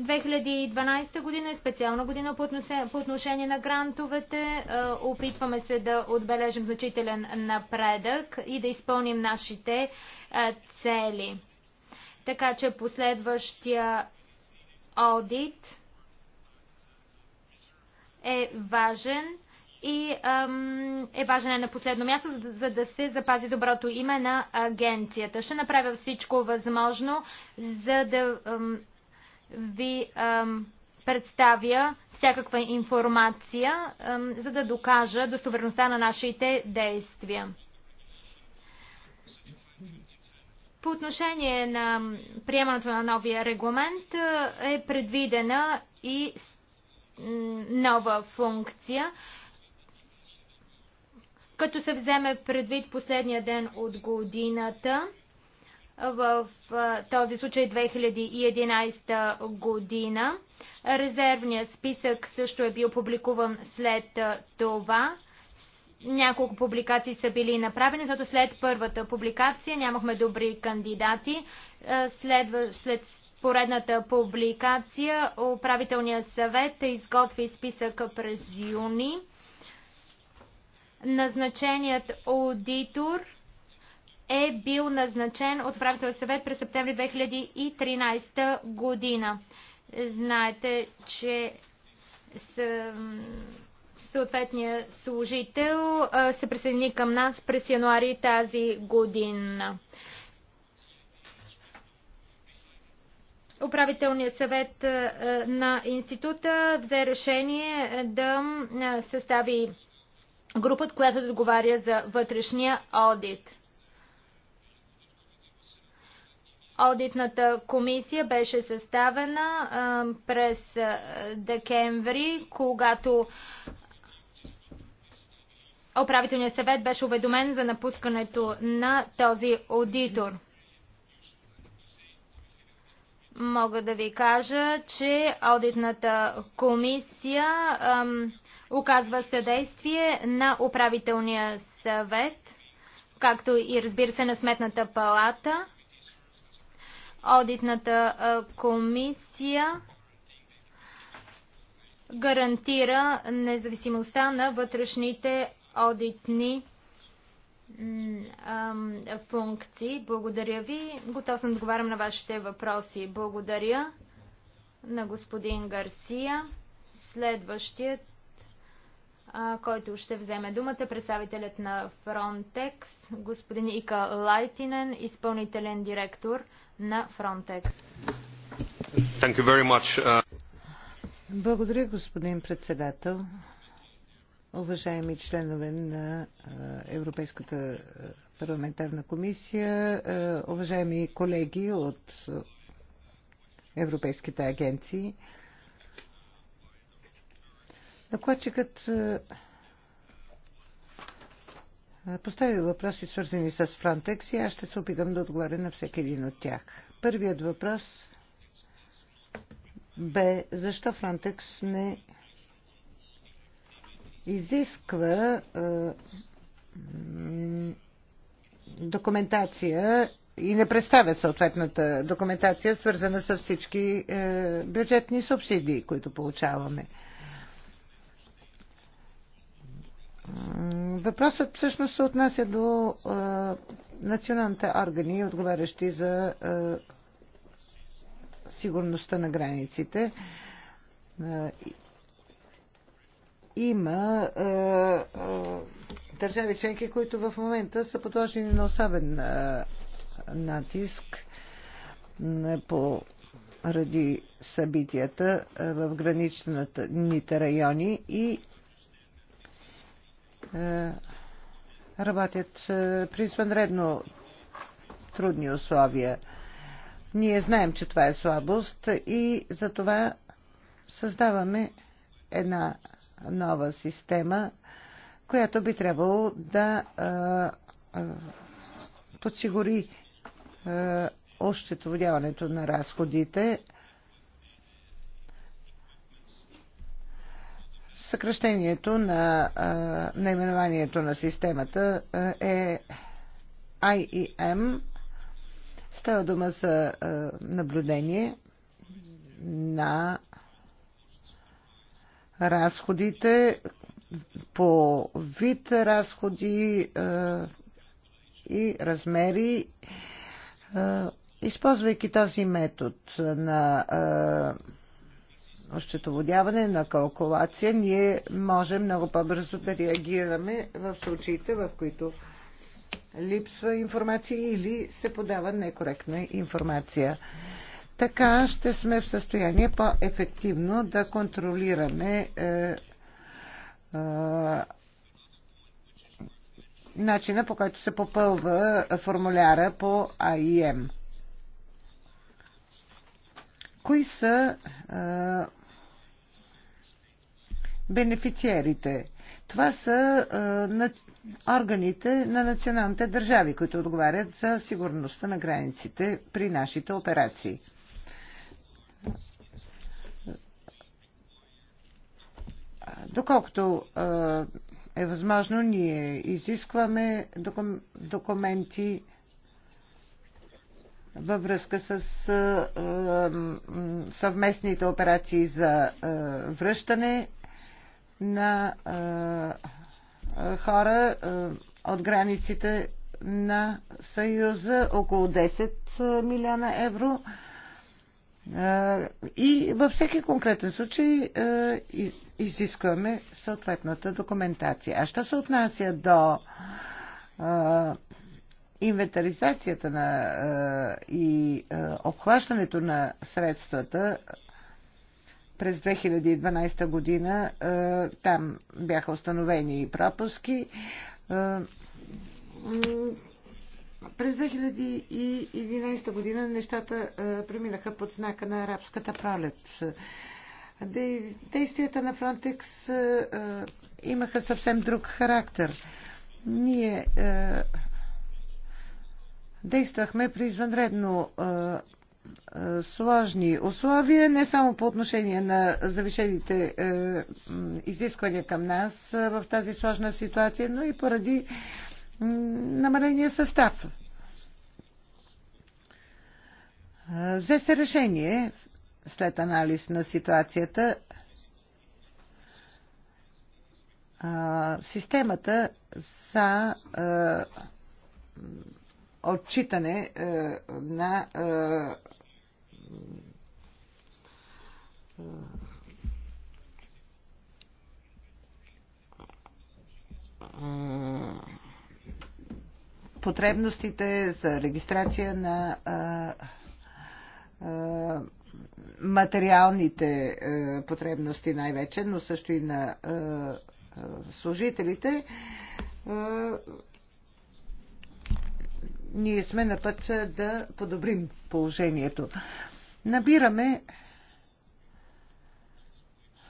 2012 година е специална година по отношение на грантовете. Е, опитваме се да отбележим значителен напредък и да изпълним нашите е, цели. Така че последващия аудит е важен и е важен е на последно място, за, да се запази доброто име на агенцията. Ще направя всичко възможно, за да ви ам, представя всякаква информация, ам, за да докажа достоверността на нашите действия. По отношение на приемането на новия регламент е предвидена и нова функция, като се вземе предвид последния ден от годината – в този случай 2011 година. Резервният списък също е бил публикуван след това. Няколко публикации са били направени, защото след първата публикация нямахме добри кандидати. След, след поредната публикация управителният съвет изготви списък през юни. Назначеният аудитор – е бил назначен от правител съвет през септември 2013 година. Знаете, че съответният служител се присъедини към нас през януари тази година. Управителният съвет на института взе решение да състави групата, която отговаря за вътрешния одит. Одитната комисия беше съставена през декември, когато управителният съвет беше уведомен за напускането на този аудитор. Мога да ви кажа, че аудитната комисия оказва съдействие на управителния съвет, както и разбира се на Сметната палата – Одитната комисия гарантира независимостта на вътрешните одитни функции. Благодаря ви. Готов съм да отговарям на вашите въпроси. Благодаря на господин Гарсия. Следващият който ще вземе думата, представителят на Frontex, господин Ика Лайтинен, изпълнителен директор на Frontex. Thank you very much. Uh... Благодаря, господин председател. Уважаеми членове на Европейската парламентарна комисия, уважаеми колеги от европейските агенции, Докладчикът е, е, постави въпроси, свързани с Фронтекс и аз ще се опитам да отговоря на всеки един от тях. Първият въпрос бе защо Фронтекс не изисква е, документация и не представя съответната документация, свързана с всички бюджетни субсидии, които получаваме. Въпросът всъщност се отнася до а, националните органи, отговарящи за а, сигурността на границите. А, има а, а, държави членки, които в момента са подложени на особен а, натиск а, по ради събитията в граничните райони и е, работят е, при извънредно трудни условия. Ние знаем, че това е слабост и за това създаваме една нова система, която би трябвало да е, подсигури още на разходите Съкръщението на а, наименованието на системата е IEM. Става дума за а, наблюдение на разходите по вид разходи а, и размери. А, използвайки този метод на а, счетоводяване, на калкулация, ние можем много по-бързо да реагираме в случаите, в които липсва информация или се подава некоректна информация. Така ще сме в състояние по-ефективно да контролираме е, е, начина по който се попълва формуляра по АИМ. Кои са е, бенефициерите. Това са а, на, органите на националните държави, които отговарят за сигурността на границите при нашите операции. Доколкото а, е възможно, ние изискваме докум, документи във връзка с а, а, съвместните операции за а, връщане на хора от границите на Съюза, около 10 милиона евро. И във всеки конкретен случай изискваме съответната документация. А що се отнася до инвентаризацията на, и обхващането на средствата през 2012 година е, там бяха установени е, и пропуски. През 2011 година нещата е, преминаха под знака на арабската пролет. Действията на Фронтекс имаха съвсем друг характер. Ние действахме при извънредно е, сложни условия, не само по отношение на завишените е, изисквания към нас е, в тази сложна ситуация, но и поради намаления състав. Взе се решение след анализ на ситуацията системата за отчитане е, на е, потребностите за регистрация на е, материалните потребности най-вече, но също и на служителите ние сме на път да подобрим положението. Набираме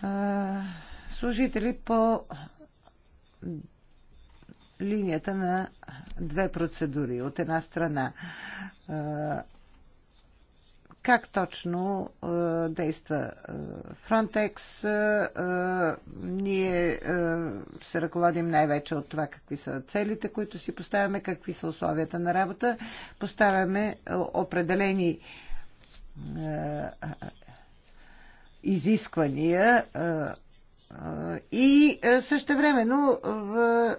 а, служители по линията на две процедури. От една страна а, как точно е, действа е, Frontex. Е, е, ние е, се ръководим най-вече от това какви са целите, които си поставяме, какви са условията на работа. Поставяме е, определени е, изисквания е, е и е, също времено е,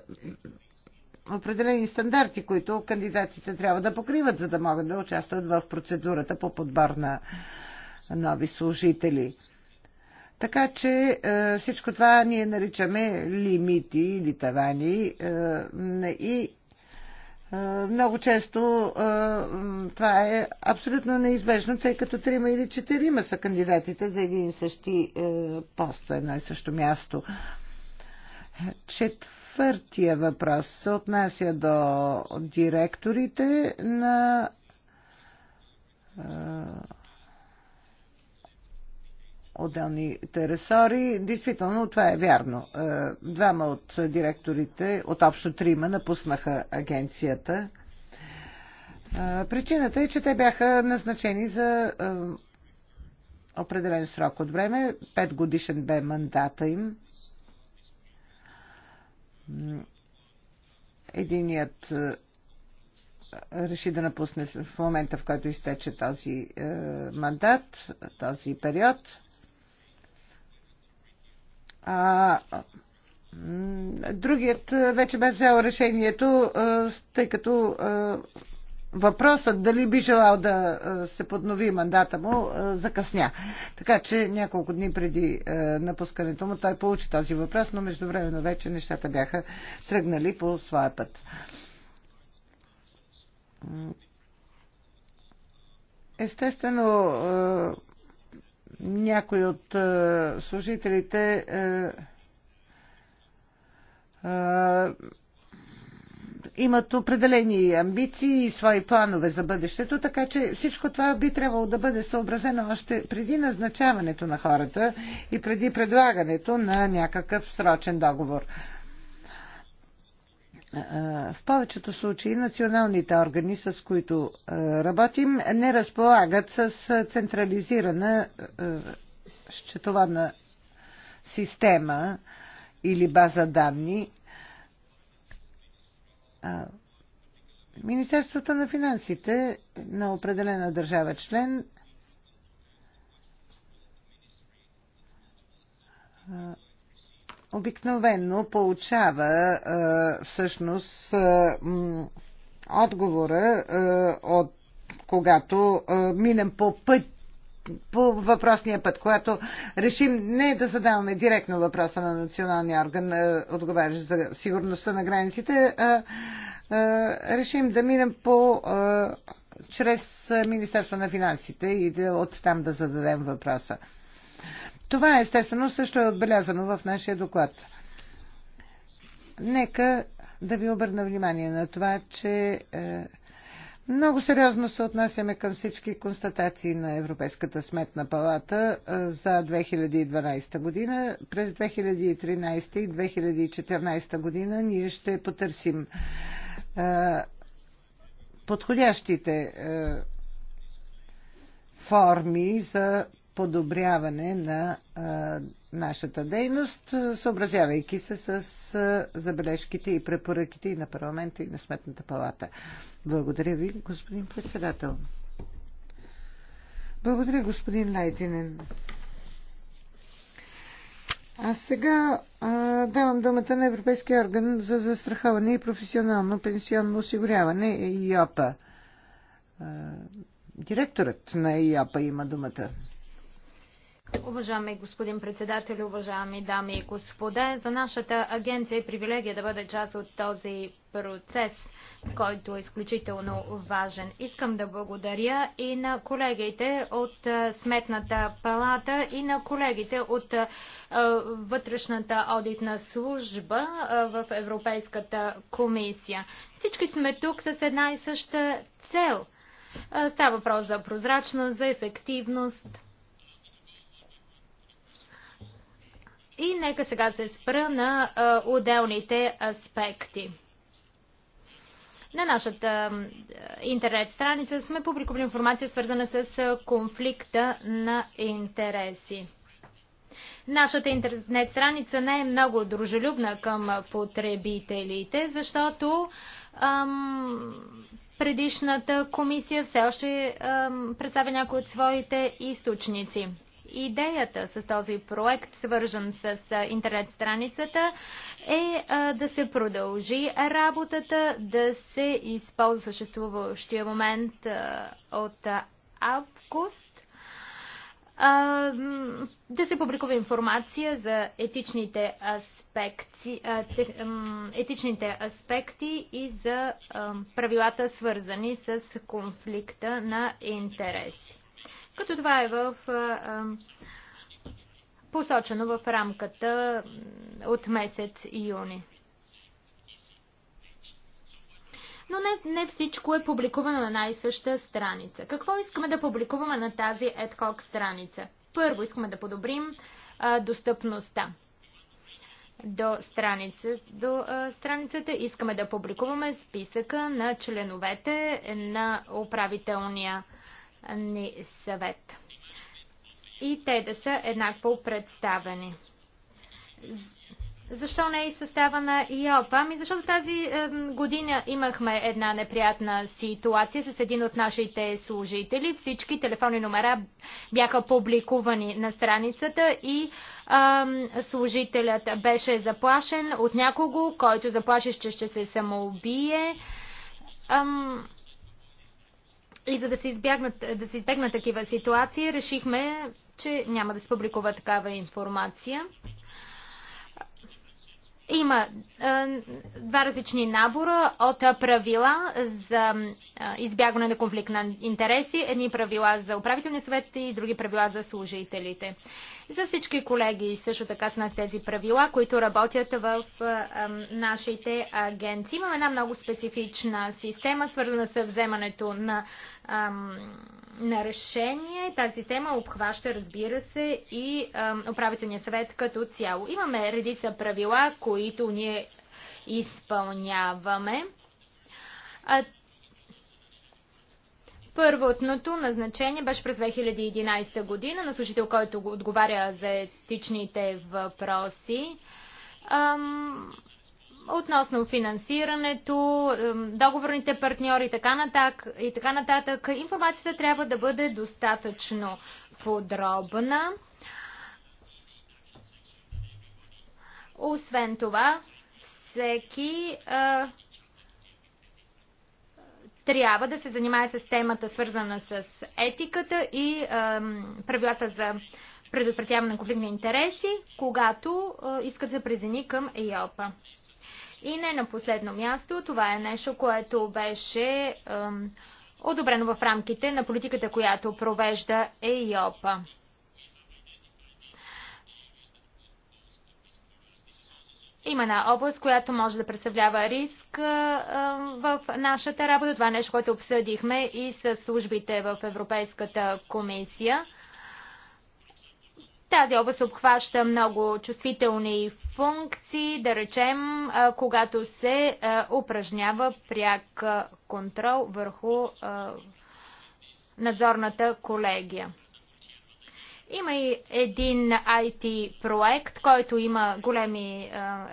определени стандарти, които кандидатите трябва да покриват, за да могат да участват в процедурата по подбор на нови служители. Така че е, всичко това ние наричаме лимити или тавани е, и е, много често това е абсолютно неизбежно, тъй като трима или четирима са кандидатите за един и същи пост, едно и също място. Четвърто Четвъртия въпрос се отнася до директорите на отделните ресори. Действително, това е вярно. Двама от директорите, от общо трима, напуснаха агенцията. Причината е, че те бяха назначени за определен срок от време. Пет годишен бе мандата им. Единият е, реши да напусне в момента, в който изтече този е, мандат, този период. А другият е, вече бе взел решението, тъй като въпросът дали би желал да се поднови мандата му закъсня. Така че няколко дни преди напускането му той получи този въпрос, но междувременно вече нещата бяха тръгнали по своя път. Естествено, някои от служителите имат определени амбиции и свои планове за бъдещето, така че всичко това би трябвало да бъде съобразено още преди назначаването на хората и преди предлагането на някакъв срочен договор. В повечето случаи националните органи, с които е, работим, не разполагат с е, централизирана е, счетоводна система или база данни, Министерството на финансите на определена държава член обикновенно получава всъщност отговора от когато минем по път по въпросния път, когато решим не да задаваме директно въпроса на националния орган, е, отговарящ за сигурността на границите, а, е, а, е, решим да минем по а, чрез Министерство на финансите и да, оттам да зададем въпроса. Това естествено също е отбелязано в нашия доклад. Нека да ви обърна внимание на това, че е, много сериозно се отнасяме към всички констатации на Европейската сметна палата за 2012 година. През 2013 и 2014 година ние ще потърсим подходящите форми за подобряване на а, нашата дейност, съобразявайки се с а, забележките и препоръките и на парламента и на Сметната палата. Благодаря ви, господин председател. Благодаря, господин Лайтинен. А сега а, давам думата на Европейския орган за застраховане и професионално пенсионно осигуряване ИОПА. А, директорът на ИОПА има думата. Уважаеми господин председател, уважаеми дами и господа, за нашата агенция е привилегия да бъде част от този процес, който е изключително важен. Искам да благодаря и на колегите от Сметната палата и на колегите от Вътрешната одитна служба в Европейската комисия. Всички сме тук с една и съща цел. Става въпрос за прозрачност, за ефективност И нека сега се спра на а, отделните аспекти. На нашата интернет страница сме публикували информация, свързана с конфликта на интереси. Нашата интернет страница не е много дружелюбна към потребителите, защото ам, предишната комисия все още ам, представя някои от своите източници. Идеята с този проект, свържен с интернет страницата, е да се продължи работата, да се използва съществуващия момент от август да се публикува информация за етичните аспекти, етичните аспекти и за правилата свързани с конфликта на интереси като това е в посочено в рамката от месец юни. Но не, не всичко е публикувано на най-съща страница. Какво искаме да публикуваме на тази AdHoc страница? Първо искаме да подобрим а, достъпността до, страница, до а, страницата. Искаме да публикуваме списъка на членовете на управителния ни съвет. И те да са еднакво представени. Защо не е и състава на ИОП? Ами защото тази е, година имахме една неприятна ситуация с един от нашите служители. Всички телефонни номера бяха публикувани на страницата и е, служителят беше заплашен от някого, който заплаши, че ще се самоубие. Ам, е, и за да се, избягнат, да се избегнат такива ситуации, решихме, че няма да се публикува такава информация. Има е, два различни набора от правила за избягване на конфликт на интереси, едни правила за управителния съвет и други правила за служителите. За всички колеги също така са нас тези правила, които работят в нашите агенции. Имаме една много специфична система, свързана с вземането на, на решение. Тази система обхваща, разбира се, и управителния съвет като цяло. Имаме редица правила, които ние изпълняваме Първотното назначение беше през 2011 година на служител, който отговаря за етичните въпроси. Ам, относно финансирането, договорните партньори и така, нататък, и така нататък, информацията трябва да бъде достатъчно подробна. Освен това, всеки а, трябва да се занимае с темата, свързана с етиката и правилата за предотвратяване на конфликт на интереси, когато искат да презени към ЕОПА. И не на последно място, това е нещо, което беше одобрено в рамките на политиката, която провежда ЕЙОПа. Има една област, която може да представлява риск в нашата работа. Това е нещо, което обсъдихме и с службите в Европейската комисия. Тази област обхваща много чувствителни функции, да речем, когато се упражнява пряк контрол върху надзорната колегия. Има и един IT проект, който има големи е,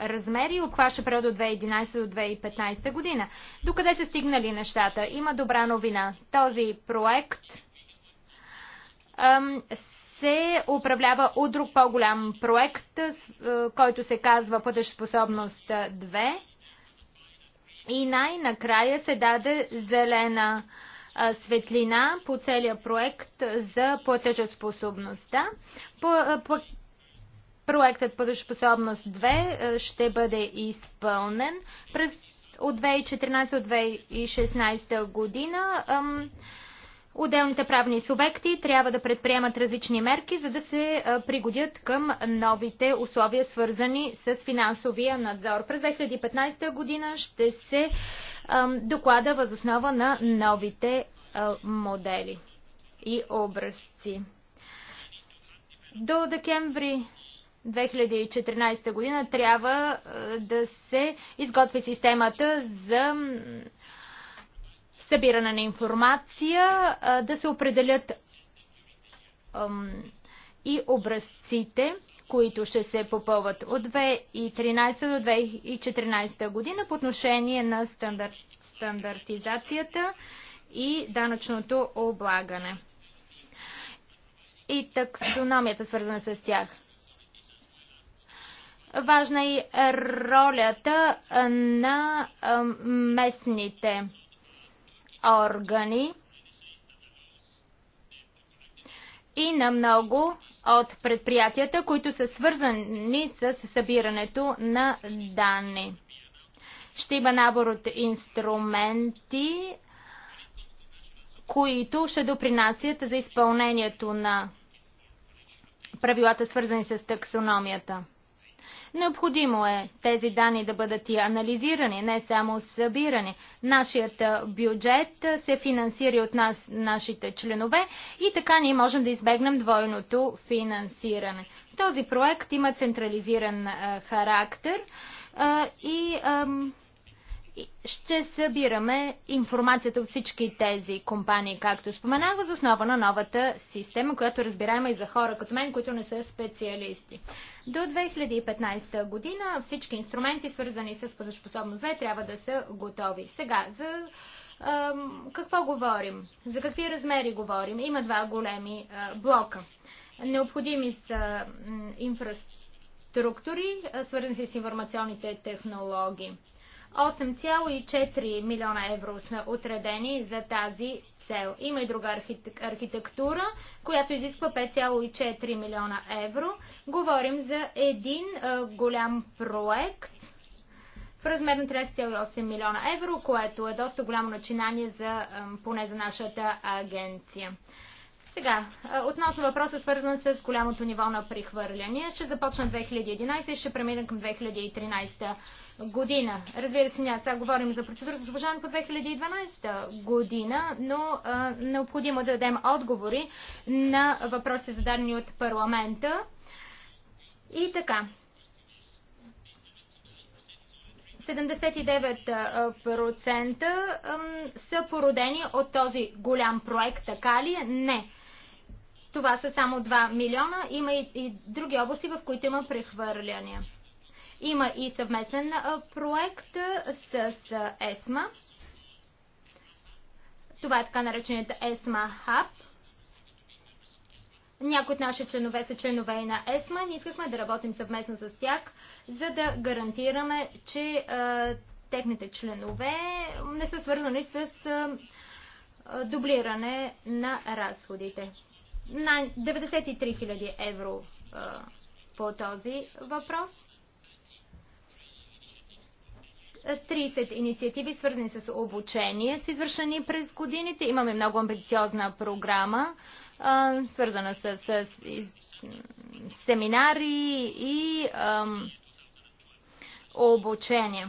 размери и обхваща период от 2011 до 2015 година. Докъде са стигнали нещата? Има добра новина. Този проект е, се управлява от друг по-голям проект, е, който се казва Пътешпособност 2. И най-накрая се даде зелена а, светлина по целия проект за платежеспособността. Проектът Платежеспособност 2 ще бъде изпълнен през от 2014-2016 година. Отделните правни субекти трябва да предприемат различни мерки, за да се пригодят към новите условия, свързани с финансовия надзор. През 2015 година ще се доклада възоснова на новите модели и образци. До декември 2014 година трябва да се изготви системата за събиране на информация, да се определят и образците които ще се попълват от 2013 до 2014 година по отношение на стандар... стандартизацията и данъчното облагане и таксономията, свързана с тях. Важна е ролята на местните органи и на много от предприятията, които са свързани с събирането на данни. Ще има набор от инструменти, които ще допринасят за изпълнението на правилата, свързани с таксономията. Необходимо е тези данни да бъдат и анализирани, не само събирани. Нашият бюджет се финансира от нас, нашите членове и така ние можем да избегнем двойното финансиране. Този проект има централизиран характер и ще събираме информацията от всички тези компании, както споменах, за основа на новата система, която разбираема и за хора като мен, които не са специалисти. До 2015 година всички инструменти, свързани с подъжпособност 2, трябва да са готови. Сега, за какво говорим? За какви размери говорим? Има два големи блока. Необходими са инфраструктури, свързани с информационните технологии. 8,4 милиона евро са отредени за тази цел. Има и друга архитектура, която изисква 5,4 милиона евро. Говорим за един а, е, голям проект в размер на 30,8 милиона евро, което е доста голямо начинание за, поне за нашата агенция. Сега, относно въпроса свързан с голямото ниво на прехвърляния, ще започна 2011 и ще преминем към 2013 година. Разбира се, няма сега говорим за процедурата за по 2012 година, но а, необходимо е да дадем отговори на въпроси зададени от парламента. И така, 79% са породени от този голям проект, така ли? Е? Не. Това са само 2 милиона. Има и, и други области, в които има прехвърляния. Има и съвместен а, проект с, с ЕСМА. Това е така наречената Есма Хаб. Някои от нашите членове са членове и на ЕСМА. Ние искахме да работим съвместно с тях, за да гарантираме, че а, техните членове не са свързани с а, дублиране на разходите. 93 000 евро по този въпрос. 30 инициативи, свързани с обучение, са извършени през годините. Имаме много амбициозна програма, свързана с, семинари и обучение.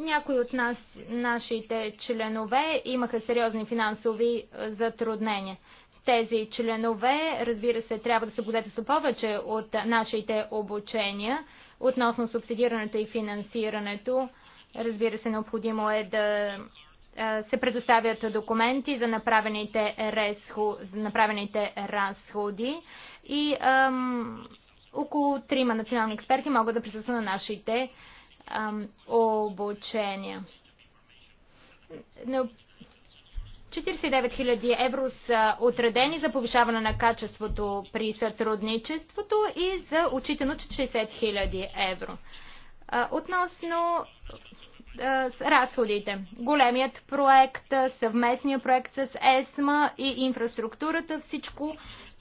Някои от нас, нашите членове, имаха сериозни финансови е, затруднения. Тези членове, разбира се, трябва да се подетят повече от нашите обучения относно субсидирането и финансирането. Разбира се, необходимо е да е, се предоставят документи за направените, резху, за направените разходи и ам, около трима национални експерти могат да присъстват на нашите обучения. 49 000 евро са отредени за повишаване на качеството при сътрудничеството и за отчитано 60 000 евро. Относно разходите. Големият проект, съвместния проект с ЕСМА и инфраструктурата, всичко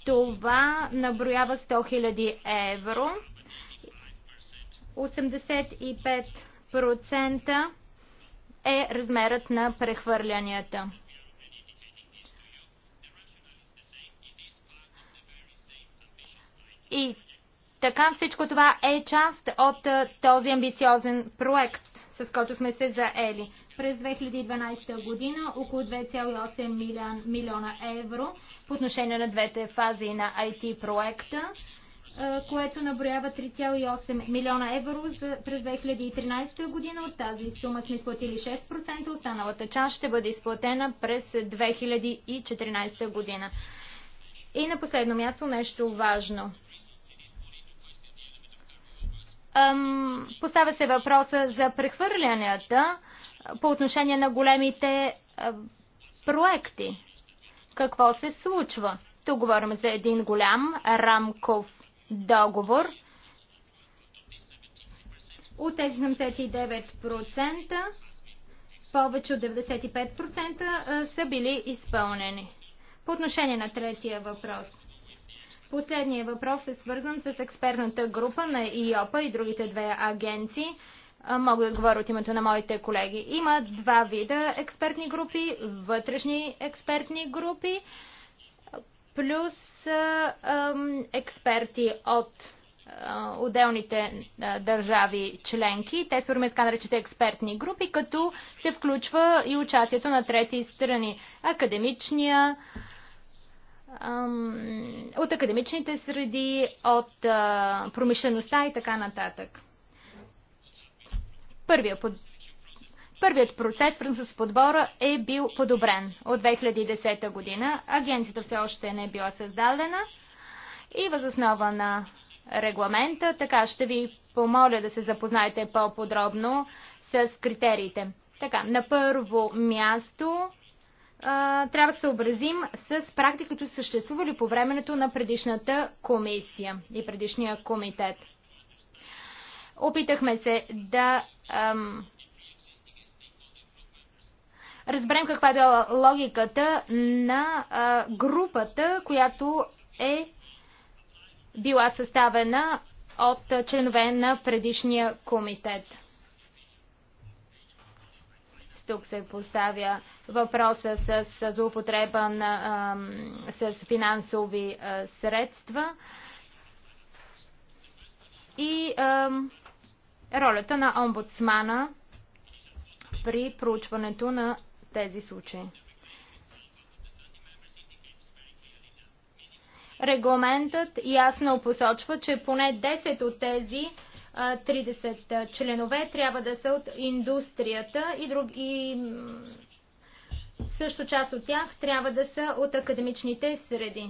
това наброява 100 000 евро. 85% е размерът на прехвърлянията. И така всичко това е част от този амбициозен проект, с който сме се заели. През 2012 година около 2,8 милиона евро по отношение на двете фази на IT проекта което наброява 3,8 милиона евро за, през 2013 година. От тази сума сме изплатили 6%, останалата част ще бъде изплатена през 2014 година. И на последно място нещо важно. Поставя се въпроса за прехвърлянията по отношение на големите проекти. Какво се случва? Тук говорим за един голям рамков договор. От тези 79% повече от 95% са били изпълнени. По отношение на третия въпрос. Последният въпрос е свързан с експертната група на ИОПА и другите две агенции. Мога да говоря от името на моите колеги. Има два вида експертни групи, вътрешни експертни групи, плюс експерти от отделните държави членки. Те сформират така наречените експертни групи, като се включва и участието на трети страни. Академичния, от академичните среди, от промишлеността и така нататък. Първия Първият процес, свързан с подбора, е бил подобрен от 2010 година. Агенцията все още не е била създадена и възоснова на регламента, така ще ви помоля да се запознаете по-подробно с критериите. Така, на първо място трябва да съобразим с практиката, съществували по времето на предишната комисия и предишния комитет. Опитахме се да ам, разберем каква е била логиката на а, групата, която е била съставена от членове на предишния комитет. Тук се поставя въпроса с злоупотреба на, а, с финансови а, средства и а, ролята на омбудсмана при проучването на тези случаи. Регламентът ясно посочва, че поне 10 от тези 30 членове трябва да са от индустрията и, друг, и също част от тях трябва да са от академичните среди.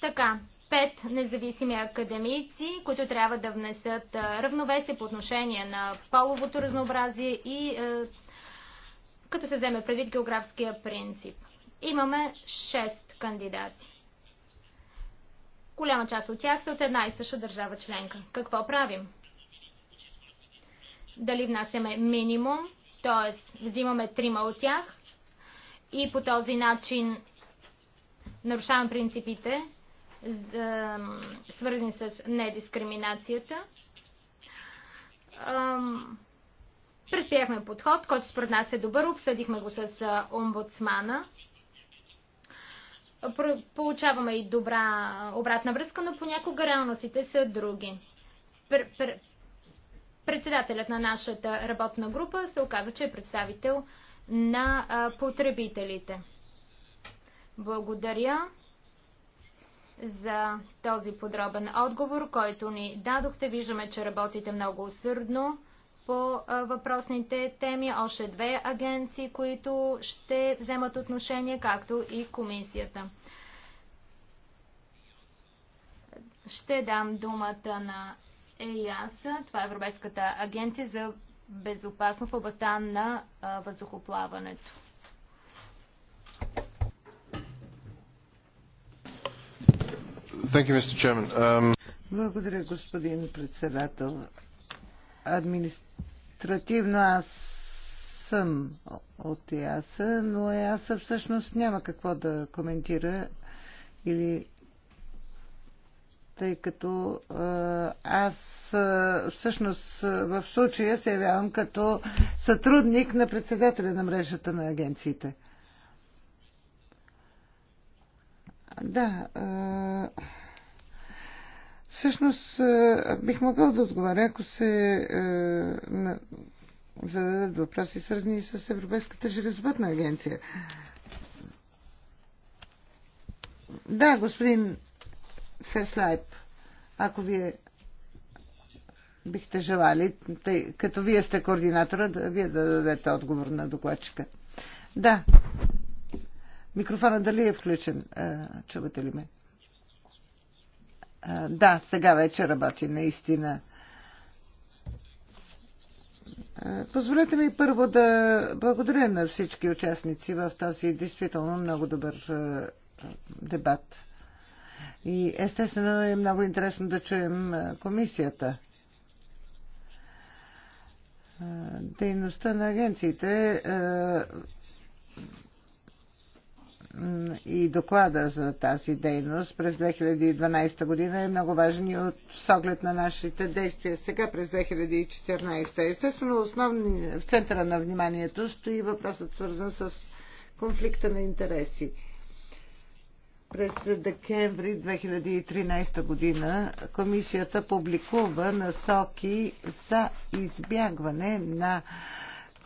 Така, пет независими академици, които трябва да внесат равновесие по отношение на половото разнообразие и като се вземе предвид географския принцип. Имаме 6 кандидати. Голяма част от тях са от една и съща държава членка. Какво правим? Дали внасяме минимум, т.е. взимаме трима от тях и по този начин нарушаваме принципите свързани с недискриминацията. Предприехме подход, който според нас е добър. Обсъдихме го с омбудсмана. Получаваме и добра обратна връзка, но понякога реалностите са други. Председателят на нашата работна група се оказа, че е представител на потребителите. Благодаря за този подробен отговор, който ни дадохте. Виждаме, че работите много усърдно по въпросните теми. Още две агенции, които ще вземат отношение, както и комисията. Ще дам думата на ЕИАСА, това е Европейската агенция за безопасност в областта на въздухоплаването. Um, Благодаря, господин председател. Административно аз съм от ЕАСА, но ЕАСА всъщност няма какво да коментира или тъй като аз всъщност в случая се явявам като сътрудник на председателя на мрежата на агенциите. Да. Всъщност бих могъл да отговаря, ако се зададат въпроси, свързани с Европейската железопътна агенция. Да, господин Феслайп, ако вие бихте желали, тъй, като вие сте координатора, да, вие да дадете отговор на докладчика. Да, Микрофона дали е включен? Чувате ли ме? Да, сега вече работи наистина. Позволете ми първо да благодаря на всички участници в този действително много добър дебат. И естествено е много интересно да чуем комисията. Дейността на агенциите и доклада за тази дейност през 2012 година е много важен и от с оглед на нашите действия сега през 2014. Естествено, основни, в центъра на вниманието стои въпросът свързан с конфликта на интереси. През декември 2013 година комисията публикува насоки за избягване на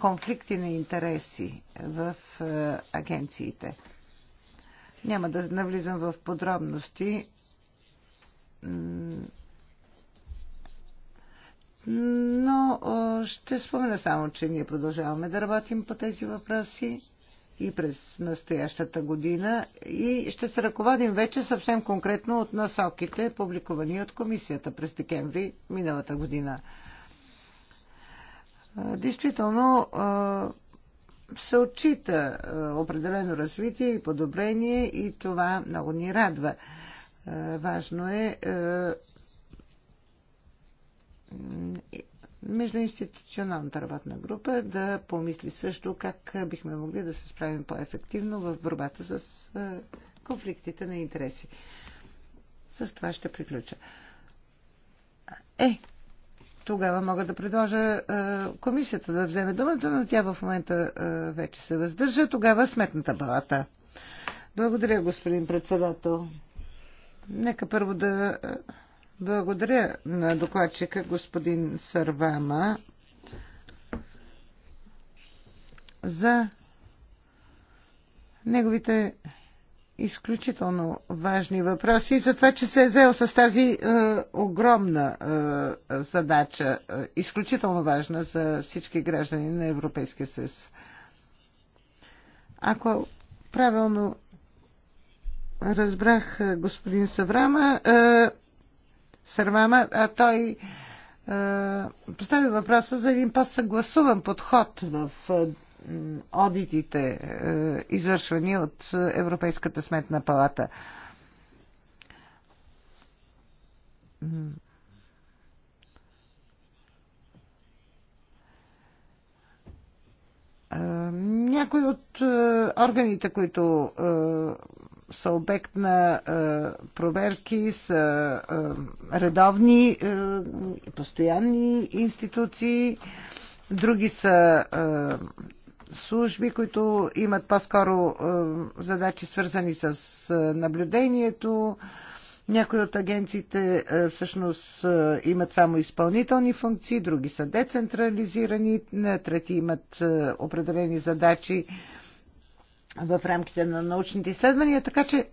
конфликти на интереси в е, агенциите. Няма да навлизам в подробности. Но ще спомена само, че ние продължаваме да работим по тези въпроси и през настоящата година и ще се ръководим вече съвсем конкретно от насоките, публикувани от комисията през декември миналата година. Действително, се отчита е, определено развитие и подобрение и това много ни радва. Е, важно е, е междуинституционалната работна група да помисли също как бихме могли да се справим по-ефективно в борбата с конфликтите на интереси. С това ще приключа. Е, тогава мога да предложа е, комисията да вземе думата, но тя в момента е, вече се въздържа. Тогава сметната балата. Благодаря, господин председател. Нека първо да е, благодаря на докладчика господин Сарвама за неговите изключително важни въпроси за това, че се е взел с тази е, огромна е, задача, е, изключително важна за всички граждани на Европейския съюз. Ако правилно разбрах е, господин Саврама, е, Сървама, а той е, постави въпроса за един по-съгласуван подход в е, одитите, е, извършвани от Европейската сметна палата. Е, някои от е, органите, които са обект на проверки, са редовни, постоянни институции, други са служби, които имат по-скоро е, задачи свързани с е, наблюдението. Някои от агенциите е, всъщност имат само изпълнителни функции, други са децентрализирани, трети имат определени задачи в рамките на научните изследвания, така че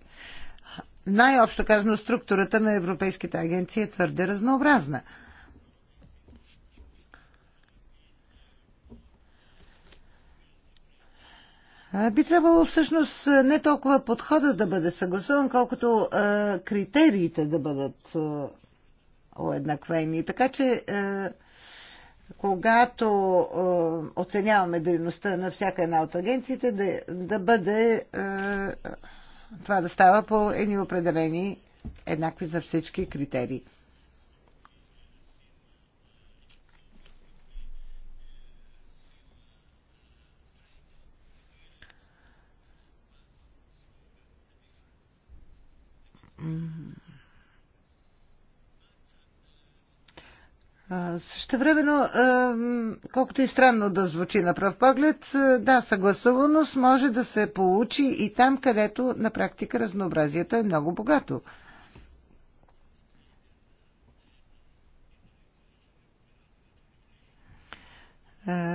най-общо казано структурата на европейските агенции е твърде разнообразна. Би трябвало всъщност не толкова подхода да бъде съгласуван, колкото а, критериите да бъдат а, уеднаквени. Така че, а, когато а, оценяваме дейността на всяка една от агенциите, да, да бъде а, това да става по едни определени еднакви за всички критерии. времено, колкото и странно да звучи на пръв поглед, да, съгласуваност може да се получи и там, където на практика разнообразието е много богато.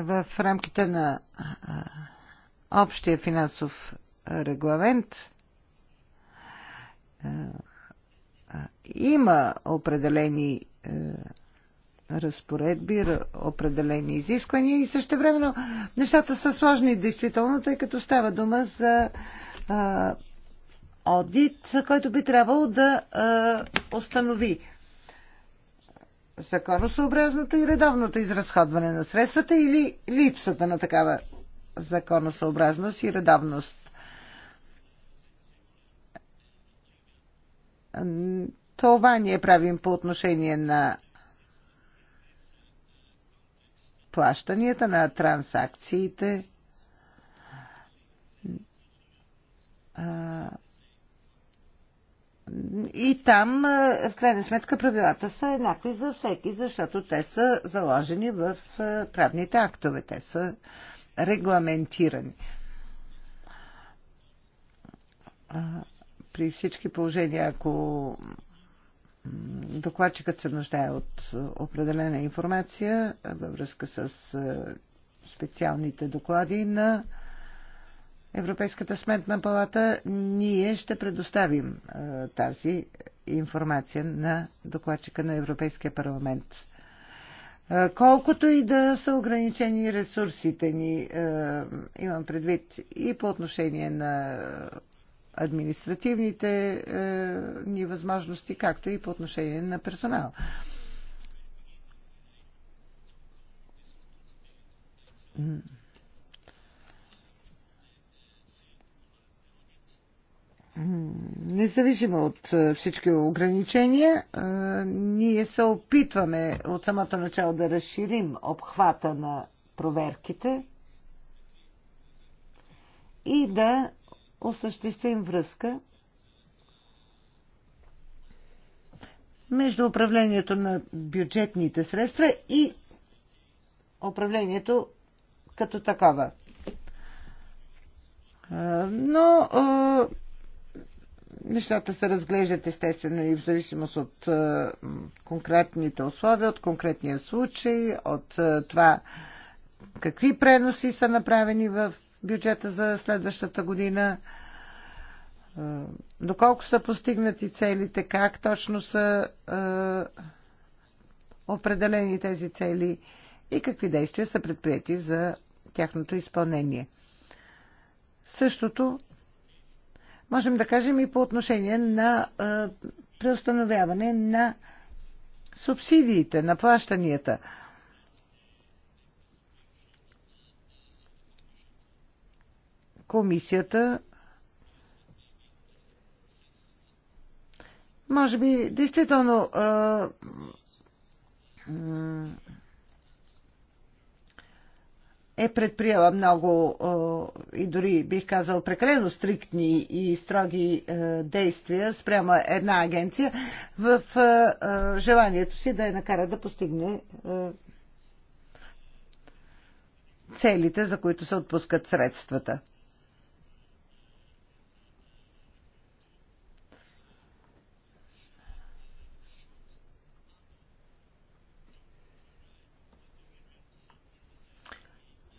В рамките на общия финансов регламент – има определени е, разпоредби, определени изисквания и също времено нещата са сложни действително, тъй като става дума за а, одит, който би трябвало да а, установи законосъобразното и редовното изразходване на средствата или липсата на такава законосъобразност и редовност. Това ние правим по отношение на плащанията, на трансакциите. И там, в крайна сметка, правилата са еднакви за всеки, защото те са заложени в правните актове, те са регламентирани при всички положения, ако докладчикът се нуждае от определена информация във връзка с специалните доклади на Европейската сметна палата, ние ще предоставим тази информация на докладчика на Европейския парламент. Колкото и да са ограничени ресурсите ни, имам предвид и по отношение на административните е, ни възможности, както и по отношение на персонал. Независимо от е, всички ограничения, е, ние се опитваме от самото начало да разширим обхвата на проверките и да осъществим връзка между управлението на бюджетните средства и управлението като такава. Но нещата се разглеждат естествено и в зависимост от конкретните условия, от конкретния случай, от това какви преноси са направени в бюджета за следващата година, е, доколко са постигнати целите, как точно са е, определени тези цели и какви действия са предприяти за тяхното изпълнение. Същото можем да кажем и по отношение на е, преустановяване на субсидиите, на плащанията – комисията може би действително е предприела много и дори бих казал прекалено стриктни и строги действия спрямо една агенция в желанието си да я накара да постигне целите, за които се отпускат средствата.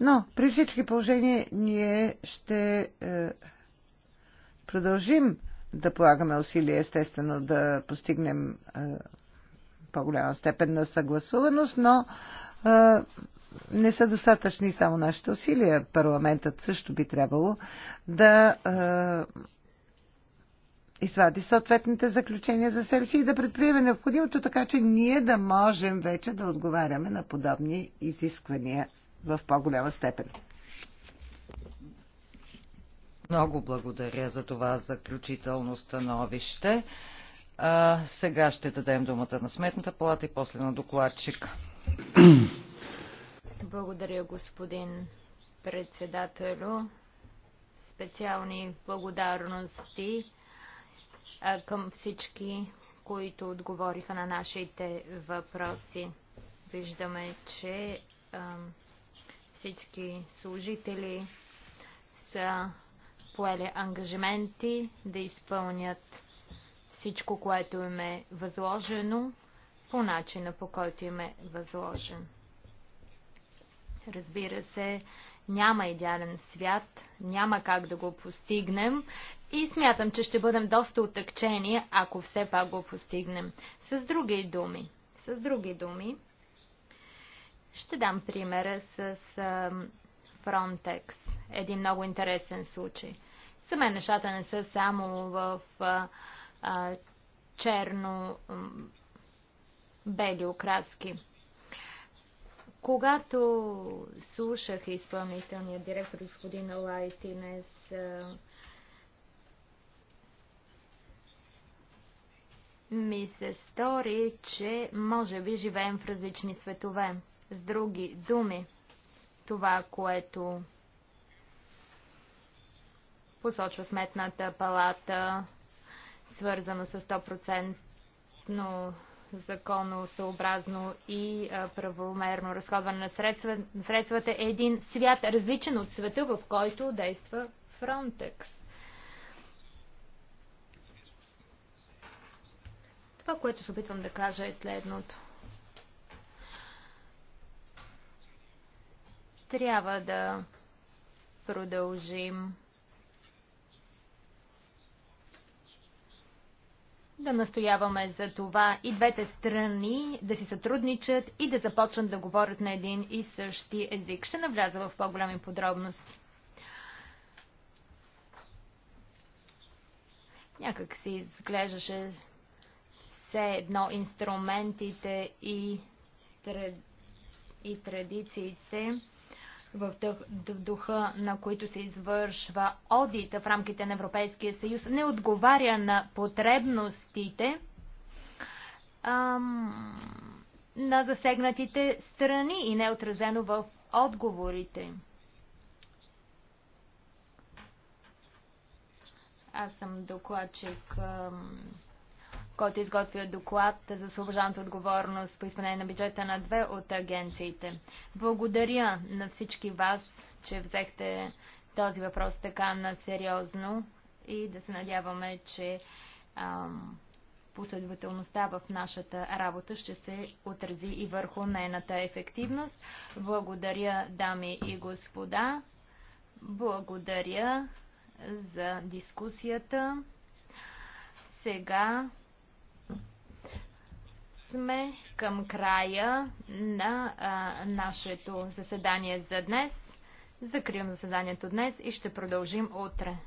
Но при всички положения ние ще е, продължим да полагаме усилия, естествено, да постигнем е, по-голяма степен на съгласуваност, но е, не са достатъчни само нашите усилия. Парламентът също би трябвало да е, извади съответните заключения за себе си и да предприеме необходимото, така че ние да можем вече да отговаряме на подобни изисквания в по-голяма степен. Много благодаря за това заключително становище. А, сега ще дадем думата на Сметната палата и после на докладчик. Благодаря, господин председателю. Специални благодарности а, към всички, които отговориха на нашите въпроси. Виждаме, че а, всички служители са поели ангажименти да изпълнят всичко, което им е възложено по начина, по който им е възложен. Разбира се, няма идеален свят, няма как да го постигнем и смятам, че ще бъдем доста отъкчени, ако все пак го постигнем. С други думи, с други думи, ще дам примера с Frontex. Един много интересен случай. За мен нещата не са само в а, черно бели окраски. Когато слушах изпълнителния директор господин Лайтинес, ми се стори, че може би живеем в различни светове. С други думи, това, което посочва сметната палата, свързано с 100% законосъобразно и правомерно разходване на средства, средствата е един свят, различен от света, в който действа Frontex. Това, което се опитвам да кажа е следното. Трябва да продължим да настояваме за това и двете страни да си сътрудничат и да започнат да говорят на един и същи език. Ще навляза в по-големи подробности. Някак си изглеждаше все едно инструментите и, тради... и традициите в духа на които се извършва одита в рамките на Европейския съюз, не отговаря на потребностите ам, на засегнатите страни и не е отразено в отговорите. Аз съм докладчик ам, който изготви доклад за служаната отговорност по изпълнение на бюджета на две от агенциите. Благодаря на всички вас, че взехте този въпрос така на сериозно и да се надяваме, че ам, последователността в нашата работа ще се отрази и върху нейната ефективност. Благодаря, дами и господа. Благодаря за дискусията. Сега сме към края на а, нашето заседание за днес. Закривам заседанието днес и ще продължим утре.